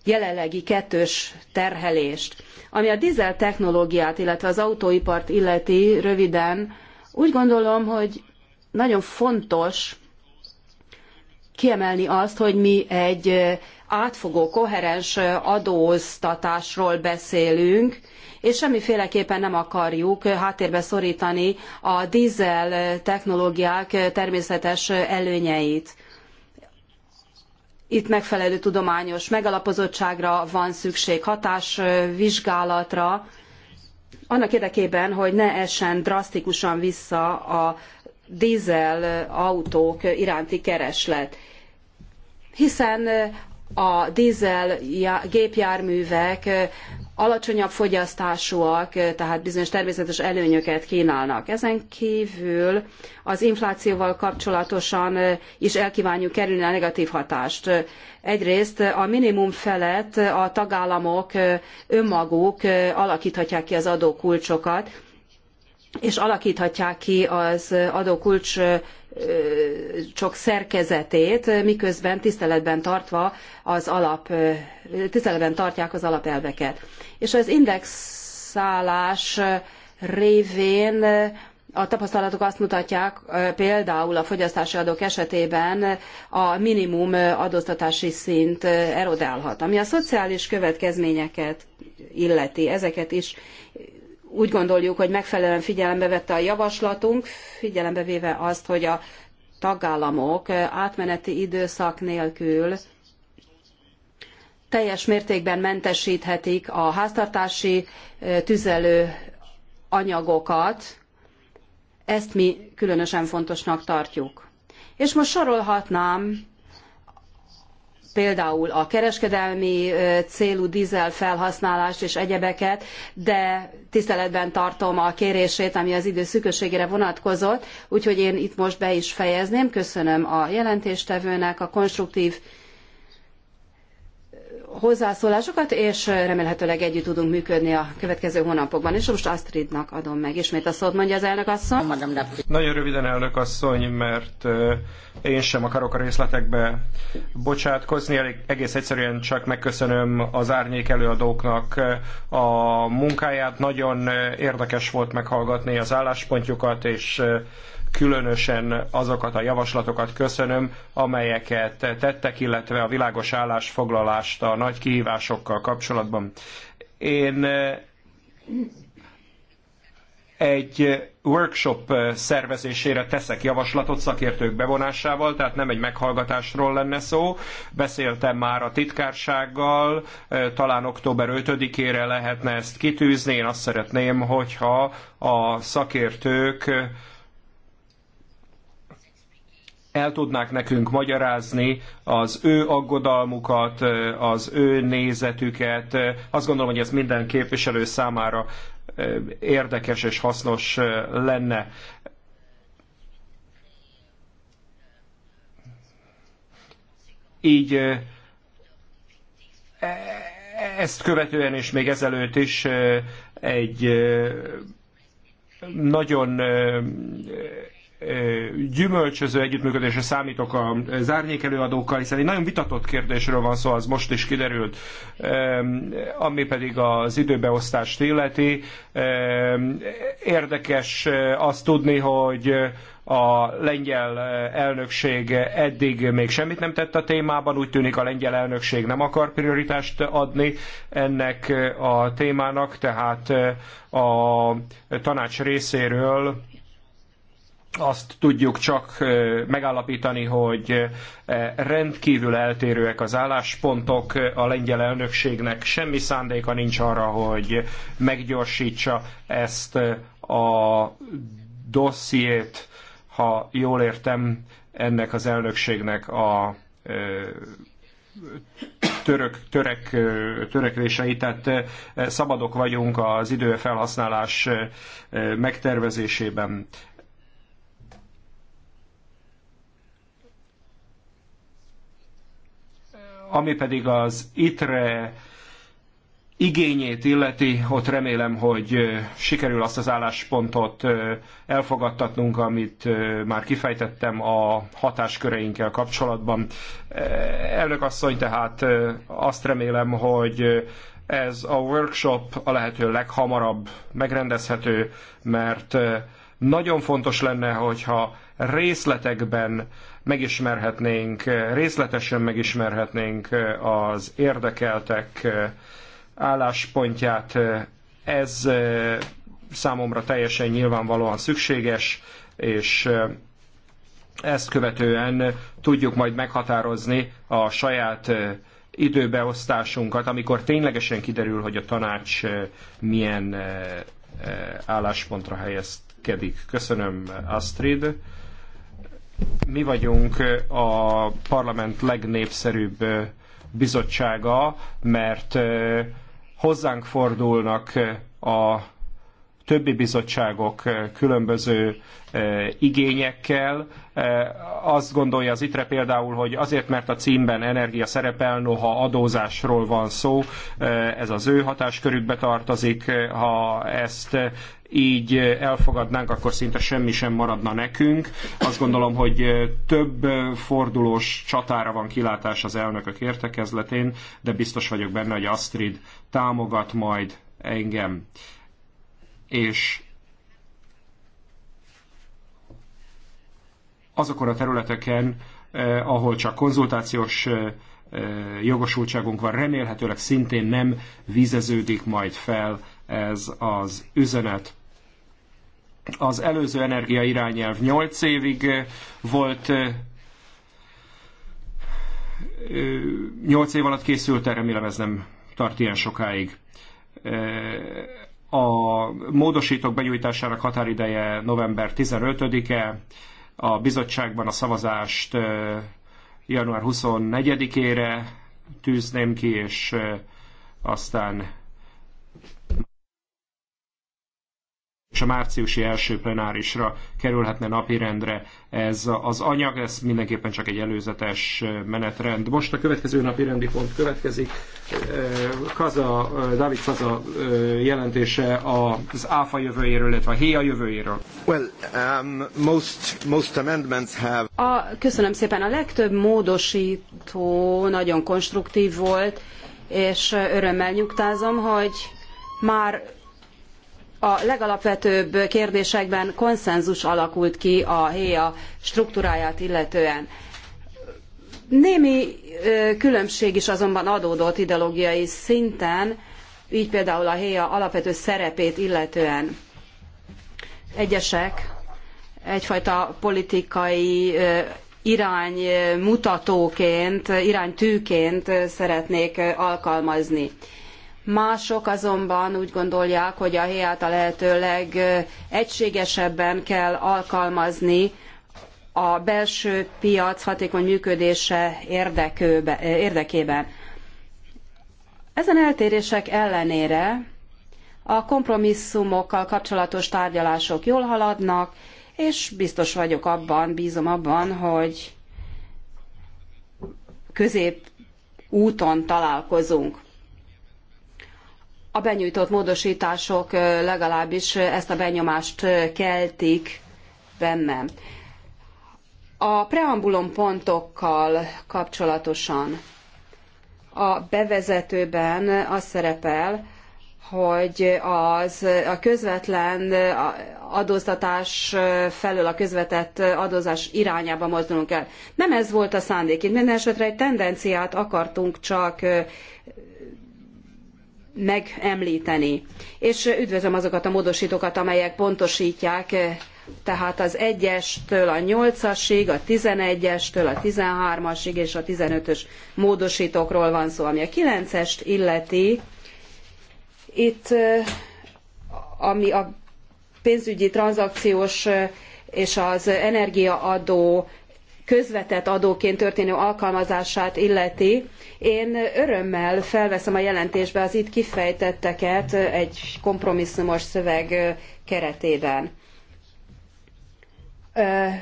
C: jelenlegi kettős terhelést. Ami a dizel technológiát, illetve az autóipart illeti röviden, úgy gondolom, hogy nagyon fontos kiemelni azt, hogy mi egy átfogó, koherens adóztatásról beszélünk, és semmiféleképpen nem akarjuk háttérbe szortani a dízel technológiák természetes előnyeit. Itt megfelelő tudományos megalapozottságra van szükség, hatásvizsgálatra, annak érdekében, hogy ne essen drasztikusan vissza a dízel autók iránti kereslet. Hiszen a dízel gépjárművek alacsonyabb fogyasztásúak, eh, tehát bizonyos természetes előnyöket kínálnak. Ezen kívül az inflációval kapcsolatosan eh, is elkívánjuk kerülni a negatív hatást. Egyrészt a minimum felett a tagállamok eh, önmaguk alakíthatják ki az adókulcsokat, és alakíthatják ki az adókulcs csak szerkezetét, miközben tiszteletben tartva az alap, tiszteletben tartják az alapelveket. És az indexálás révén a tapasztalatok azt mutatják, például a fogyasztási adók esetében a minimum adóztatási szint erodálhat. Ami a szociális következményeket illeti, ezeket is úgy gondoljuk, hogy megfelelően figyelembe vette a javaslatunk, figyelembe véve azt, hogy a tagállamok átmeneti időszak nélkül teljes mértékben mentesíthetik a háztartási tüzelő anyagokat. Ezt mi különösen fontosnak tartjuk. És most sorolhatnám például a kereskedelmi célú dízel felhasználást és egyebeket, de tiszteletben tartom a kérését, ami az idő szűkösségére vonatkozott, úgyhogy én itt most be is fejezném. Köszönöm a jelentéstevőnek a konstruktív hozzászólásokat, és remélhetőleg együtt tudunk működni a következő hónapokban. És most Astridnak adom meg ismét a szót, mondja az elnök asszony.
B: Nagyon röviden elnök asszony, mert eh, én sem akarok a részletekbe bocsátkozni, elég egész egyszerűen csak megköszönöm az árnyék előadóknak eh, a munkáját. Nagyon eh, érdekes volt meghallgatni az álláspontjukat, és különösen azokat a javaslatokat köszönöm, amelyeket tettek, illetve a világos állásfoglalást a nagy kihívásokkal kapcsolatban. Én eh, egy workshop szervezésére teszek javaslatot szakértők bevonásával, tehát nem egy meghallgatásról lenne szó. Beszéltem már a titkársággal, eh, talán október 5-ére lehetne ezt kitűzni. Én azt szeretném, hogyha a szakértők el tudnák nekünk magyarázni az ő aggodalmukat, az ő nézetüket. Azt gondolom, hogy ez minden képviselő számára érdekes és hasznos lenne. Így e, ezt követően és még ezelőtt is egy nagyon gyümölcsöző együttműködésre számítok a zárnyék előadókkal, hiszen egy nagyon vitatott kérdésről van szó, az most is kiderült, eh, ami pedig az időbeosztást illeti. Eh, érdekes eh, azt tudni, hogy a lengyel elnökség eddig még semmit nem tett a témában, úgy tűnik a lengyel elnökség nem akar prioritást adni ennek a témának, tehát a tanács részéről azt tudjuk csak megállapítani, hogy rendkívül eltérőek az álláspontok. A lengyel elnökségnek semmi szándéka nincs arra, hogy meggyorsítsa ezt a dossziét, ha jól értem, ennek az elnökségnek a török, török, törekvései, tehát szabadok vagyunk az idő felhasználás megtervezésében. Ami pedig az ITRE igényét illeti, ott remélem, hogy sikerül azt az álláspontot elfogadtatnunk, amit már kifejtettem a hatásköreinkkel kapcsolatban. Elnök asszony, tehát azt remélem, hogy ez a workshop a lehető leghamarabb megrendezhető, mert nagyon fontos lenne, hogyha részletekben megismerhetnénk, részletesen megismerhetnénk az érdekeltek álláspontját. Ez számomra teljesen nyilvánvalóan szükséges, és ezt követően tudjuk majd meghatározni a saját időbeosztásunkat, amikor ténylegesen kiderül, hogy a tanács milyen álláspontra helyezkedik. Köszönöm, Astrid. Mi vagyunk a parlament legnépszerűbb bizottsága, mert hozzánk fordulnak a többi bizottságok eh, különböző eh, igényekkel. Eh, azt gondolja az ITRE például, hogy azért, mert a címben energia szerepel, noha adózásról van szó, ez az ő hatáskörükbe tartozik, ha ezt így elfogadnánk, akkor szinte semmi sem maradna nekünk. Azt gondolom, hogy több fordulós csatára van kilátás az elnökök értekezletén, de biztos vagyok benne, hogy Astrid támogat majd engem és azokon a területeken, eh, ahol csak konzultációs eh, eh jogosultságunk van, remélhetőleg szintén nem vizeződik majd fel ez az üzenet. Az előző energia irányelv 8 évig eh, volt 8 eh, év alatt készült, remélem ez nem tart ilyen sokáig. A módosítók benyújtásának határideje november 15-e, a bizottságban a szavazást január 24-ére tűzném ki, és aztán és a márciusi első plenárisra kerülhetne napirendre ez az anyag, ez mindenképpen csak egy előzetes menetrend. Most a következő napirendi pont következik. Eh, Kaza, eh, David Kaza eh, jelentése az áfa jövőjéről, illetve a héja jövőjéről. Well, um, most, most amendments have...
C: A, köszönöm szépen. A legtöbb módosító nagyon konstruktív volt, és örömmel nyugtázom, hogy már a legalapvetőbb kérdésekben konszenzus alakult ki a HÉA struktúráját illetően. Némi különbség is azonban adódott ideológiai szinten, így például a HÉA alapvető szerepét illetően. Egyesek egyfajta politikai iránymutatóként, iránytűként szeretnék alkalmazni. Mások azonban úgy gondolják, hogy a héját a lehető legegységesebben kell alkalmazni a belső piac hatékony működése érdekőbe, érdekében. Ezen eltérések ellenére a kompromisszumokkal kapcsolatos tárgyalások jól haladnak, és biztos vagyok abban, bízom abban, hogy közép úton találkozunk a benyújtott módosítások legalábbis ezt a benyomást keltik bennem. A preambulum pontokkal kapcsolatosan a bevezetőben az szerepel, hogy az, a közvetlen adóztatás felől a közvetett adózás irányába mozdulunk el. Nem ez volt a szándék. Itt minden esetre egy tendenciát akartunk csak megemlíteni. És üdvözlöm azokat a módosítókat, amelyek pontosítják eh, tehát az 1-estől a 8-asig, a 11-estől a 13-asig és a 15-ös módosítókról van szó, ami a 9-est illeti. Itt, eh, ami a pénzügyi tranzakciós eh, és az energiaadó közvetett adóként történő alkalmazását illeti, én örömmel felveszem a jelentésbe az itt kifejtetteket egy kompromisszumos szöveg keretében.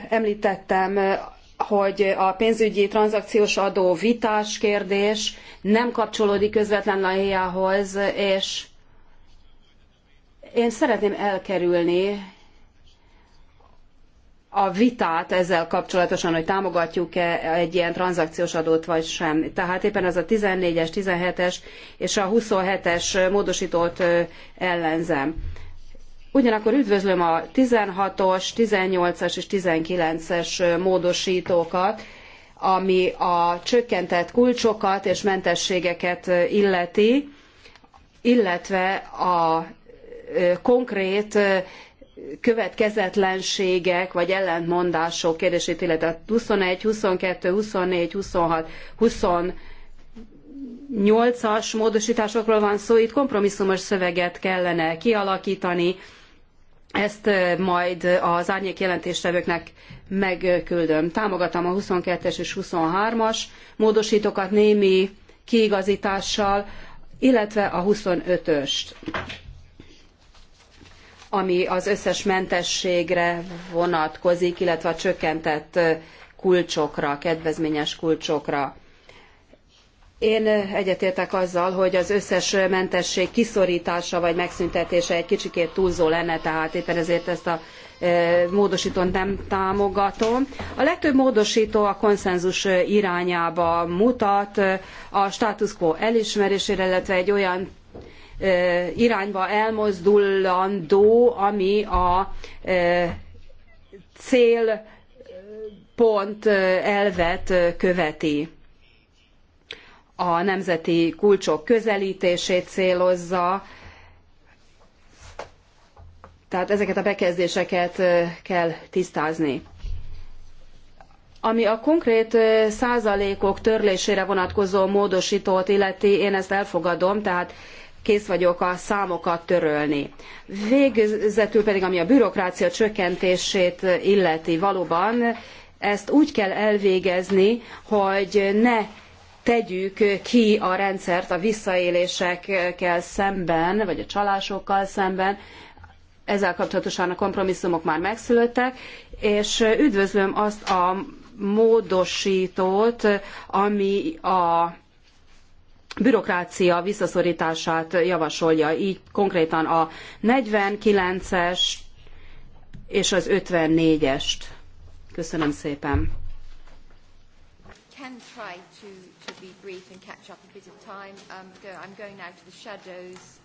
C: Említettem hogy a pénzügyi tranzakciós adó vitás kérdés nem kapcsolódik közvetlen a héjához, és én szeretném elkerülni, a vitát ezzel kapcsolatosan, hogy támogatjuk-e egy ilyen tranzakciós adót vagy sem. Tehát éppen az a 14-es, 17-es és a 27-es módosítót ellenzem. Ugyanakkor üdvözlöm a 16-os, 18-as és 19-es módosítókat, ami a csökkentett kulcsokat és mentességeket illeti, illetve a konkrét következetlenségek vagy ellentmondások kérdését illetve 21, 22, 24, 26, 28 as módosításokról van szó, itt kompromisszumos szöveget kellene kialakítani, ezt majd az árnyék jelentéstevőknek megküldöm. Támogatom a 22-es és 23-as módosítókat némi kiigazítással, illetve a 25-öst ami az összes mentességre vonatkozik, illetve a csökkentett kulcsokra, kedvezményes kulcsokra. Én egyetértek azzal, hogy az összes mentesség kiszorítása vagy megszüntetése egy kicsikét túlzó lenne, tehát éppen ezért ezt a módosítót nem támogatom. A legtöbb módosító a konszenzus irányába mutat, a status quo elismerésére, illetve egy olyan irányba elmozdulandó, ami a célpont elvet követi. A nemzeti kulcsok közelítését célozza, tehát ezeket a bekezdéseket kell tisztázni. Ami a konkrét százalékok törlésére vonatkozó módosítót illeti, én ezt elfogadom, tehát kész vagyok a számokat törölni. Végezetül pedig, ami a bürokrácia csökkentését illeti, valóban ezt úgy kell elvégezni, hogy ne tegyük ki a rendszert a visszaélésekkel szemben, vagy a csalásokkal szemben. Ezzel kapcsolatosan a kompromisszumok már megszülöttek, és üdvözlöm azt a módosítót, ami a bürokrácia visszaszorítását javasolja, így konkrétan a 49-es és az 54-est. Köszönöm szépen.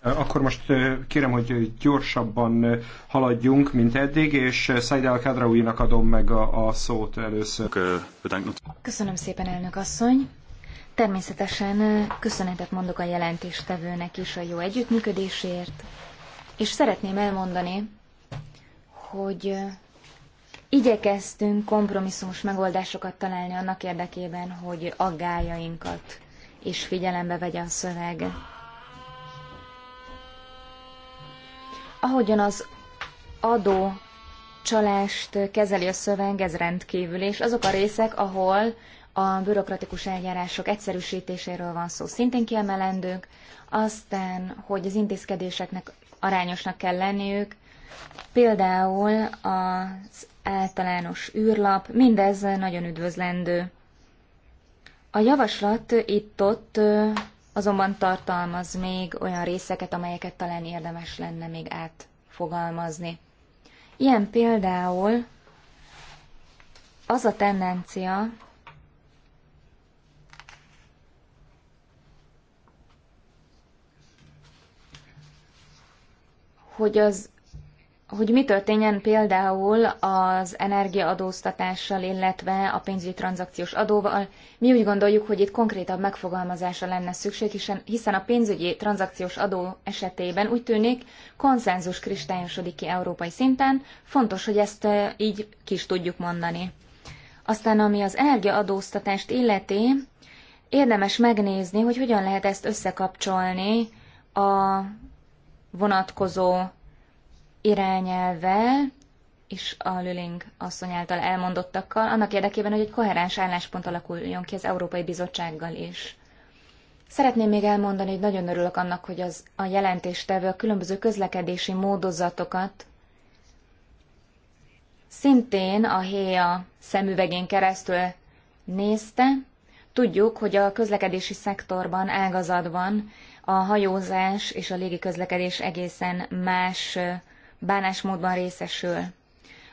B: Akkor most uh, kérem, hogy uh, gyorsabban uh, haladjunk, mint eddig, és Said al kadraouinak adom meg a, a szót először.
A: Köszönöm szépen, elnök asszony. Természetesen köszönetet mondok a jelentéstevőnek is a jó együttműködésért, és szeretném elmondani, hogy igyekeztünk kompromisszumos megoldásokat találni annak érdekében, hogy aggájainkat is figyelembe vegye a szöveg. Ahogyan az adó csalást kezeli a szöveg, ez rendkívül, és azok a részek, ahol a bürokratikus eljárások egyszerűsítéséről van szó, szintén kiemelendők, aztán, hogy az intézkedéseknek arányosnak kell lenniük, például az általános űrlap, mindez nagyon üdvözlendő. A javaslat itt-ott azonban tartalmaz még olyan részeket, amelyeket talán érdemes lenne még átfogalmazni. Ilyen például az a tendencia, hogy az hogy mi történjen például az energiaadóztatással, illetve a pénzügyi tranzakciós adóval. Mi úgy gondoljuk, hogy itt konkrétabb megfogalmazásra lenne szükség, hiszen a pénzügyi tranzakciós adó esetében úgy tűnik, konszenzus kristályosodik ki európai szinten, fontos, hogy ezt így ki is tudjuk mondani. Aztán, ami az energiaadóztatást illeti, érdemes megnézni, hogy hogyan lehet ezt összekapcsolni a vonatkozó irányelve és a Lüling asszony által elmondottakkal, annak érdekében, hogy egy koherens álláspont alakuljon ki az Európai Bizottsággal is. Szeretném még elmondani, hogy nagyon örülök annak, hogy az, a jelentéstevő a különböző közlekedési módozatokat szintén a héja szemüvegén keresztül nézte. Tudjuk, hogy a közlekedési szektorban, ágazatban a hajózás és a légiközlekedés egészen más bánásmódban részesül.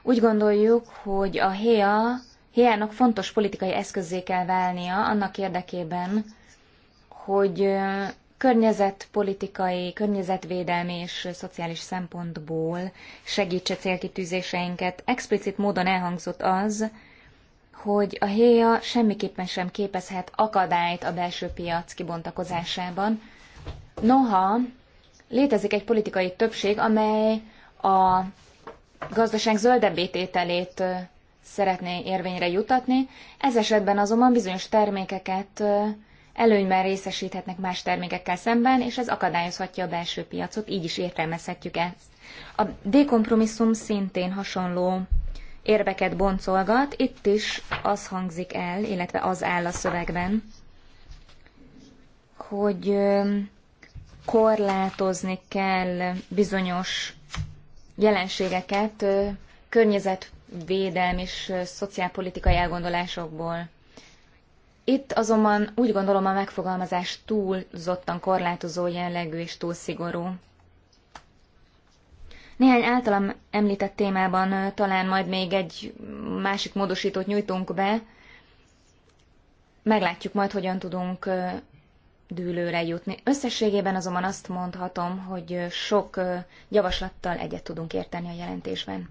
A: Úgy gondoljuk, hogy a HEA, HEA-nak fontos politikai eszközé kell válnia annak érdekében, hogy környezetpolitikai, környezetvédelmi és szociális szempontból segítse célkitűzéseinket. Explicit módon elhangzott az, hogy a HEA semmiképpen sem képezhet akadályt a belső piac kibontakozásában, Noha létezik egy politikai többség, amely a gazdaság zöldebbé szeretné érvényre jutatni, ez esetben azonban bizonyos termékeket előnyben részesíthetnek más termékekkel szemben, és ez akadályozhatja a belső piacot, így is értelmezhetjük ezt. A dekompromisszum szintén hasonló érveket boncolgat, itt is az hangzik el, illetve az áll a szövegben, hogy korlátozni kell bizonyos jelenségeket környezetvédelmi és szociálpolitikai elgondolásokból. Itt azonban úgy gondolom a megfogalmazás túlzottan korlátozó jellegű és túl szigorú. Néhány általam említett témában talán majd még egy másik módosítót nyújtunk be. Meglátjuk majd, hogyan tudunk dűlőre jutni. Összességében azonban azt mondhatom, hogy sok javaslattal egyet tudunk érteni a jelentésben.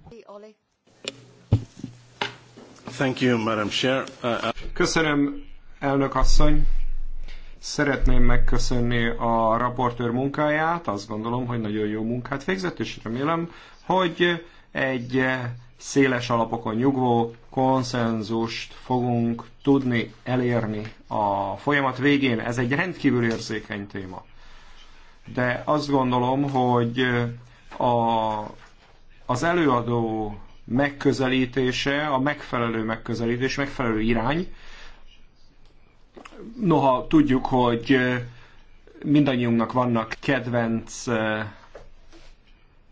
B: Thank you, Madam Chair. Uh, uh, Köszönöm, elnök asszony. Szeretném megköszönni a raportőr munkáját, azt gondolom, hogy nagyon jó munkát végzett, és remélem, hogy egy széles alapokon nyugvó konszenzust fogunk tudni elérni a folyamat végén. Ez egy rendkívül érzékeny téma. De azt gondolom, hogy a, az előadó megközelítése, a megfelelő megközelítés, megfelelő irány. Noha tudjuk, hogy mindannyiunknak vannak kedvenc eh,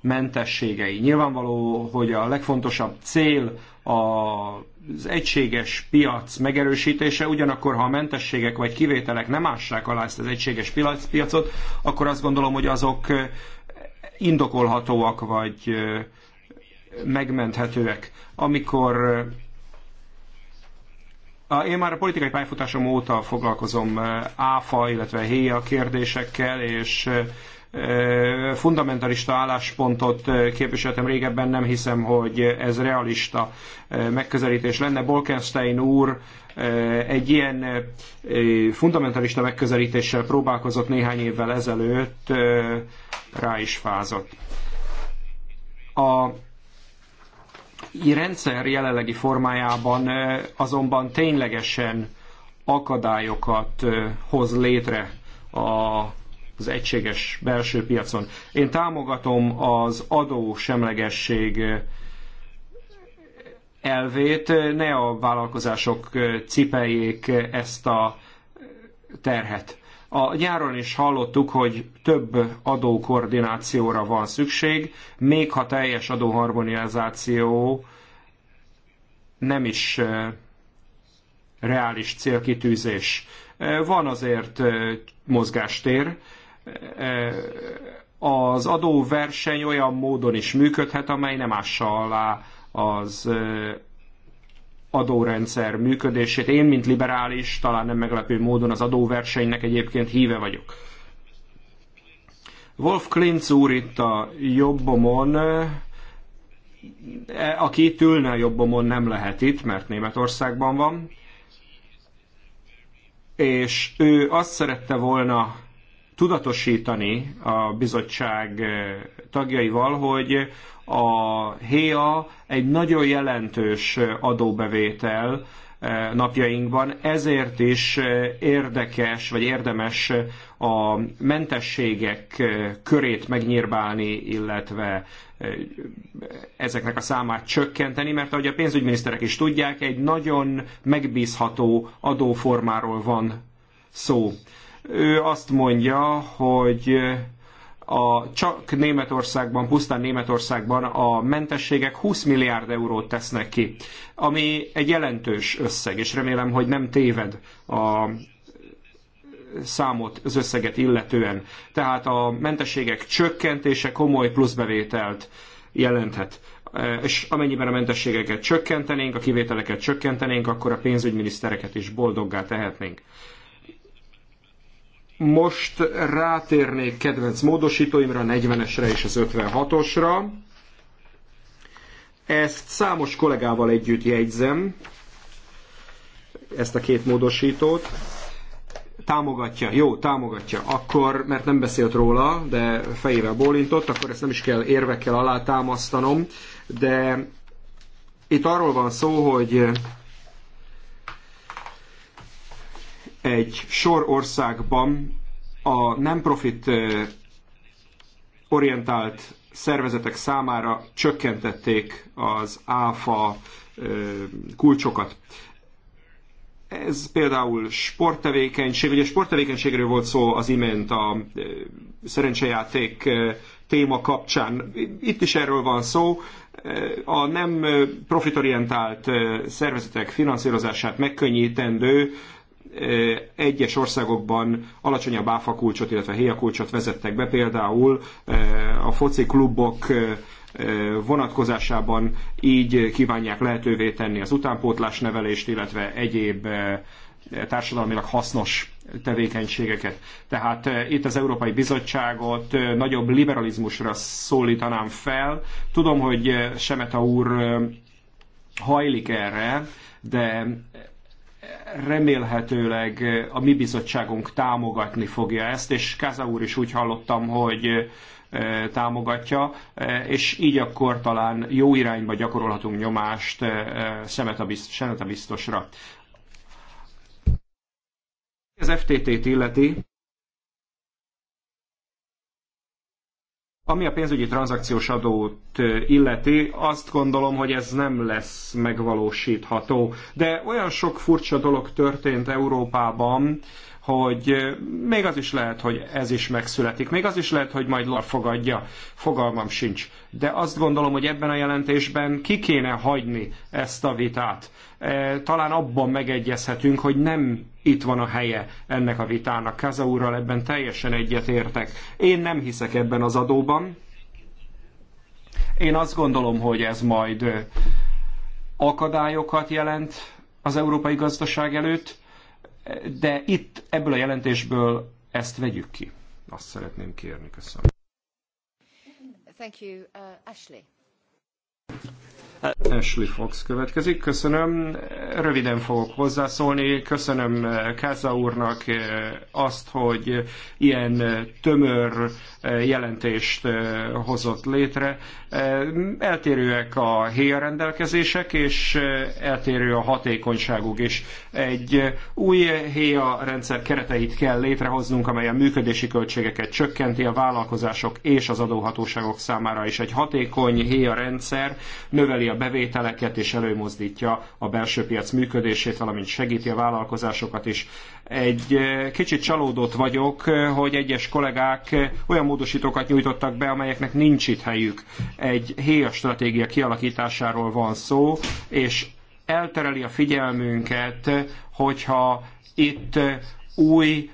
B: mentességei. Nyilvánvaló, hogy a legfontosabb cél az egységes piac megerősítése, ugyanakkor ha a mentességek vagy kivételek nem ássák alá ezt az egységes piacot, akkor azt gondolom, hogy azok indokolhatóak vagy megmenthetőek. Amikor én már a politikai pályafutásom óta foglalkozom áfa, illetve héja kérdésekkel, és fundamentalista álláspontot képviseltem régebben, nem hiszem, hogy ez realista megközelítés lenne. Bolkenstein úr egy ilyen fundamentalista megközelítéssel próbálkozott néhány évvel ezelőtt, rá is fázott. A rendszer jelenlegi formájában azonban ténylegesen akadályokat hoz létre a az egységes belső piacon. Én támogatom az adó semlegesség elvét, ne a vállalkozások cipeljék ezt a terhet. A nyáron is hallottuk, hogy több adókoordinációra van szükség, még ha teljes adóharmonizáció nem is reális célkitűzés. Van azért mozgástér, az adóverseny olyan módon is működhet, amely nem ássa alá az adórendszer működését. Én, mint liberális, talán nem meglepő módon az adóversenynek egyébként híve vagyok. Wolf Klintz úr itt a jobbomon, aki itt ülne a jobbomon nem lehet itt, mert Németországban van, és ő azt szerette volna tudatosítani a bizottság eh, tagjaival, hogy a HÉA e egy nagyon jelentős eh, adóbevétel eh, napjainkban, ezért is érdekes vagy érdemes a mentességek körét megnyírbálni, illetve ezeknek a számát csökkenteni, mert ahogy a pénzügyminiszterek is tudják, egy nagyon megbízható adóformáról van szó. Ő azt mondja, hogy a, csak Németországban, pusztán Németországban a mentességek 20 milliárd eurót tesznek ki, ami egy jelentős összeg, és remélem, hogy nem téved a számot, az összeget illetően. Tehát a mentességek csökkentése komoly pluszbevételt jelenthet. És amennyiben a mentességeket csökkentenénk, a kivételeket csökkentenénk, akkor a pénzügyminisztereket is boldoggá tehetnénk. Most rátérnék kedvenc módosítóimra, a 40-esre és az 56-osra. Ezt számos kollégával együtt jegyzem, ezt a két módosítót. Támogatja, jó, támogatja. Akkor, mert nem beszélt róla, de fejével bólintott, akkor ezt nem is kell érvekkel alátámasztanom, de itt arról van szó, hogy egy sor országban a nem profit orientált szervezetek számára csökkentették az áfa kulcsokat. Ez például sporttevékenység, ugye sporttevékenységről volt szó az imént a szerencsejáték téma kapcsán. Itt is erről van szó. A nem profitorientált szervezetek finanszírozását megkönnyítendő egyes országokban alacsonyabb áfakulcsot, illetve héjakulcsot vezettek be, például a foci klubok vonatkozásában így kívánják lehetővé tenni az utánpótlás nevelést, illetve egyéb társadalmilag hasznos tevékenységeket. Tehát itt az Európai Bizottságot nagyobb liberalizmusra szólítanám fel. Tudom, hogy Semeta úr hajlik erre, de remélhetőleg a mi bizottságunk támogatni fogja ezt, és Káza úr is úgy hallottam, hogy eh, támogatja, eh, és így akkor talán jó irányba gyakorolhatunk nyomást eh, a biztosra. Az FTT-t illeti, Ami a pénzügyi tranzakciós adót illeti, azt gondolom, hogy ez nem lesz megvalósítható. De olyan sok furcsa dolog történt Európában, hogy még az is lehet, hogy ez is megszületik, még az is lehet, hogy majd lar fogadja, fogalmam sincs. De azt gondolom, hogy ebben a jelentésben ki kéne hagyni ezt a vitát. E, talán abban megegyezhetünk, hogy nem itt van a helye ennek a vitának. Kaza úrral ebben teljesen egyetértek. Én nem hiszek ebben az adóban. Én azt gondolom, hogy ez majd akadályokat jelent az európai gazdaság előtt, de itt ebből a jelentésből ezt vegyük ki. Azt szeretném kérni. Köszönöm.
A: Thank you, uh, Ashley.
B: Ashley Fox következik. Köszönöm. Röviden fogok hozzászólni. Köszönöm eh, Káza úrnak eh, azt, hogy ilyen eh, tömör jelentést hozott létre. Eltérőek a héja és eltérő a hatékonyságuk is. Egy új héja rendszer kereteit kell létrehoznunk, amely a működési költségeket csökkenti a vállalkozások és az adóhatóságok számára is. Egy hatékony héja rendszer növeli növeli a bevételeket és előmozdítja a belső piac működését, valamint segíti a vállalkozásokat is. Egy kicsit csalódott vagyok, hogy egyes kollégák olyan módosítókat nyújtottak be, amelyeknek nincs itt helyük. Egy héja stratégia kialakításáról van szó, és eltereli a figyelmünket, hogyha itt új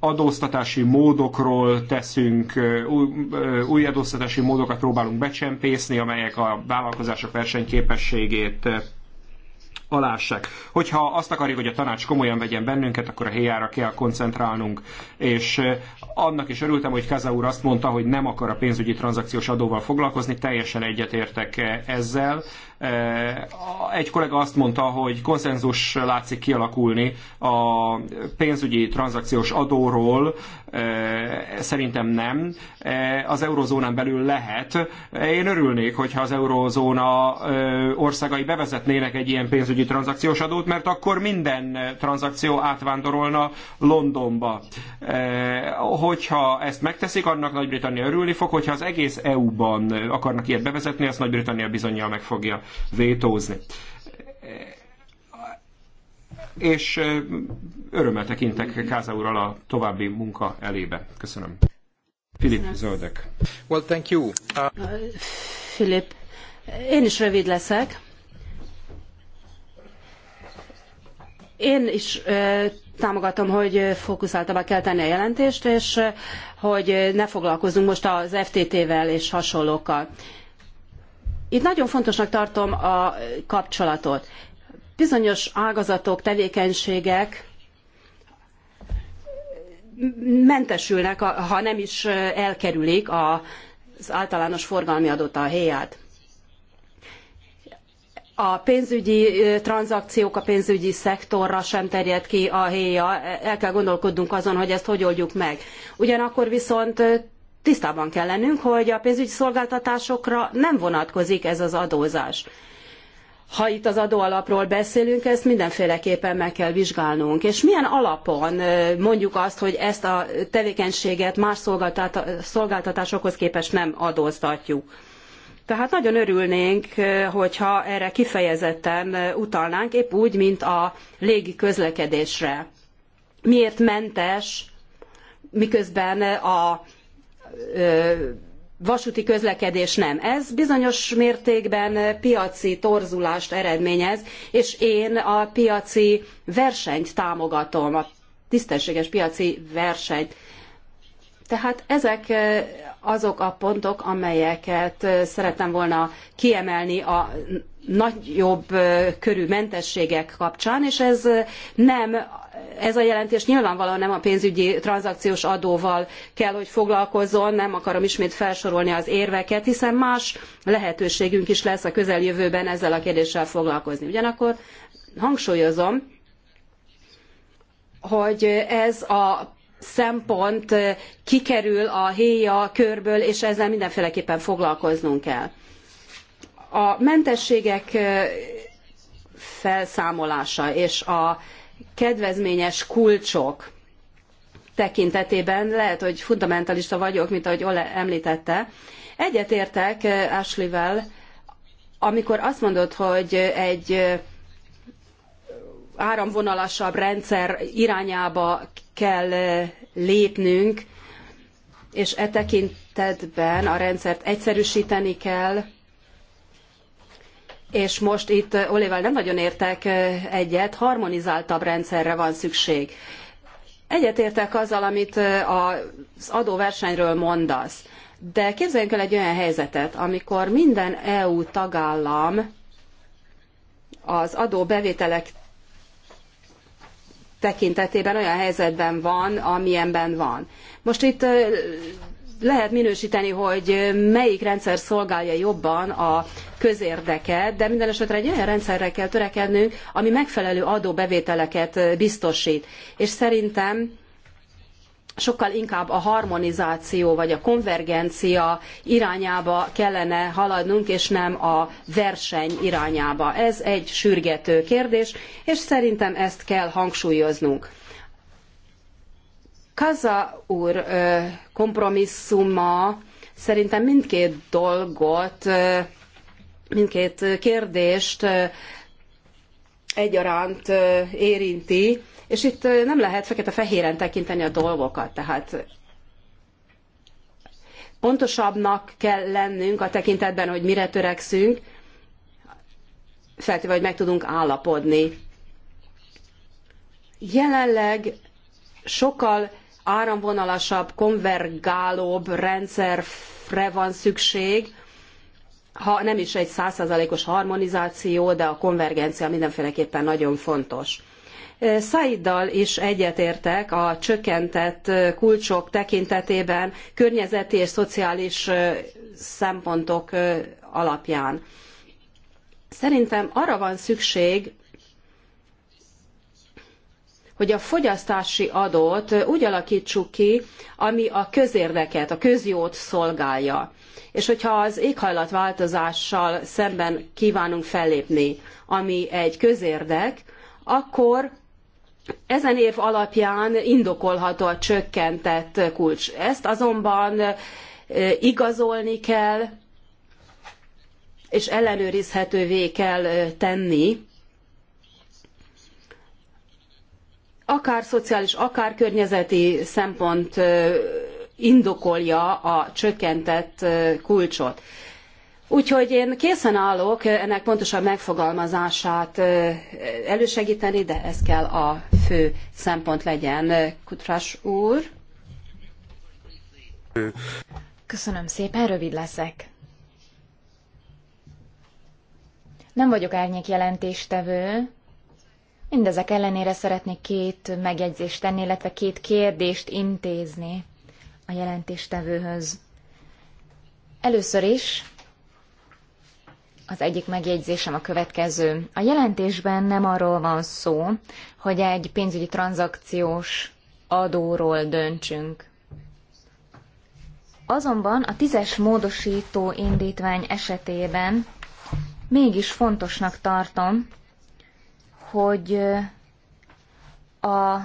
B: adóztatási módokról teszünk, új adóztatási módokat próbálunk becsempészni, amelyek a vállalkozások versenyképességét alássák. Hogyha azt akarjuk, hogy a tanács komolyan vegyen bennünket, akkor a héjára kell koncentrálnunk. És eh, annak is örültem, hogy Kaza úr azt mondta, hogy nem akar a pénzügyi tranzakciós adóval foglalkozni, teljesen egyetértek eh, ezzel. Eh, egy kollega azt mondta, hogy konszenzus látszik kialakulni a pénzügyi tranzakciós adóról, szerintem nem. Az eurozónán belül lehet. Én örülnék, hogyha az eurozóna országai bevezetnének egy ilyen pénzügyi pénzügyi tranzakciós adót, mert akkor minden tranzakció átvándorolna Londonba. E, hogyha ezt megteszik, annak Nagy-Britannia örülni fog, hogyha az egész EU-ban akarnak ilyet bevezetni, azt Nagy-Britannia bizonyal meg fogja vétózni e, és e, örömmel tekintek Káza úrral a további munka elébe. Köszönöm. Filip Zöldek. Well, thank you.
C: Uh... én is rövid leszek. Én is támogatom, hogy fókuszáltabbá kell tenni a jelentést, és hogy ne foglalkozzunk most az FTT-vel és hasonlókkal. Itt nagyon fontosnak tartom a kapcsolatot. Bizonyos ágazatok, tevékenységek mentesülnek, ha nem is elkerülik az általános forgalmi adót a héját. E a pénzügyi tranzakciók, a pénzügyi szektorra sem terjed ki a héja. El kell gondolkodnunk azon, hogy ezt hogy oldjuk meg. Ugyanakkor viszont tisztában kell lennünk, hogy a pénzügyi szolgáltatásokra nem vonatkozik ez az adózás. Ha itt az adóalapról beszélünk, ezt mindenféleképpen meg kell vizsgálnunk. És milyen alapon mondjuk azt, hogy ezt a tevékenységet más szolgáltatásokhoz képest nem adóztatjuk? Tehát nagyon örülnénk, hogyha erre kifejezetten utalnánk, épp úgy, mint a légi közlekedésre. Miért mentes, miközben a vasúti közlekedés nem. Ez bizonyos mértékben piaci torzulást eredményez, és én a piaci versenyt támogatom, a tisztességes piaci versenyt. Tehát ezek azok a pontok, amelyeket szerettem volna kiemelni a nagyobb körű mentességek kapcsán, és ez nem ez a jelentés nyilvánvalóan nem a pénzügyi tranzakciós adóval kell, hogy foglalkozzon, nem akarom ismét felsorolni az érveket, hiszen más lehetőségünk is lesz a közeljövőben ezzel a kérdéssel foglalkozni. Ugyanakkor hangsúlyozom, hogy ez a szempont kikerül a héja körből, és ezzel mindenféleképpen foglalkoznunk kell. A mentességek felszámolása és a kedvezményes kulcsok tekintetében lehet, hogy fundamentalista vagyok, mint ahogy Ole említette. Egyetértek Ashley-vel, amikor azt mondod, hogy egy áramvonalasabb rendszer irányába kell lépnünk, és e tekintetben a rendszert egyszerűsíteni kell, és most itt Olével nem nagyon értek egyet, harmonizáltabb rendszerre van szükség. Egyetértek azzal, amit az adóversenyről mondasz, de képzeljünk el egy olyan helyzetet, amikor minden EU tagállam az adóbevételek tekintetében olyan helyzetben van, amilyenben van. Most itt lehet minősíteni, hogy melyik rendszer szolgálja jobban a közérdeket, de minden esetre egy olyan rendszerre kell törekednünk, ami megfelelő adóbevételeket biztosít. És szerintem sokkal inkább a harmonizáció vagy a konvergencia irányába kellene haladnunk, és nem a verseny irányába. Ez egy sürgető kérdés, és szerintem ezt kell hangsúlyoznunk. Kaza úr kompromisszuma szerintem mindkét dolgot, mindkét kérdést egyaránt érinti, és itt nem lehet fekete-fehéren tekinteni a dolgokat, tehát pontosabbnak kell lennünk a tekintetben, hogy mire törekszünk, feltéve, hogy meg tudunk állapodni. Jelenleg sokkal áramvonalasabb, konvergálóbb rendszerre van szükség, ha nem is egy százszázalékos harmonizáció, de a konvergencia mindenféleképpen nagyon fontos. Szaiddal is egyetértek a csökkentett kulcsok tekintetében környezeti és szociális szempontok alapján. Szerintem arra van szükség, hogy a fogyasztási adót úgy alakítsuk ki, ami a közérdeket, a közjót szolgálja. És hogyha az éghajlatváltozással szemben kívánunk fellépni, ami egy közérdek, akkor ezen év alapján indokolható a csökkentett kulcs. Ezt azonban e, igazolni kell, és ellenőrizhetővé kell e, tenni, akár szociális, akár környezeti szempont e, indokolja a csökkentett kulcsot. Úgyhogy én készen állok ennek pontosabb megfogalmazását elősegíteni, de ez kell a fő szempont legyen.
A: Kutras úr. Köszönöm szépen, rövid leszek. Nem vagyok árnyék jelentéstevő. Mindezek ellenére szeretnék két megjegyzést tenni, illetve két kérdést intézni a jelentéstevőhöz. Először is az egyik megjegyzésem a következő. A jelentésben nem arról van szó, hogy egy pénzügyi tranzakciós adóról döntsünk. Azonban a tízes módosító indítvány esetében mégis fontosnak tartom, hogy a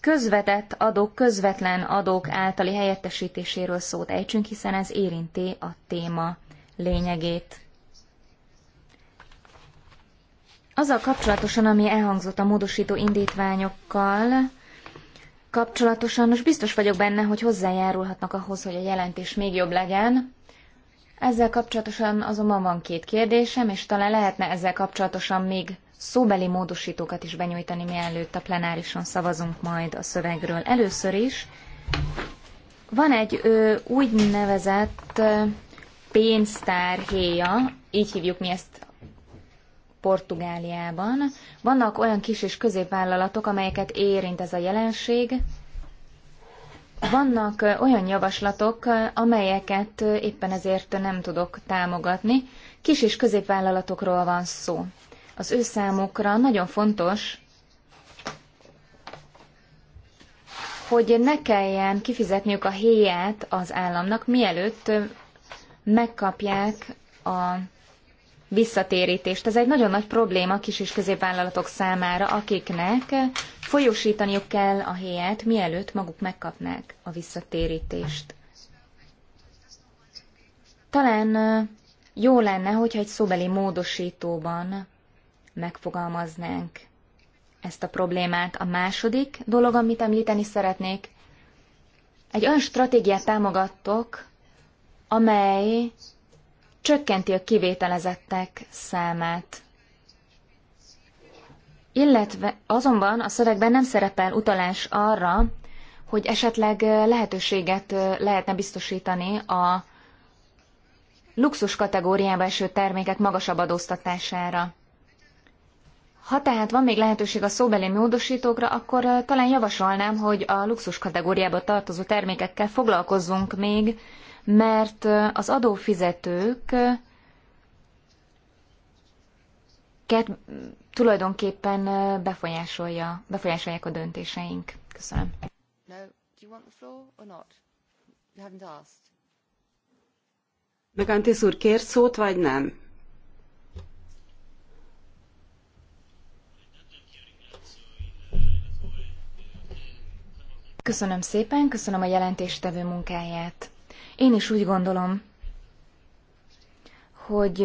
A: közvetett adók, közvetlen adók általi helyettesítéséről szót ejtsünk, hiszen ez érinti a téma lényegét. Azzal kapcsolatosan, ami elhangzott a módosító indítványokkal, kapcsolatosan, most biztos vagyok benne, hogy hozzájárulhatnak ahhoz, hogy a jelentés még jobb legyen. Ezzel kapcsolatosan azonban van két kérdésem, és talán lehetne ezzel kapcsolatosan még szóbeli módosítókat is benyújtani, mielőtt a plenárison szavazunk majd a szövegről. Először is van egy ö, úgynevezett ö, pénztárhéja, így hívjuk mi ezt Portugáliában. Vannak olyan kis és középvállalatok, amelyeket érint ez a jelenség. Vannak olyan javaslatok, amelyeket éppen ezért nem tudok támogatni. Kis és középvállalatokról van szó. Az ő számukra nagyon fontos, hogy ne kelljen kifizetniük a héját az államnak, mielőtt megkapják a visszatérítést. Ez egy nagyon nagy probléma kis és középvállalatok számára, akiknek folyósítaniuk kell a helyet, mielőtt maguk megkapnák a visszatérítést. Talán jó lenne, hogyha egy szóbeli módosítóban megfogalmaznánk ezt a problémát. A második dolog, amit említeni szeretnék, egy olyan stratégiát támogattok, amely csökkenti a kivételezettek számát. Illetve azonban a szövegben nem szerepel utalás arra, hogy esetleg lehetőséget lehetne biztosítani a luxus kategóriába eső termékek magasabb adóztatására. Ha tehát van még lehetőség a szóbeli módosítókra, akkor eh, talán javasolnám, hogy a luxus kategóriába tartozó termékekkel foglalkozzunk még mert az adófizetők ket tulajdonképpen befolyásolja, befolyásolják a döntéseink. Köszönöm. No. Do you want the floor or not? You haven't asked.
C: Megantis úr, kér szót, vagy nem?
A: Köszönöm szépen, köszönöm a jelentéstevő munkáját. Én is úgy gondolom, hogy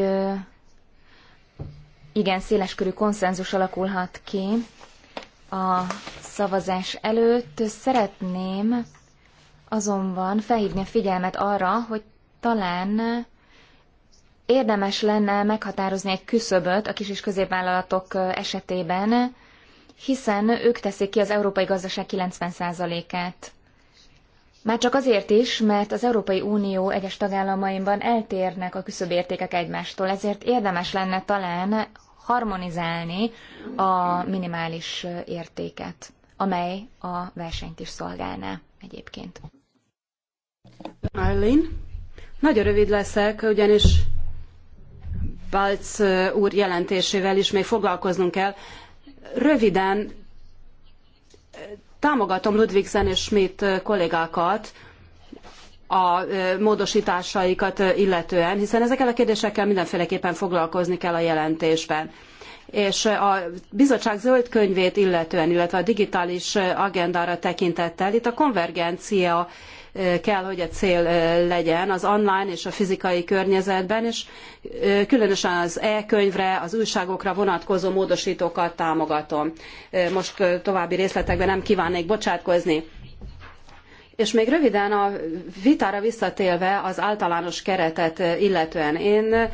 A: igen, széleskörű konszenzus alakulhat ki a szavazás előtt. Szeretném azonban felhívni a figyelmet arra, hogy talán érdemes lenne meghatározni egy küszöböt a kis és középvállalatok esetében, hiszen ők teszik ki az európai gazdaság 90%-át. Már csak azért is, mert az Európai Unió egyes tagállamainban eltérnek a küszöbértékek egymástól, ezért érdemes lenne talán harmonizálni a minimális értéket, amely a versenyt is szolgálná egyébként.
C: Arlene, nagyon rövid leszek, ugyanis Balc uh, úr jelentésével is még foglalkoznunk kell. Röviden Támogatom Ludvigsen és Schmidt kollégákat a módosításaikat illetően, hiszen ezekkel a kérdésekkel mindenféleképpen foglalkozni kell a jelentésben és a bizottság zöld könyvét illetően, illetve a digitális agendára tekintettel itt a konvergencia kell, hogy a cél legyen az online és a fizikai környezetben, és különösen az e-könyvre, az újságokra vonatkozó módosítókat támogatom. Most további részletekben nem kívánnék bocsátkozni. És még röviden a vitára visszatélve az általános keretet illetően, én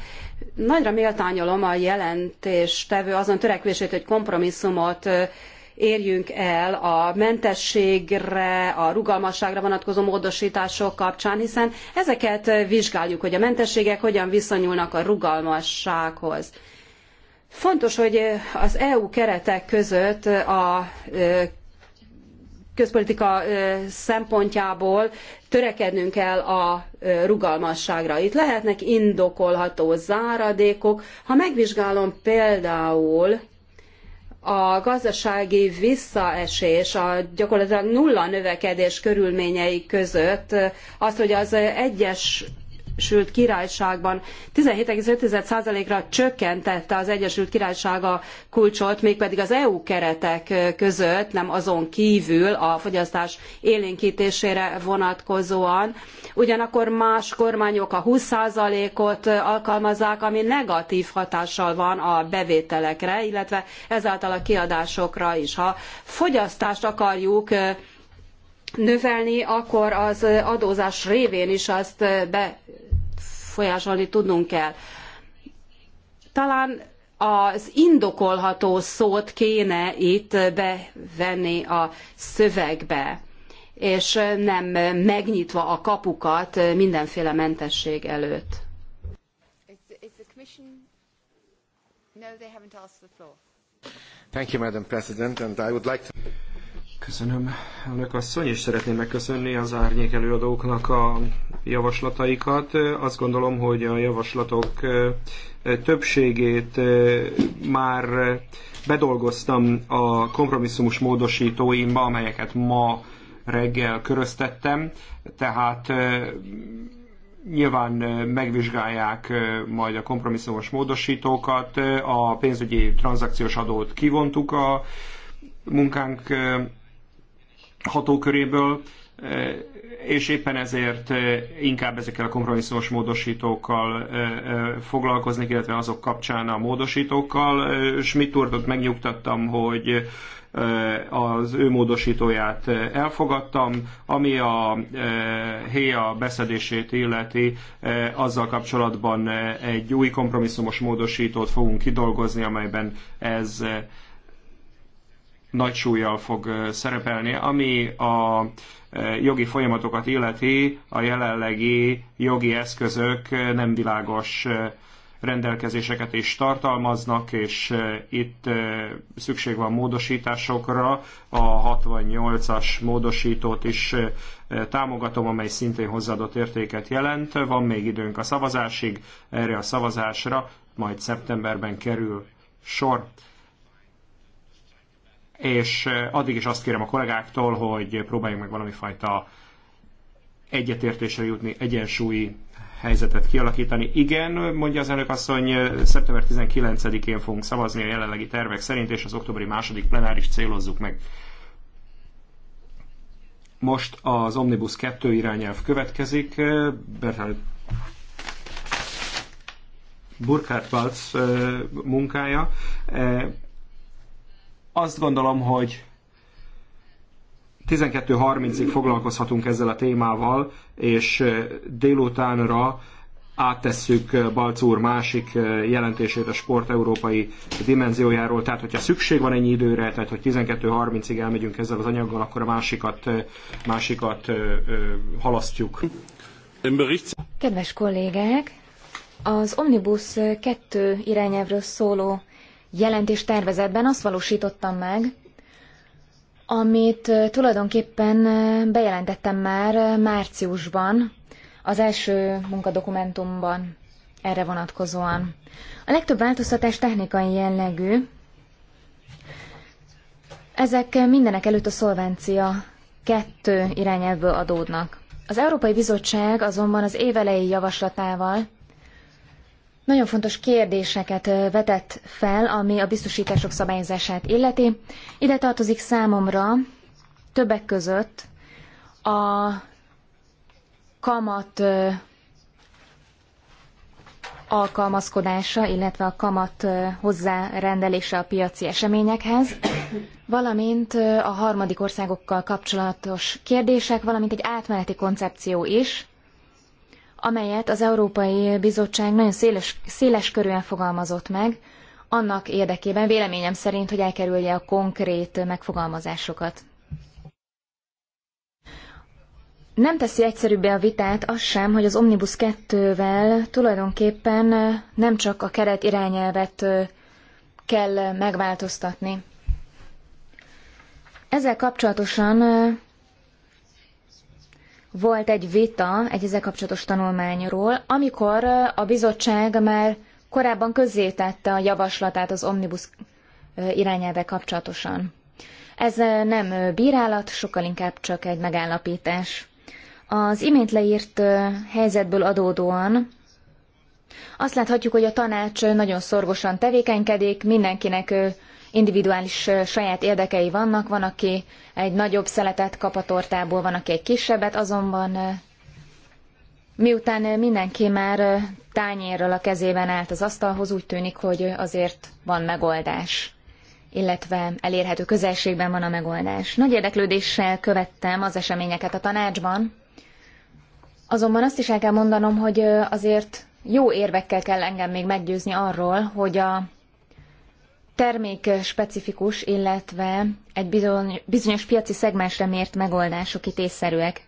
C: nagyra méltányolom a jelentéstevő azon törekvését, hogy kompromisszumot érjünk el a mentességre, a rugalmasságra vonatkozó módosítások kapcsán, hiszen ezeket vizsgáljuk, hogy a mentességek hogyan viszonyulnak a rugalmassághoz. Fontos, hogy az EU keretek között a közpolitika szempontjából törekednünk kell a rugalmasságra. Itt lehetnek indokolható záradékok. Ha megvizsgálom például a gazdasági visszaesés, a gyakorlatilag nulla növekedés körülményei között az, hogy az egyes Egyesült Királyságban 17,5%-ra csökkentette az Egyesült Királyság a kulcsot, mégpedig az EU keretek között, nem azon kívül a fogyasztás élénkítésére vonatkozóan. Ugyanakkor más kormányok a 20%-ot alkalmazzák, ami negatív hatással van a bevételekre, illetve ezáltal a kiadásokra is. Ha fogyasztást akarjuk növelni, akkor az adózás révén is azt be befolyásolni tudnunk kell. Talán az indokolható szót kéne itt bevenni a szövegbe, és nem megnyitva a kapukat mindenféle mentesség
B: előtt. Thank you, Madam President, and I would like to... Köszönöm, elnök asszony, és szeretném megköszönni az árnyék előadóknak a javaslataikat. Azt gondolom, hogy a javaslatok többségét már bedolgoztam a kompromisszumos módosítóimba, amelyeket ma reggel köröztettem, tehát nyilván megvizsgálják majd a kompromisszumos módosítókat, a pénzügyi tranzakciós adót kivontuk a munkánk hatóköréből, eh, és éppen ezért eh, inkább ezekkel a kompromisszumos módosítókkal eh, foglalkozni, illetve azok kapcsán a módosítókkal. Schmidt úrt megnyugtattam, hogy az ő módosítóját elfogadtam, ami a héja beszedését illeti, azzal kapcsolatban egy új kompromisszumos módosítót fogunk kidolgozni, amelyben ez nagy súlyjal fog szerepelni. Ami a jogi folyamatokat illeti, a jelenlegi jogi eszközök nem világos rendelkezéseket is tartalmaznak, és itt szükség van módosításokra. A 68-as módosítót is támogatom, amely szintén hozzáadott értéket jelent. Van még időnk a szavazásig, erre a szavazásra majd szeptemberben kerül sor és addig is azt kérem a kollégáktól, hogy próbáljunk meg valami fajta egyetértésre jutni, egyensúlyi helyzetet kialakítani. Igen, mondja az elnök asszony, szeptember 19-én fogunk szavazni a jelenlegi tervek szerint, és az októberi második plenáris célozzuk meg. Most az Omnibus 2 irányelv következik. Bertolt Burkhard Balc munkája. Azt gondolom, hogy 12.30-ig foglalkozhatunk ezzel a témával, és délutánra áttesszük Balc úr másik jelentését a sport európai dimenziójáról, tehát hogyha szükség van ennyi időre, tehát hogy 12.30-ig elmegyünk ezzel az anyaggal, akkor a másikat, másikat halasztjuk.
A: Kedves kollégák, az Omnibus 2 irányelvről szóló jelentés tervezetben azt valósítottam meg, amit tulajdonképpen bejelentettem már márciusban, az első munkadokumentumban erre vonatkozóan. A legtöbb változtatás technikai jellegű. Ezek mindenek előtt a szolvencia kettő irányelvből adódnak. Az Európai Bizottság azonban az évelei javaslatával nagyon fontos kérdéseket vetett fel, ami a biztosítások szabályozását illeti. Ide tartozik számomra többek között a kamat alkalmazkodása, illetve a kamat hozzárendelése a piaci eseményekhez, valamint a harmadik országokkal kapcsolatos kérdések, valamint egy átmeneti koncepció is, amelyet az Európai Bizottság nagyon széles, széles körűen fogalmazott meg, annak érdekében véleményem szerint, hogy elkerülje a konkrét megfogalmazásokat. Nem teszi egyszerűbbé a vitát az sem, hogy az Omnibus 2-vel tulajdonképpen nem csak a keret irányelvet kell megváltoztatni. Ezzel kapcsolatosan volt egy vita egy ezzel kapcsolatos tanulmányról, amikor a bizottság már korábban közzétette a javaslatát az omnibus irányelve kapcsolatosan. Ez nem bírálat, sokkal inkább csak egy megállapítás. Az imént leírt helyzetből adódóan azt láthatjuk, hogy a tanács nagyon szorgosan tevékenykedik, mindenkinek individuális saját érdekei vannak, van, aki egy nagyobb szeletet kap a tortából, van, aki egy kisebbet, azonban miután mindenki már tányérről a kezében állt az asztalhoz, úgy tűnik, hogy azért van megoldás illetve elérhető közelségben van a megoldás. Nagy érdeklődéssel követtem az eseményeket a tanácsban, azonban azt is el kell mondanom, hogy azért jó érvekkel kell engem még meggyőzni arról, hogy a termékspecifikus, illetve egy bizony, bizonyos piaci szegmensre mért megoldások itt észszerűek.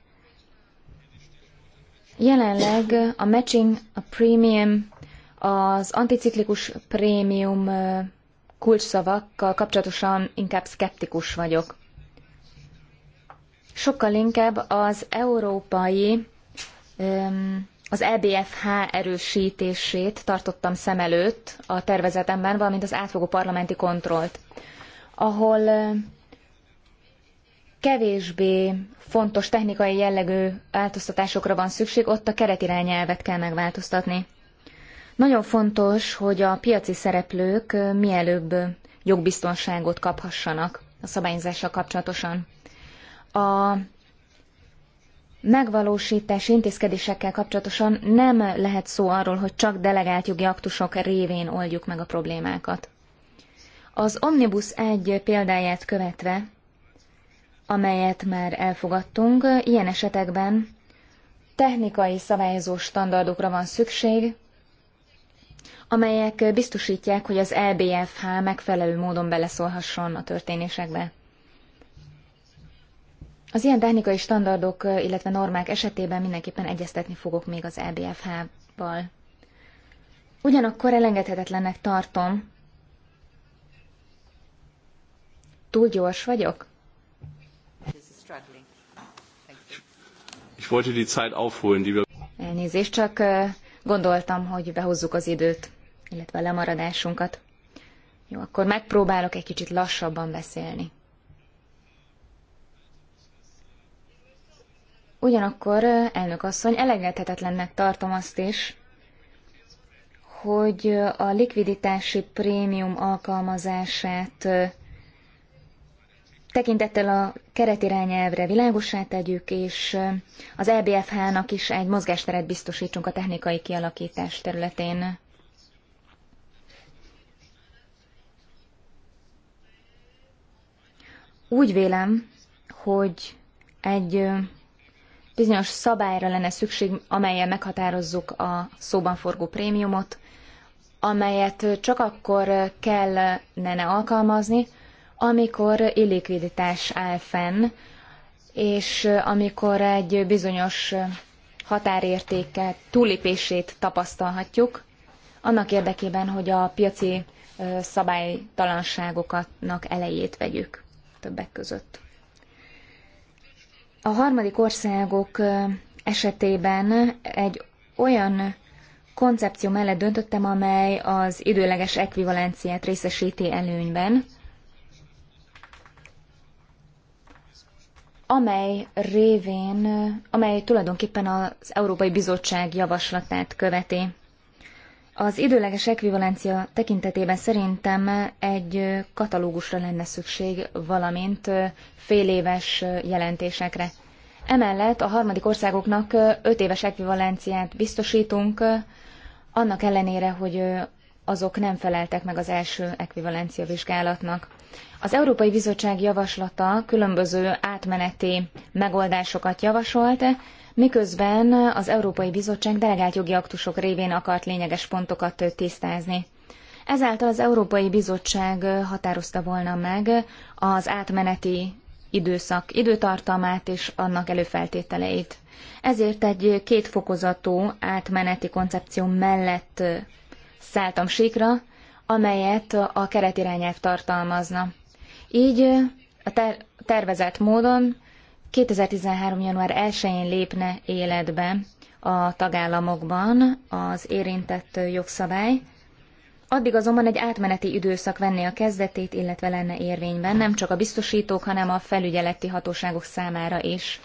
A: Jelenleg a matching, a premium, az anticiklikus prémium kulcsszavakkal kapcsolatosan inkább szkeptikus vagyok. Sokkal inkább az európai az EBFH erősítését tartottam szem előtt a tervezetemben, valamint az átfogó parlamenti kontrollt, ahol kevésbé fontos technikai jellegű változtatásokra van szükség, ott a keretirányelvet kell megváltoztatni. Nagyon fontos, hogy a piaci szereplők mielőbb jogbiztonságot kaphassanak a szabályozással kapcsolatosan. A megvalósítási intézkedésekkel kapcsolatosan nem lehet szó arról, hogy csak delegált jogi aktusok révén oldjuk meg a problémákat. Az Omnibus egy példáját követve, amelyet már elfogadtunk, ilyen esetekben technikai szabályozó standardokra van szükség, amelyek biztosítják, hogy az LBFH e megfelelő módon beleszólhasson a történésekbe. Az ilyen technikai standardok, illetve normák esetében mindenképpen egyeztetni fogok még az EBFH-val. Ugyanakkor elengedhetetlennek tartom. Túl gyors vagyok?
C: Ich wollte die Zeit aufholen, die wir...
A: Elnézést, csak gondoltam, hogy behozzuk az időt, illetve a lemaradásunkat. Jó, akkor megpróbálok egy kicsit lassabban beszélni. Ugyanakkor, elnök asszony, elengedhetetlennek tartom azt is, hogy a likviditási prémium alkalmazását tekintettel a keretirányelvre világosá tegyük, és az EBFH-nak is egy mozgásteret biztosítsunk a technikai kialakítás területén. Úgy vélem, hogy egy bizonyos szabályra lenne szükség, amellyel meghatározzuk a szóban forgó prémiumot, amelyet csak akkor kellene alkalmazni, amikor illikviditás áll fenn, és amikor egy bizonyos határértéke túlépését tapasztalhatjuk, annak érdekében, hogy a piaci szabálytalanságoknak elejét vegyük többek között. A harmadik országok esetében egy olyan koncepció mellett döntöttem, amely az időleges ekvivalenciát részesíti előnyben, amely révén, amely tulajdonképpen az Európai Bizottság javaslatát követi. Az időleges ekvivalencia tekintetében szerintem egy katalógusra lenne szükség, valamint féléves jelentésekre. Emellett a harmadik országoknak öt éves ekvivalenciát biztosítunk, annak ellenére, hogy azok nem feleltek meg az első ekvivalencia vizsgálatnak. Az Európai Bizottság javaslata különböző átmeneti megoldásokat javasolt, miközben az Európai Bizottság delegált jogi aktusok révén akart lényeges pontokat tisztázni. Ezáltal az Európai Bizottság határozta volna meg az átmeneti időszak időtartamát és annak előfeltételeit. Ezért egy kétfokozatú átmeneti koncepció mellett szálltam síkra, amelyet a keretirányelv tartalmazna. Így a ter- tervezett módon 2013. január 1-én lépne életbe a tagállamokban az érintett jogszabály, Addig azonban egy átmeneti időszak venné a kezdetét, illetve lenne érvényben nem csak a biztosítók, hanem a felügyeleti hatóságok számára is.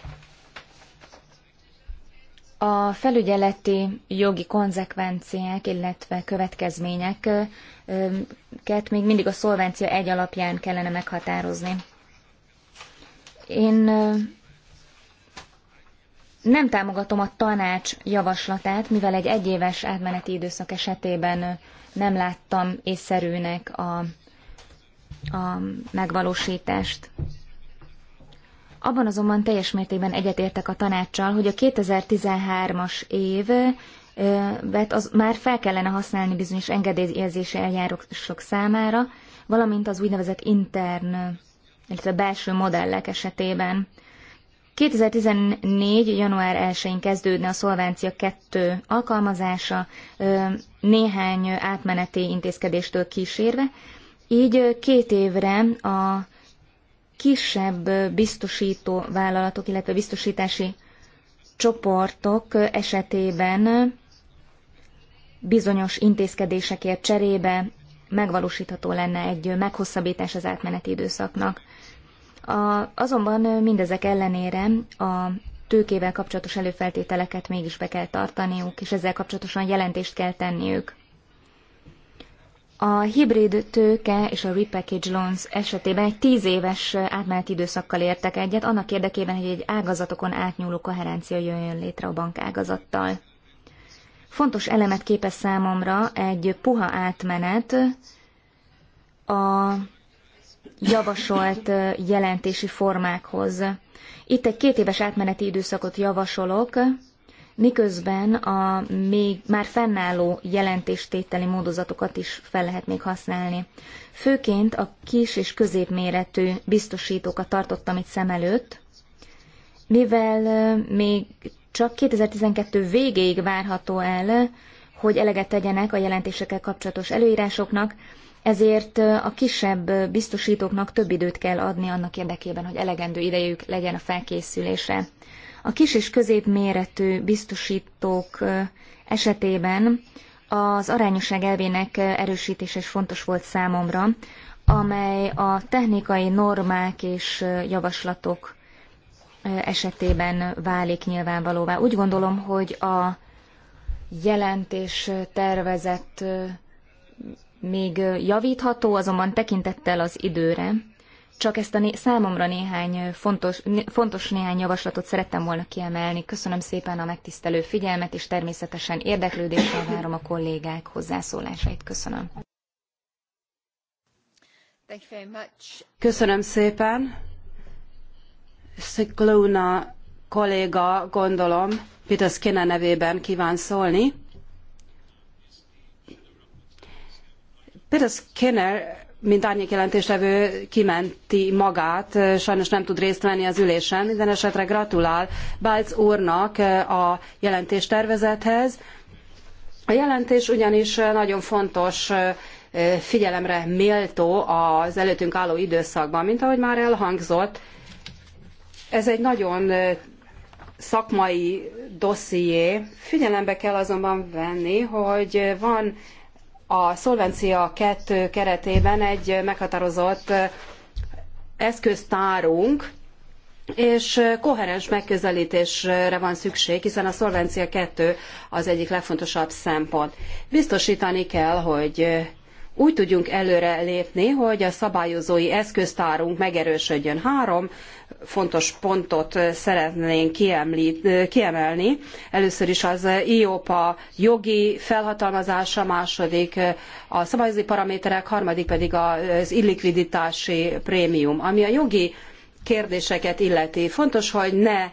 A: A felügyeleti jogi konzekvenciák, illetve következményeket még mindig a szolvencia egy alapján kellene meghatározni. Én nem támogatom a tanács javaslatát, mivel egy egyéves átmeneti időszak esetében nem láttam észszerűnek a, a megvalósítást. Abban azonban teljes mértékben egyetértek a tanácssal, hogy a 2013-as év vet az már fel kellene használni bizonyos engedélyezési eljárások számára, valamint az úgynevezett intern, illetve belső modellek esetében. 2014. január 1-én kezdődne a szolvencia 2 alkalmazása, néhány átmeneti intézkedéstől kísérve, így két évre a kisebb biztosító vállalatok, illetve biztosítási csoportok esetében bizonyos intézkedésekért cserébe megvalósítható lenne egy meghosszabbítás az átmeneti időszaknak. A, azonban mindezek ellenére a tőkével kapcsolatos előfeltételeket mégis be kell tartaniuk, és ezzel kapcsolatosan jelentést kell tenniük. A hibrid tőke és a repackage loans esetében egy tíz éves átmeneti időszakkal értek egyet, annak érdekében, hogy egy ágazatokon átnyúló koherencia jöjjön létre a ágazattal. Fontos elemet képez számomra egy puha átmenet a javasolt jelentési formákhoz. Itt egy két éves átmeneti időszakot javasolok, miközben a még már fennálló jelentéstételi módozatokat is fel lehet még használni. Főként a kis és középméretű biztosítókat tartottam itt szem előtt, mivel még csak 2012 végéig várható el, hogy eleget tegyenek a jelentésekkel kapcsolatos előírásoknak, ezért a kisebb biztosítóknak több időt kell adni annak érdekében, hogy elegendő idejük legyen a felkészülésre. A kis és középméretű biztosítók esetében az arányosság elvének erősítése is fontos volt számomra, amely a technikai normák és javaslatok esetében válik nyilvánvalóvá. Úgy gondolom, hogy a jelentés tervezett még javítható, azonban tekintettel az időre csak ezt a né- számomra néhány fontos, fontos néhány javaslatot szerettem volna kiemelni. Köszönöm szépen a megtisztelő figyelmet, és természetesen érdeklődéssel várom a kollégák hozzászólásait. Köszönöm. Köszönöm szépen.
C: Szikluna kolléga, gondolom, Peter Skinner nevében kíván szólni. Peter Skinner mint árnyékjelentéstevő kimenti magát, sajnos nem tud részt venni az ülésen, minden esetre gratulál Bálc úrnak a jelentéstervezethez. A jelentés ugyanis nagyon fontos figyelemre méltó az előttünk álló időszakban, mint ahogy már elhangzott. Ez egy nagyon szakmai dosszié. Figyelembe kell azonban venni, hogy van a Szolvencia 2 keretében egy meghatározott eh, eszköztárunk, és eh, koherens megközelítésre van szükség, hiszen a Szolvencia 2 az egyik legfontosabb szempont. Biztosítani kell, hogy eh, úgy tudjunk előre lépni, hogy a szabályozói eszköztárunk megerősödjön. Három fontos pontot szeretnénk kiemelni. Először is az IOPA jogi felhatalmazása, második a szabályozói paraméterek, harmadik pedig az illikviditási prémium. Ami a jogi kérdéseket illeti, fontos, hogy ne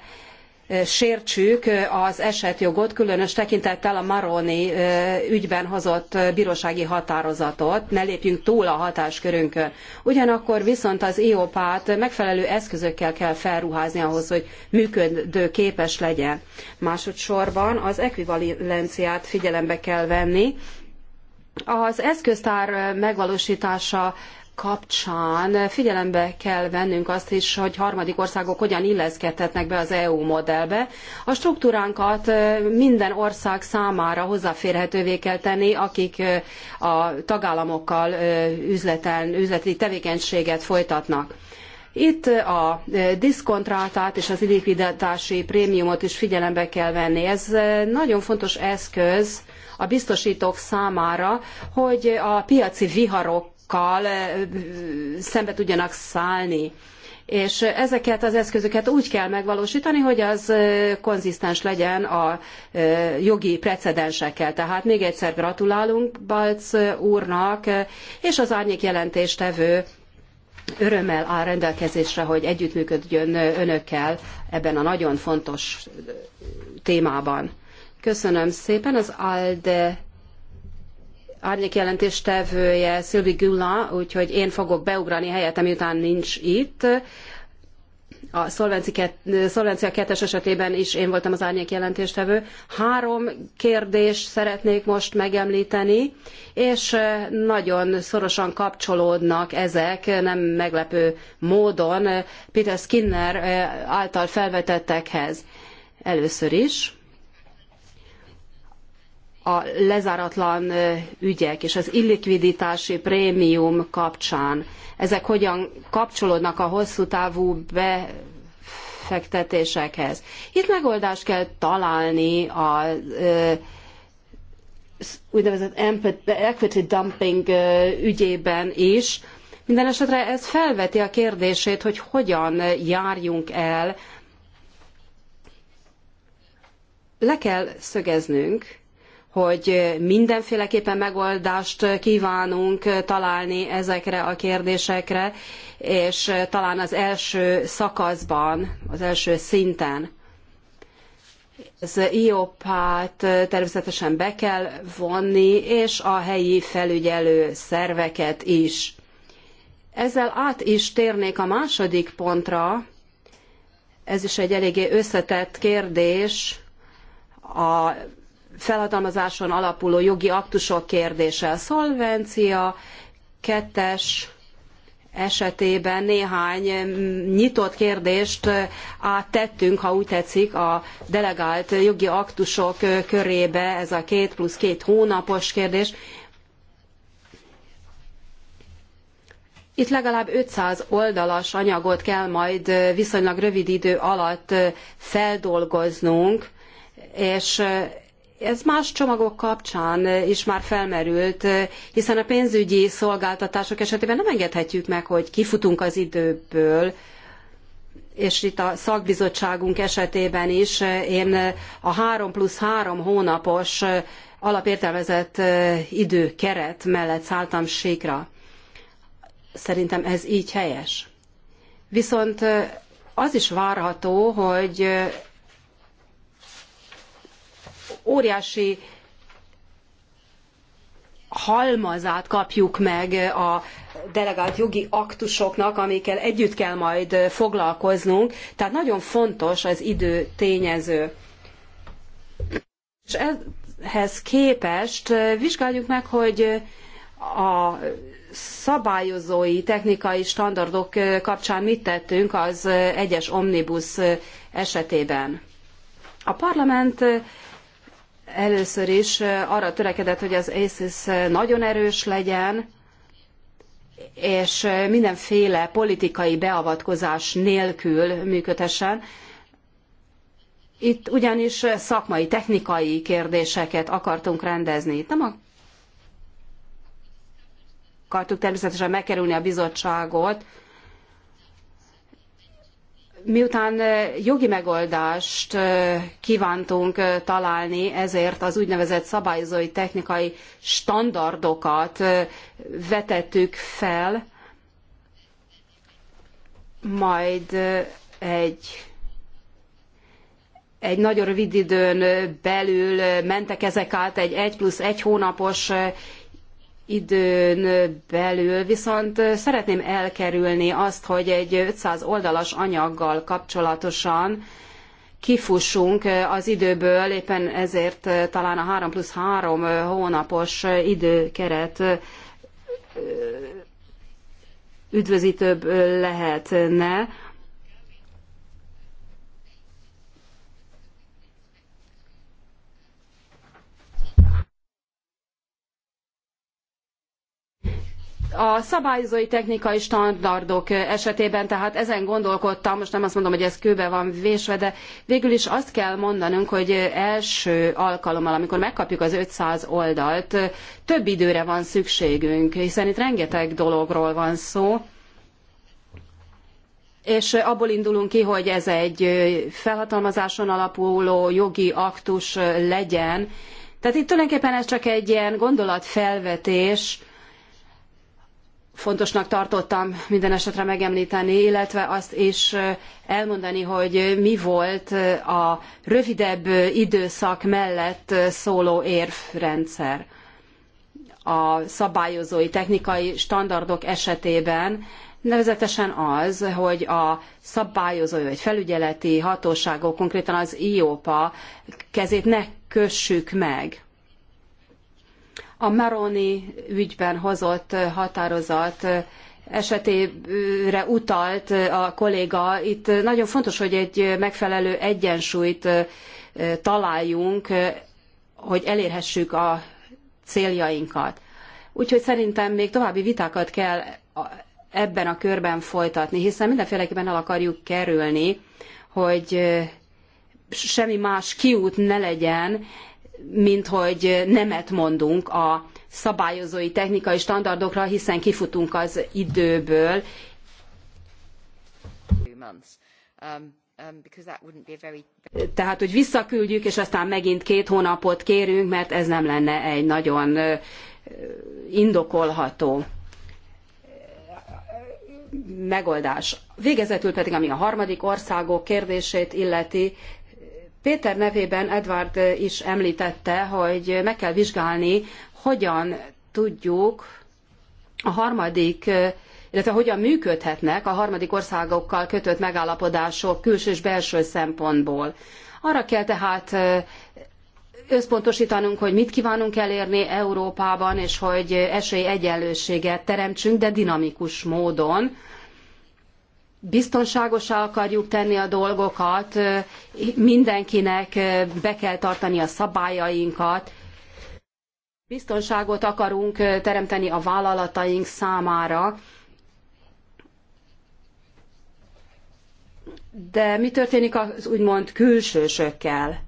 C: sértsük az esetjogot, különös tekintettel a Maroni ügyben hozott bírósági határozatot, ne lépjünk túl a hatáskörünkön. Ugyanakkor viszont az IOPÁT megfelelő eszközökkel kell felruházni ahhoz, hogy működő képes legyen. Másodszorban az ekvivalenciát figyelembe kell venni, az eszköztár megvalósítása kapcsán figyelembe kell vennünk azt is, hogy harmadik országok hogyan illeszkedhetnek be az EU modellbe. A struktúránkat minden ország számára hozzáférhetővé kell tenni, akik a tagállamokkal üzleten, üzleti tevékenységet folytatnak. Itt a diszkontrátát és az illikviditási prémiumot is figyelembe kell venni. Ez nagyon fontos eszköz a biztosítók számára, hogy a piaci viharok kal szembe tudjanak szállni. És ezeket az eszközöket úgy kell megvalósítani, hogy az konzisztens legyen a jogi precedensekkel. Tehát még egyszer gratulálunk Balc úrnak, és az árnyék jelentéstevő örömmel áll rendelkezésre, hogy együttműködjön önökkel ebben a nagyon fontos témában. Köszönöm szépen az ALDE árnyék jelentéstevője Szilvi Gula, úgyhogy én fogok beugrani helyette, miután nincs itt. A Szolvencia 2 esetében is én voltam az árnyék jelentéstevő. Három kérdést szeretnék most megemlíteni, és eh, nagyon szorosan kapcsolódnak ezek, nem meglepő módon eh, Peter Skinner eh, által felvetettekhez. Először is a lezáratlan ügyek és az illikviditási prémium kapcsán, ezek hogyan kapcsolódnak a hosszú távú befektetésekhez. Itt megoldást kell találni a úgynevezett equity dumping ügyében is. Minden esetre ez felveti a kérdését, hogy hogyan járjunk el. Le kell szögeznünk, hogy mindenféleképpen megoldást kívánunk találni ezekre a kérdésekre, és talán az első szakaszban, az első szinten az IOPÁT természetesen be kell vonni, és a helyi felügyelő szerveket is. Ezzel át is térnék a második pontra, ez is egy eléggé összetett kérdés, a felhatalmazáson alapuló jogi aktusok kérdése. A szolvencia kettes esetében néhány nyitott kérdést áttettünk, ha úgy tetszik, a delegált jogi aktusok körébe, ez a két plusz két hónapos kérdés. Itt legalább 500 oldalas anyagot kell majd viszonylag rövid idő alatt feldolgoznunk, és ez más csomagok kapcsán eh, is már felmerült, eh, hiszen a pénzügyi szolgáltatások esetében nem engedhetjük meg, hogy kifutunk az időből, és itt a szakbizottságunk esetében is eh, én a 3 plusz 3 hónapos alapértelmezett időkeret mellett szálltam síkra. Szerintem ez így helyes. Viszont az is várható, hogy óriási halmazát kapjuk meg a delegált jogi aktusoknak, amikkel együtt kell majd foglalkoznunk. Tehát nagyon fontos az idő tényező. És ehhez képest vizsgáljuk meg, hogy a szabályozói technikai standardok kapcsán mit tettünk az egyes omnibus esetében. A parlament először is arra törekedett, hogy az ISIS nagyon erős legyen, és mindenféle politikai beavatkozás nélkül működhessen. Itt ugyanis szakmai, technikai kérdéseket akartunk rendezni. Itt nem akartuk természetesen megkerülni a bizottságot, Miután jogi megoldást kívántunk találni, ezért az úgynevezett szabályozói technikai standardokat vetettük fel, majd egy egy nagyon rövid időn belül mentek ezek át egy 1 plusz 1 hónapos időn belül, viszont szeretném elkerülni azt, hogy egy 500 oldalas anyaggal kapcsolatosan kifussunk az időből, éppen ezért talán a 3 plusz 3 hónapos időkeret üdvözítőbb lehetne. A szabályozói technikai standardok esetében, tehát ezen gondolkodtam, most nem azt mondom, hogy ez kőbe van vésve, de végül is azt kell mondanunk, hogy első alkalommal, amikor megkapjuk az 500 oldalt, több időre van szükségünk, hiszen itt rengeteg dologról van szó, és abból indulunk ki, hogy ez egy felhatalmazáson alapuló jogi aktus legyen. Tehát itt tulajdonképpen ez csak egy ilyen gondolatfelvetés, fontosnak tartottam minden esetre megemlíteni, illetve azt is elmondani, hogy mi volt a rövidebb időszak mellett szóló érvrendszer a szabályozói technikai standardok esetében, nevezetesen az, hogy a szabályozói vagy felügyeleti hatóságok, konkrétan az IOPA kezét ne kössük meg a Maroni ügyben hozott határozat esetére utalt a kolléga. Itt nagyon fontos, hogy egy megfelelő egyensúlyt találjunk, hogy elérhessük a céljainkat. Úgyhogy szerintem még további vitákat kell ebben a körben folytatni, hiszen mindenféleképpen el akarjuk kerülni, hogy semmi más kiút ne legyen, mint hogy nemet mondunk a szabályozói technikai standardokra, hiszen kifutunk az időből. Tehát, hogy visszaküldjük, és aztán megint két hónapot kérünk, mert ez nem lenne egy nagyon indokolható megoldás. Végezetül pedig, ami a harmadik országok kérdését illeti, Péter nevében Edward is említette, hogy meg kell vizsgálni, hogyan tudjuk a harmadik illetve hogyan működhetnek a harmadik országokkal kötött megállapodások külső és belső szempontból. Arra kell tehát összpontosítanunk, hogy mit kívánunk elérni Európában, és hogy esélyegyenlőséget teremtsünk, de dinamikus módon, biztonságosá akarjuk tenni a dolgokat, mindenkinek be kell tartani a szabályainkat, biztonságot akarunk teremteni a vállalataink számára, de mi történik az úgymond külsősökkel,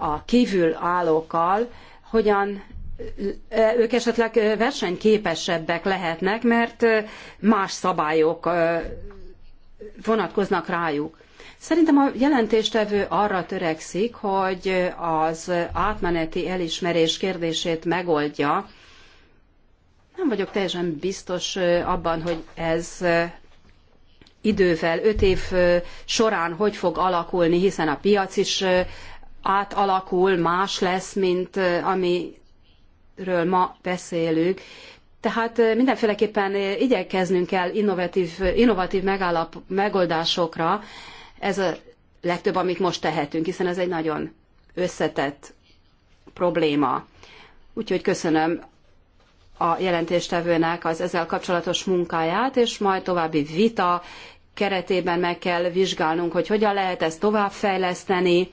C: a kívülállókkal, hogyan ők esetleg versenyképesebbek lehetnek, mert más szabályok vonatkoznak rájuk. Szerintem a jelentéstevő arra törekszik, hogy az átmeneti elismerés kérdését megoldja. Nem vagyok teljesen biztos abban, hogy ez idővel, öt év során hogy fog alakulni, hiszen a piac is átalakul, más lesz, mint ami amiről ma beszélünk. Tehát mindenféleképpen igyekeznünk kell innovatív, innovatív megállap, megoldásokra. Ez a legtöbb, amit most tehetünk, hiszen ez egy nagyon összetett probléma. Úgyhogy köszönöm a jelentéstevőnek az ezzel kapcsolatos munkáját, és majd további vita keretében meg kell vizsgálnunk, hogy hogyan lehet ezt továbbfejleszteni,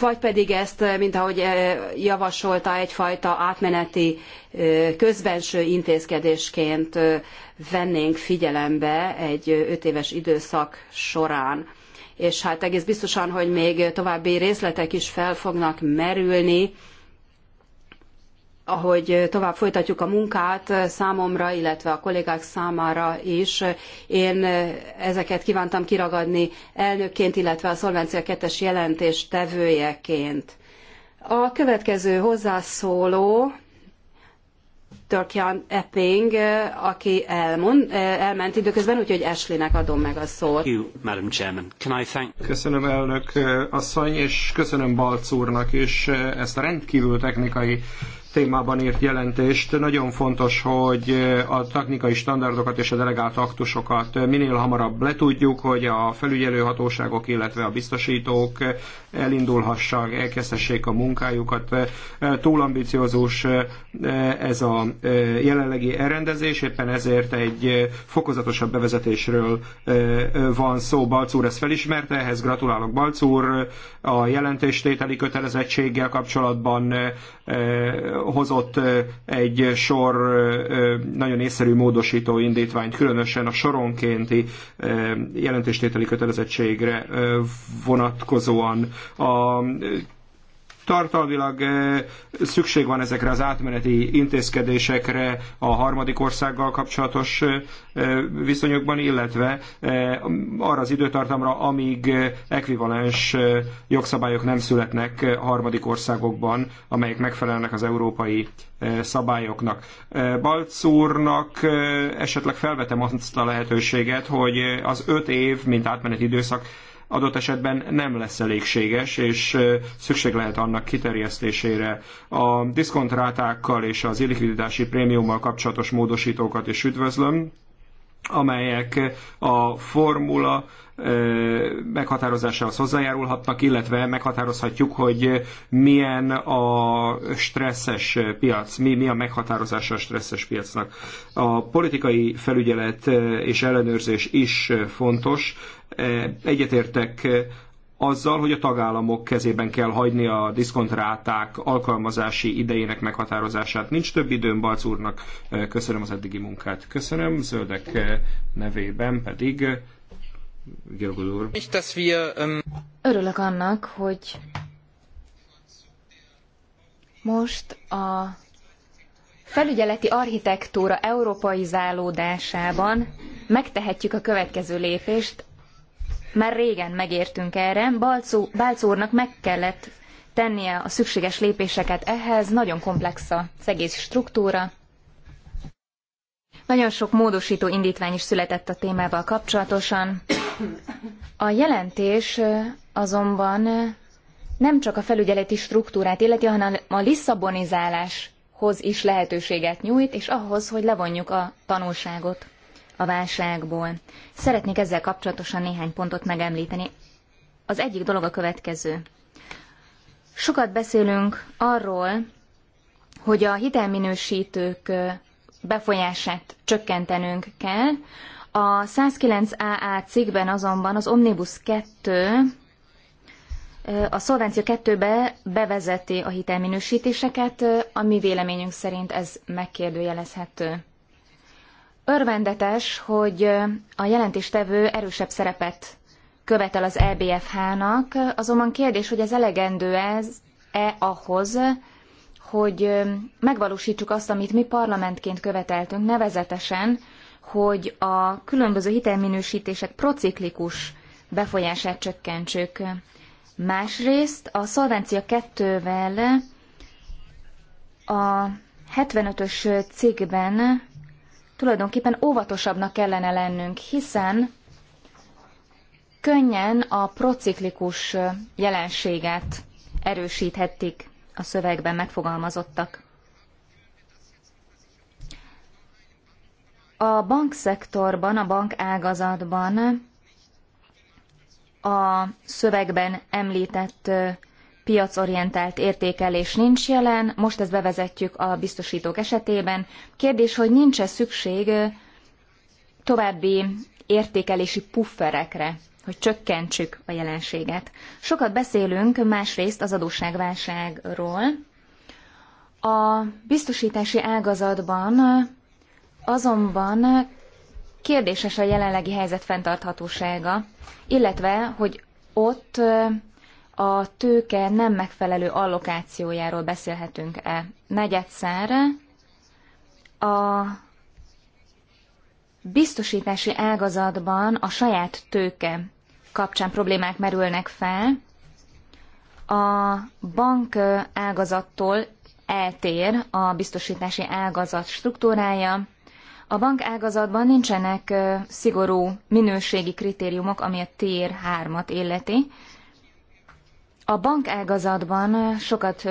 C: vagy pedig ezt, eh, mint ahogy eh, javasolta, egyfajta átmeneti eh, közbenső intézkedésként vennénk figyelembe egy öt éves időszak során. És hát egész biztosan, hogy még további részletek is fel fognak merülni, ahogy tovább folytatjuk a munkát számomra, illetve a kollégák számára is. Én ezeket kívántam kiragadni elnökként, illetve a Szolvencia 2-es jelentés tevőjeként. A következő hozzászóló Törkian Epping, aki elmond, elment időközben, úgyhogy Ashleynek adom meg a szót.
B: Köszönöm elnök eh, asszony, és köszönöm Balc úrnak is eh, ezt a rendkívül technikai témában írt jelentést. Nagyon fontos, hogy a technikai standardokat és a delegált aktusokat minél hamarabb letudjuk, hogy a felügyelőhatóságok, illetve a biztosítók elindulhassák, elkezdhessék a munkájukat. Túl ambiciózus ez a jelenlegi elrendezés, éppen ezért egy fokozatosabb bevezetésről van szó. Balcúr ezt felismerte, ehhez gratulálok Balcúr a jelentéstételi kötelezettséggel kapcsolatban hozott egy sor nagyon észszerű módosító indítványt, különösen a soronkénti jelentéstételi kötelezettségre vonatkozóan. A Tartalmilag eh, szükség van ezekre az átmeneti intézkedésekre a harmadik országgal kapcsolatos eh, viszonyokban, illetve eh, arra az időtartamra, amíg ekvivalens jogszabályok nem születnek harmadik országokban, amelyek megfelelnek az európai szabályoknak. Balc úrnak esetleg felvetem azt a lehetőséget, hogy az öt év, mint átmeneti időszak adott esetben nem lesz elégséges, és szükség lehet annak kiterjesztésére. A diszkontrátákkal és az illikviditási prémiummal kapcsolatos módosítókat is üdvözlöm, amelyek a formula meghatározásához hozzájárulhatnak, illetve meghatározhatjuk, hogy milyen a stresszes piac, mi, mi a meghatározása a stresszes piacnak. A politikai felügyelet és ellenőrzés is fontos. Eh, egyetértek eh, azzal, hogy a tagállamok kezében kell hagyni a diszkontráták alkalmazási idejének meghatározását. Nincs több időm Balc úrnak. Eh, köszönöm az eddigi munkát. Köszönöm. Zöldek nevében pedig Gilgul úr. Ähm,
A: Örülök annak, hogy most a felügyeleti architektúra európai zálódásában megtehetjük a következő lépést, már régen megértünk erre, Balcó, úrnak meg kellett tennie a szükséges lépéseket ehhez, nagyon komplex az egész struktúra. Nagyon sok módosító indítvány is született a témával kapcsolatosan. A jelentés azonban nem csak a felügyeleti struktúrát illeti, hanem a lisszabonizáláshoz is lehetőséget nyújt, és ahhoz, hogy levonjuk a tanulságot a válságból. Szeretnék ezzel kapcsolatosan néhány pontot megemlíteni. Az egyik dolog a következő. Sokat beszélünk arról, hogy a hitelminősítők befolyását csökkentenünk kell. A 109 AA cikkben azonban az Omnibus 2 a Szolvencia 2-be bevezeti a hitelminősítéseket, ami véleményünk szerint ez megkérdőjelezhető. Örvendetes, hogy a jelentéstevő erősebb szerepet követel az EBFH-nak, azonban kérdés, hogy ez elegendő ez-e ahhoz, hogy megvalósítsuk azt, amit mi parlamentként követeltünk, nevezetesen, hogy a különböző hitelminősítések prociklikus befolyását csökkentsük. Másrészt a szolvencia kettővel vel a 75-ös cikkben tulajdonképpen óvatosabbnak kellene lennünk, hiszen könnyen a prociklikus jelenséget erősíthetik a szövegben megfogalmazottak. A bankszektorban, a bankágazatban a szövegben említett piacorientált értékelés nincs jelen, most ezt bevezetjük a biztosítók esetében. Kérdés, hogy nincs-e szükség további értékelési pufferekre, hogy csökkentsük a jelenséget. Sokat beszélünk másrészt az adósságválságról. A biztosítási ágazatban azonban kérdéses a jelenlegi helyzet fenntarthatósága, illetve, hogy ott a tőke nem megfelelő allokációjáról beszélhetünk-e. Negyedszerre a biztosítási ágazatban a saját tőke kapcsán problémák merülnek fel, a bank ágazattól eltér a biztosítási ágazat struktúrája. A bank ágazatban nincsenek szigorú minőségi kritériumok, ami a tér 3-at illeti, a bankágazatban sokat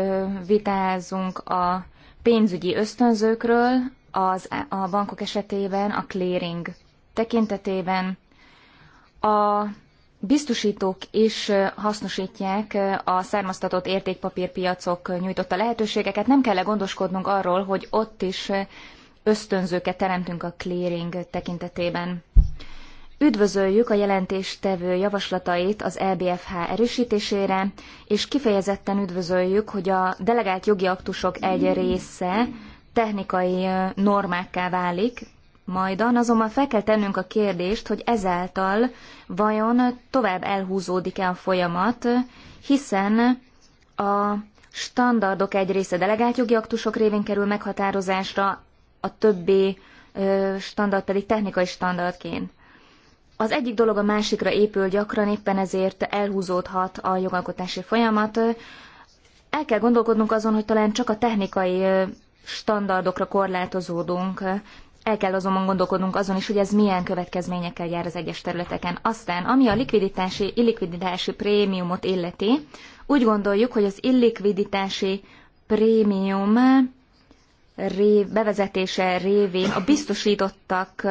A: vitázunk a pénzügyi ösztönzőkről, az, a bankok esetében a clearing tekintetében. A biztosítók is hasznosítják a származtatott értékpapírpiacok nyújtotta lehetőségeket. Nem kell -e gondoskodnunk arról, hogy ott is ösztönzőket teremtünk a clearing tekintetében. Üdvözöljük a jelentéstevő javaslatait az EBFH erősítésére, és kifejezetten üdvözöljük, hogy a delegált jogi aktusok egy része technikai normákká válik, Majdan azonban fel kell tennünk a kérdést, hogy ezáltal vajon tovább elhúzódik-e a folyamat, hiszen a standardok egy része delegált jogi aktusok révén kerül meghatározásra, a többi standard pedig technikai standardként az egyik dolog a másikra épül gyakran, éppen ezért elhúzódhat a jogalkotási folyamat. El kell gondolkodnunk azon, hogy talán csak a technikai standardokra korlátozódunk. El kell azonban gondolkodnunk azon is, hogy ez milyen következményekkel jár az egyes területeken. Aztán, ami a likviditási, illikviditási prémiumot illeti, úgy gondoljuk, hogy az illikviditási prémium ré, bevezetése révén a biztosítottak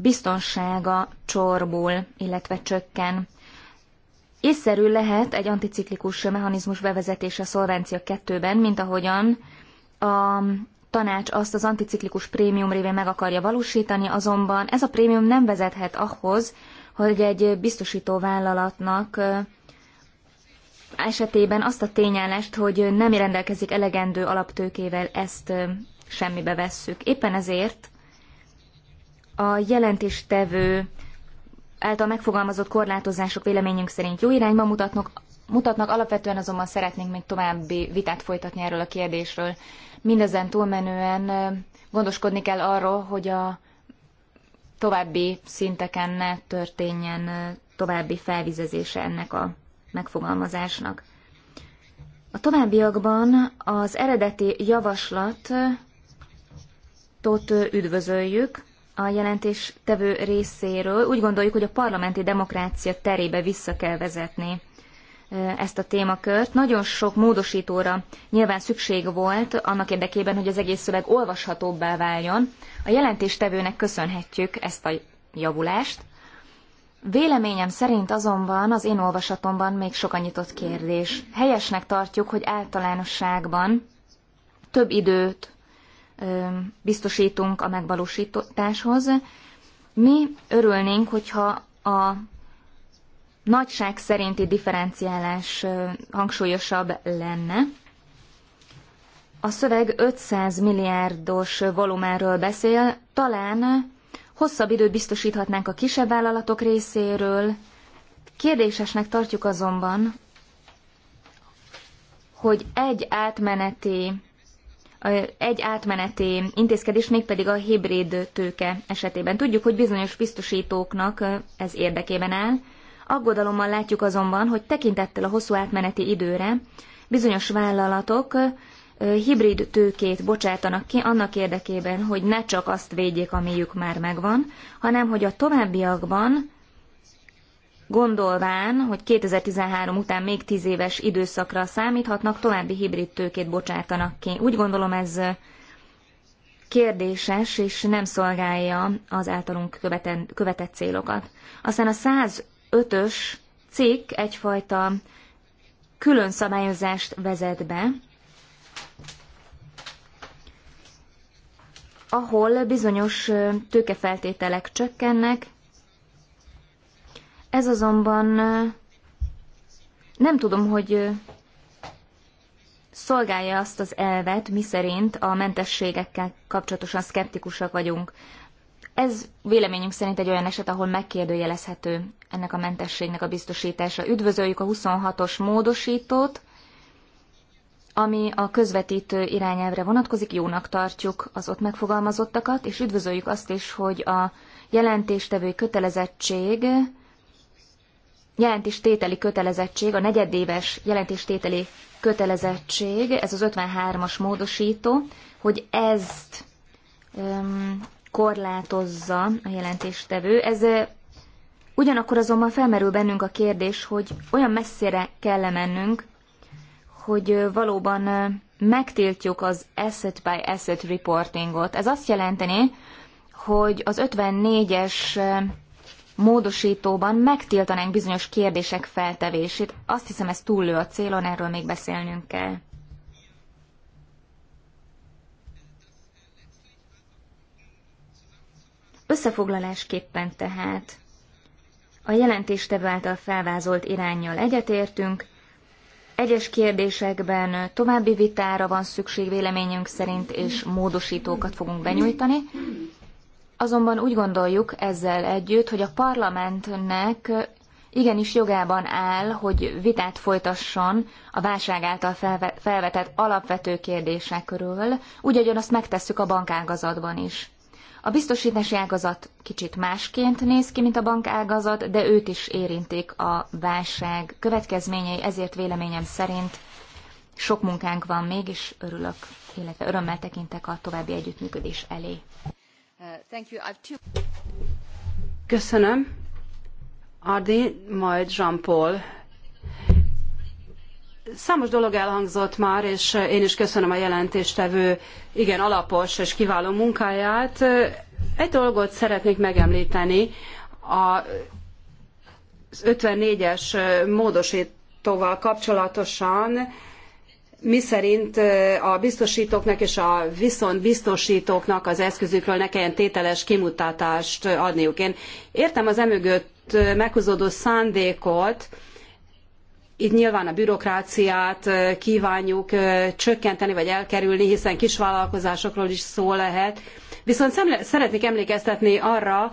A: biztonsága csorbul, illetve csökken. Észszerű lehet egy anticiklikus mechanizmus bevezetése a szolvencia 2-ben, mint ahogyan a tanács azt az anticiklikus prémium révén meg akarja valósítani, azonban ez a prémium nem vezethet ahhoz, hogy egy biztosító vállalatnak esetében azt a tényállást, hogy nem rendelkezik elegendő alaptőkével, ezt semmibe vesszük. Éppen ezért a jelentéstevő által megfogalmazott korlátozások véleményünk szerint jó irányba mutatnak, mutatnak, alapvetően azonban szeretnénk még további vitát folytatni erről a kérdésről. Mindezen túlmenően gondoskodni kell arról, hogy a további szinteken ne történjen további felvizezése ennek a megfogalmazásnak. A továbbiakban az eredeti javaslatot üdvözöljük, a jelentés tevő részéről. Úgy gondoljuk, hogy a parlamenti demokrácia terébe vissza kell vezetni ezt a témakört. Nagyon sok módosítóra nyilván szükség volt annak érdekében, hogy az egész szöveg olvashatóbbá váljon. A jelentéstevőnek köszönhetjük ezt a javulást. Véleményem szerint azonban az én olvasatomban még sokan nyitott kérdés. Helyesnek tartjuk, hogy általánosságban több időt biztosítunk a megvalósításhoz. Mi örülnénk, hogyha a nagyság szerinti differenciálás hangsúlyosabb lenne. A szöveg 500 milliárdos volumáról beszél, talán hosszabb időt biztosíthatnánk a kisebb vállalatok részéről. Kérdésesnek tartjuk azonban, hogy egy átmeneti egy átmeneti intézkedés, mégpedig a hibrid tőke esetében. Tudjuk, hogy bizonyos biztosítóknak ez érdekében áll. Aggodalommal látjuk azonban, hogy tekintettel a hosszú átmeneti időre bizonyos vállalatok hibrid tőkét bocsátanak ki annak érdekében, hogy ne csak azt védjék, amiük már megvan, hanem hogy a továbbiakban gondolván, hogy 2013 után még 10 éves időszakra számíthatnak, további hibrid tőkét bocsátanak ki. Úgy gondolom ez kérdéses, és nem szolgálja az általunk követen, követett célokat. Aztán a 105-ös cikk egyfajta külön szabályozást vezet be, ahol bizonyos tőkefeltételek csökkennek, ez azonban nem tudom, hogy szolgálja azt az elvet, miszerint a mentességekkel kapcsolatosan szkeptikusak vagyunk. Ez véleményünk szerint egy olyan eset, ahol megkérdőjelezhető ennek a mentességnek a biztosítása. Üdvözöljük a 26-os módosítót, ami a közvetítő irányelvre vonatkozik, jónak tartjuk az ott megfogalmazottakat, és üdvözöljük azt is, hogy a jelentéstevő kötelezettség jelentéstételi kötelezettség, a negyedéves jelentéstételi kötelezettség, ez az 53-as módosító, hogy ezt um, korlátozza a jelentéstevő. Ez ugyanakkor azonban felmerül bennünk a kérdés, hogy olyan messzire kell -e mennünk, hogy valóban megtiltjuk az asset by asset reportingot. Ez azt jelenteni, hogy az 54-es módosítóban megtiltanánk bizonyos kérdések feltevését. Azt hiszem, ez túllő a célon, erről még beszélnünk kell. Összefoglalásképpen tehát a jelentéstevő által felvázolt irányjal egyetértünk, egyes kérdésekben további vitára van szükség véleményünk szerint, és módosítókat fogunk benyújtani. Azonban úgy gondoljuk ezzel együtt, hogy a parlamentnek igenis jogában áll, hogy vitát folytasson a válság által felvetett alapvető kérdések körül, úgy, ahogyan azt megtesszük a bankágazatban is. A biztosítási ágazat kicsit másként néz ki, mint a bankágazat, de őt is érintik a válság következményei, ezért véleményem szerint sok munkánk van még, és örülök, illetve örömmel tekintek a további együttműködés elé. Köszönöm.
C: Ardi, majd Jean-Paul. Számos dolog elhangzott már, és én is köszönöm a jelentéstevő igen alapos és kiváló munkáját. Egy dolgot szeretnék megemlíteni, a 54-es módosítóval kapcsolatosan miszerint a biztosítóknak és a viszonbiztosítóknak az eszközükről ne kelljen tételes kimutatást adniuk. Én értem az emögött meghúzódó szándékot, itt nyilván a bürokráciát kívánjuk csökkenteni vagy elkerülni, hiszen kisvállalkozásokról is szó lehet. Viszont szeretnék emlékeztetni arra,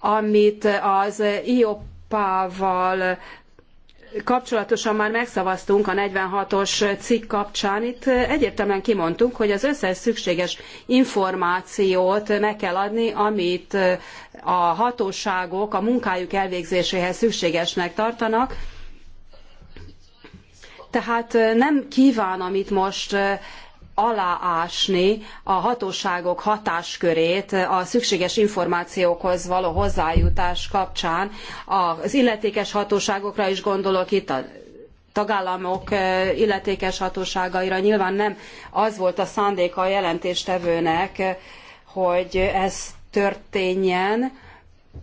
C: amit az IOPA-val kapcsolatosan már megszavaztunk a 46-os cikk kapcsán. Itt egyértelműen kimondtuk, hogy az összes szükséges információt meg kell adni, amit a hatóságok a munkájuk elvégzéséhez szükségesnek tartanak. Tehát nem kívánom itt most aláásni a hatóságok hatáskörét a szükséges információkhoz való hozzájutás kapcsán. Az illetékes hatóságokra is gondolok itt a tagállamok eh, illetékes hatóságaira. Nyilván nem az volt a szándéka a jelentéstevőnek, eh, hogy ez történjen,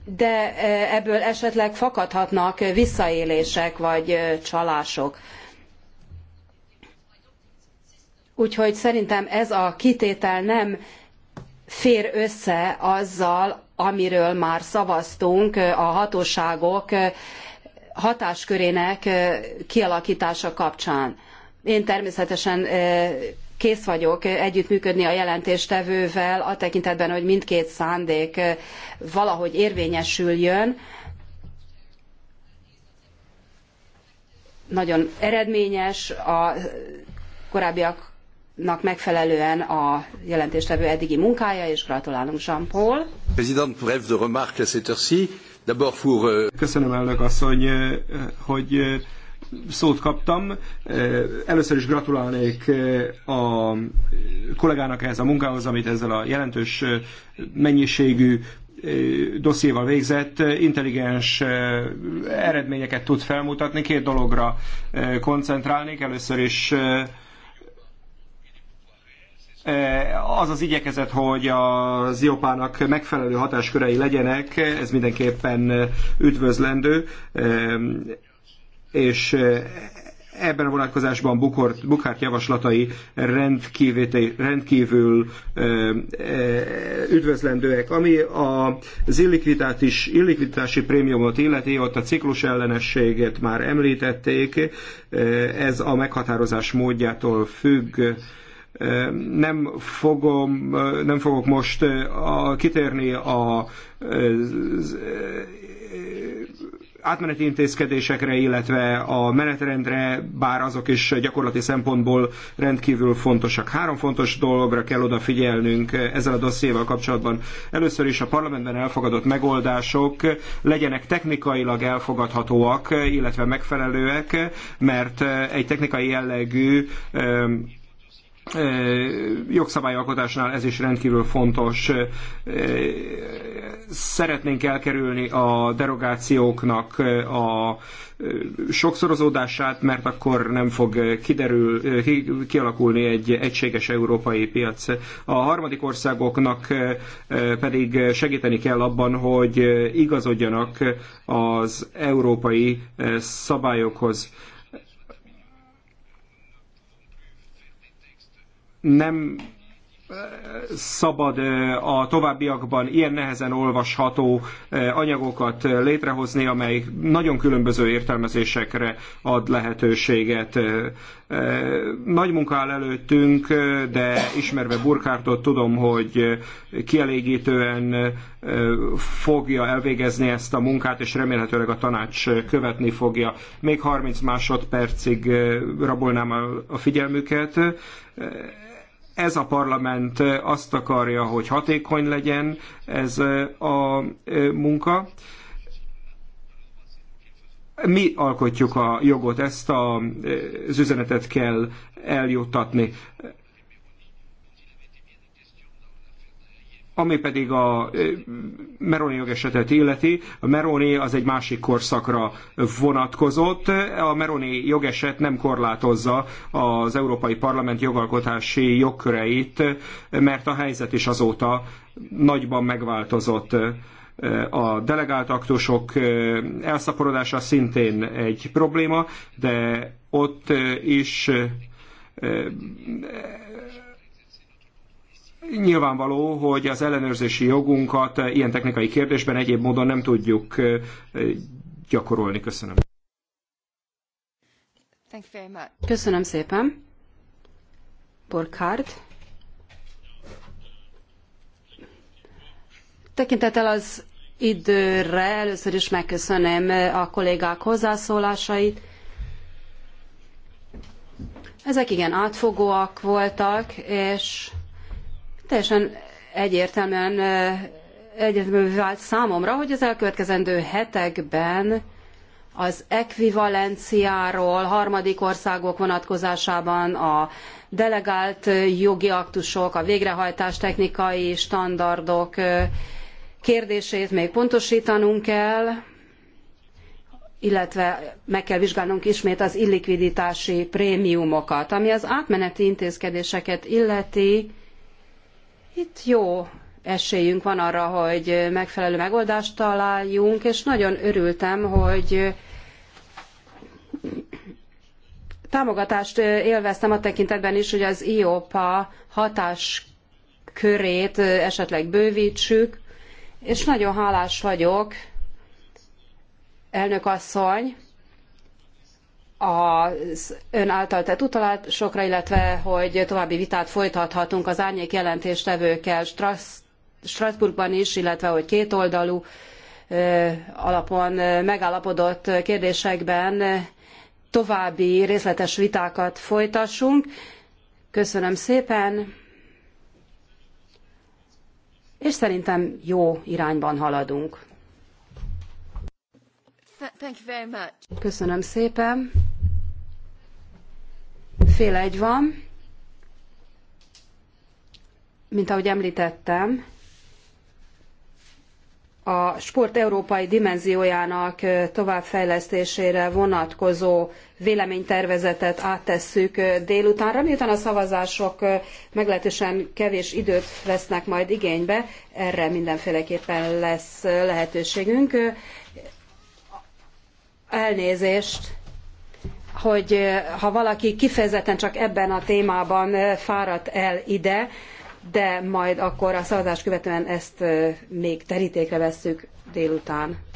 C: de eh, ebből esetleg fakadhatnak visszaélések vagy csalások. Úgyhogy szerintem ez a kitétel nem fér össze azzal, amiről már szavaztunk a hatóságok hatáskörének kialakítása kapcsán. Én természetesen kész vagyok együttműködni a jelentéstevővel a tekintetben, hogy mindkét szándék valahogy érvényesüljön. Nagyon eredményes a korábbiak nak megfelelően a jelentéstevő eddigi munkája, és gratulálunk
B: Jean-Paul. Président, bref de remarque à cette heure-ci. D'abord pour... Euh, Köszönöm, elnök asszony, euh, hogy euh, szót kaptam. Először is gratulálnék a kollégának ehhez a munkához, amit ezzel a jelentős mennyiségű dossziéval végzett, intelligens eredményeket tud felmutatni. Két dologra koncentrálnék. Először is Eh, az az igyekezet, hogy a Ziopának megfelelő hatáskörei legyenek, ez mindenképpen üdvözlendő, eh, és eh, ebben a vonatkozásban Bukort, Bukhárt javaslatai rendkívül, üdvözlendőek. Ami az illikvitás, illikvitási prémiumot illeti, ott a ciklus ellenességet már említették, ez a meghatározás módjától függ, nem, fogom, nem fogok most a, kitérni a, az átmeneti intézkedésekre, illetve a menetrendre, bár azok is gyakorlati szempontból rendkívül fontosak. Három fontos dologra kell odafigyelnünk ezzel a dossziéval kapcsolatban. Először is a parlamentben elfogadott megoldások legyenek technikailag elfogadhatóak, illetve megfelelőek, mert egy technikai jellegű jogszabályalkotásnál ez is rendkívül fontos. Szeretnénk elkerülni a derogációknak a sokszorozódását, mert akkor nem fog kiderül, kialakulni egy egységes európai piac. A harmadik országoknak pedig segíteni kell abban, hogy igazodjanak az európai szabályokhoz nem szabad a továbbiakban ilyen nehezen olvasható anyagokat létrehozni, amely nagyon különböző értelmezésekre ad lehetőséget. Nagy munka áll előttünk, de ismerve Burkártot tudom, hogy kielégítően fogja elvégezni ezt a munkát, és remélhetőleg a tanács követni fogja. Még 30 másodpercig rabolnám a figyelmüket ez a parlament azt akarja, hogy hatékony legyen ez a munka. Mi alkotjuk a jogot, ezt a, az üzenetet kell eljuttatni. Ami pedig a Meroni jogesetet illeti, a Meroni az egy másik korszakra vonatkozott. A Meroni jogeset nem korlátozza az Európai Parlament jogalkotási jogköreit, mert a helyzet is azóta nagyban megváltozott a delegált aktusok elszaporodása szintén egy probléma, de ott is Nyilvánvaló, hogy az ellenőrzési jogunkat ilyen technikai kérdésben egyéb módon nem tudjuk gyakorolni. Köszönöm.
C: Köszönöm szépen. Borkárd. Tekintettel az időre először is megköszönöm a kollégák hozzászólásait. Ezek igen átfogóak voltak, és Teljesen egyértelműen egyértelmű vált számomra, hogy az elkövetkezendő hetekben az ekvivalenciáról, harmadik országok vonatkozásában a delegált jogi aktusok, a végrehajtás technikai standardok kérdését még pontosítanunk kell, illetve meg kell vizsgálnunk ismét az illikviditási prémiumokat. Ami az átmeneti intézkedéseket illeti, itt jó esélyünk van arra, hogy megfelelő megoldást találjunk, és nagyon örültem, hogy támogatást élveztem a tekintetben is, hogy az IOPA hatáskörét esetleg bővítsük, és nagyon hálás vagyok, elnök asszony, az ön által tett utalásokra, illetve hogy további vitát folytathatunk az árnyék jelentéstevőkkel Strasbourgban is, illetve hogy kétoldalú alapon megállapodott kérdésekben további részletes vitákat folytassunk. Köszönöm szépen, és szerintem jó irányban haladunk. Köszönöm szépen. Fél egy van. Mint ahogy említettem, a sport európai dimenziójának továbbfejlesztésére vonatkozó véleménytervezetet áttesszük délutánra, miután a szavazások meglehetősen kevés időt vesznek majd igénybe, erre mindenféleképpen lesz lehetőségünk. Elnézést hogy eh, ha valaki kifejezetten csak ebben a témában eh, fáradt el ide, de majd akkor a szavazást követően ezt eh, még terítékre vesszük délután.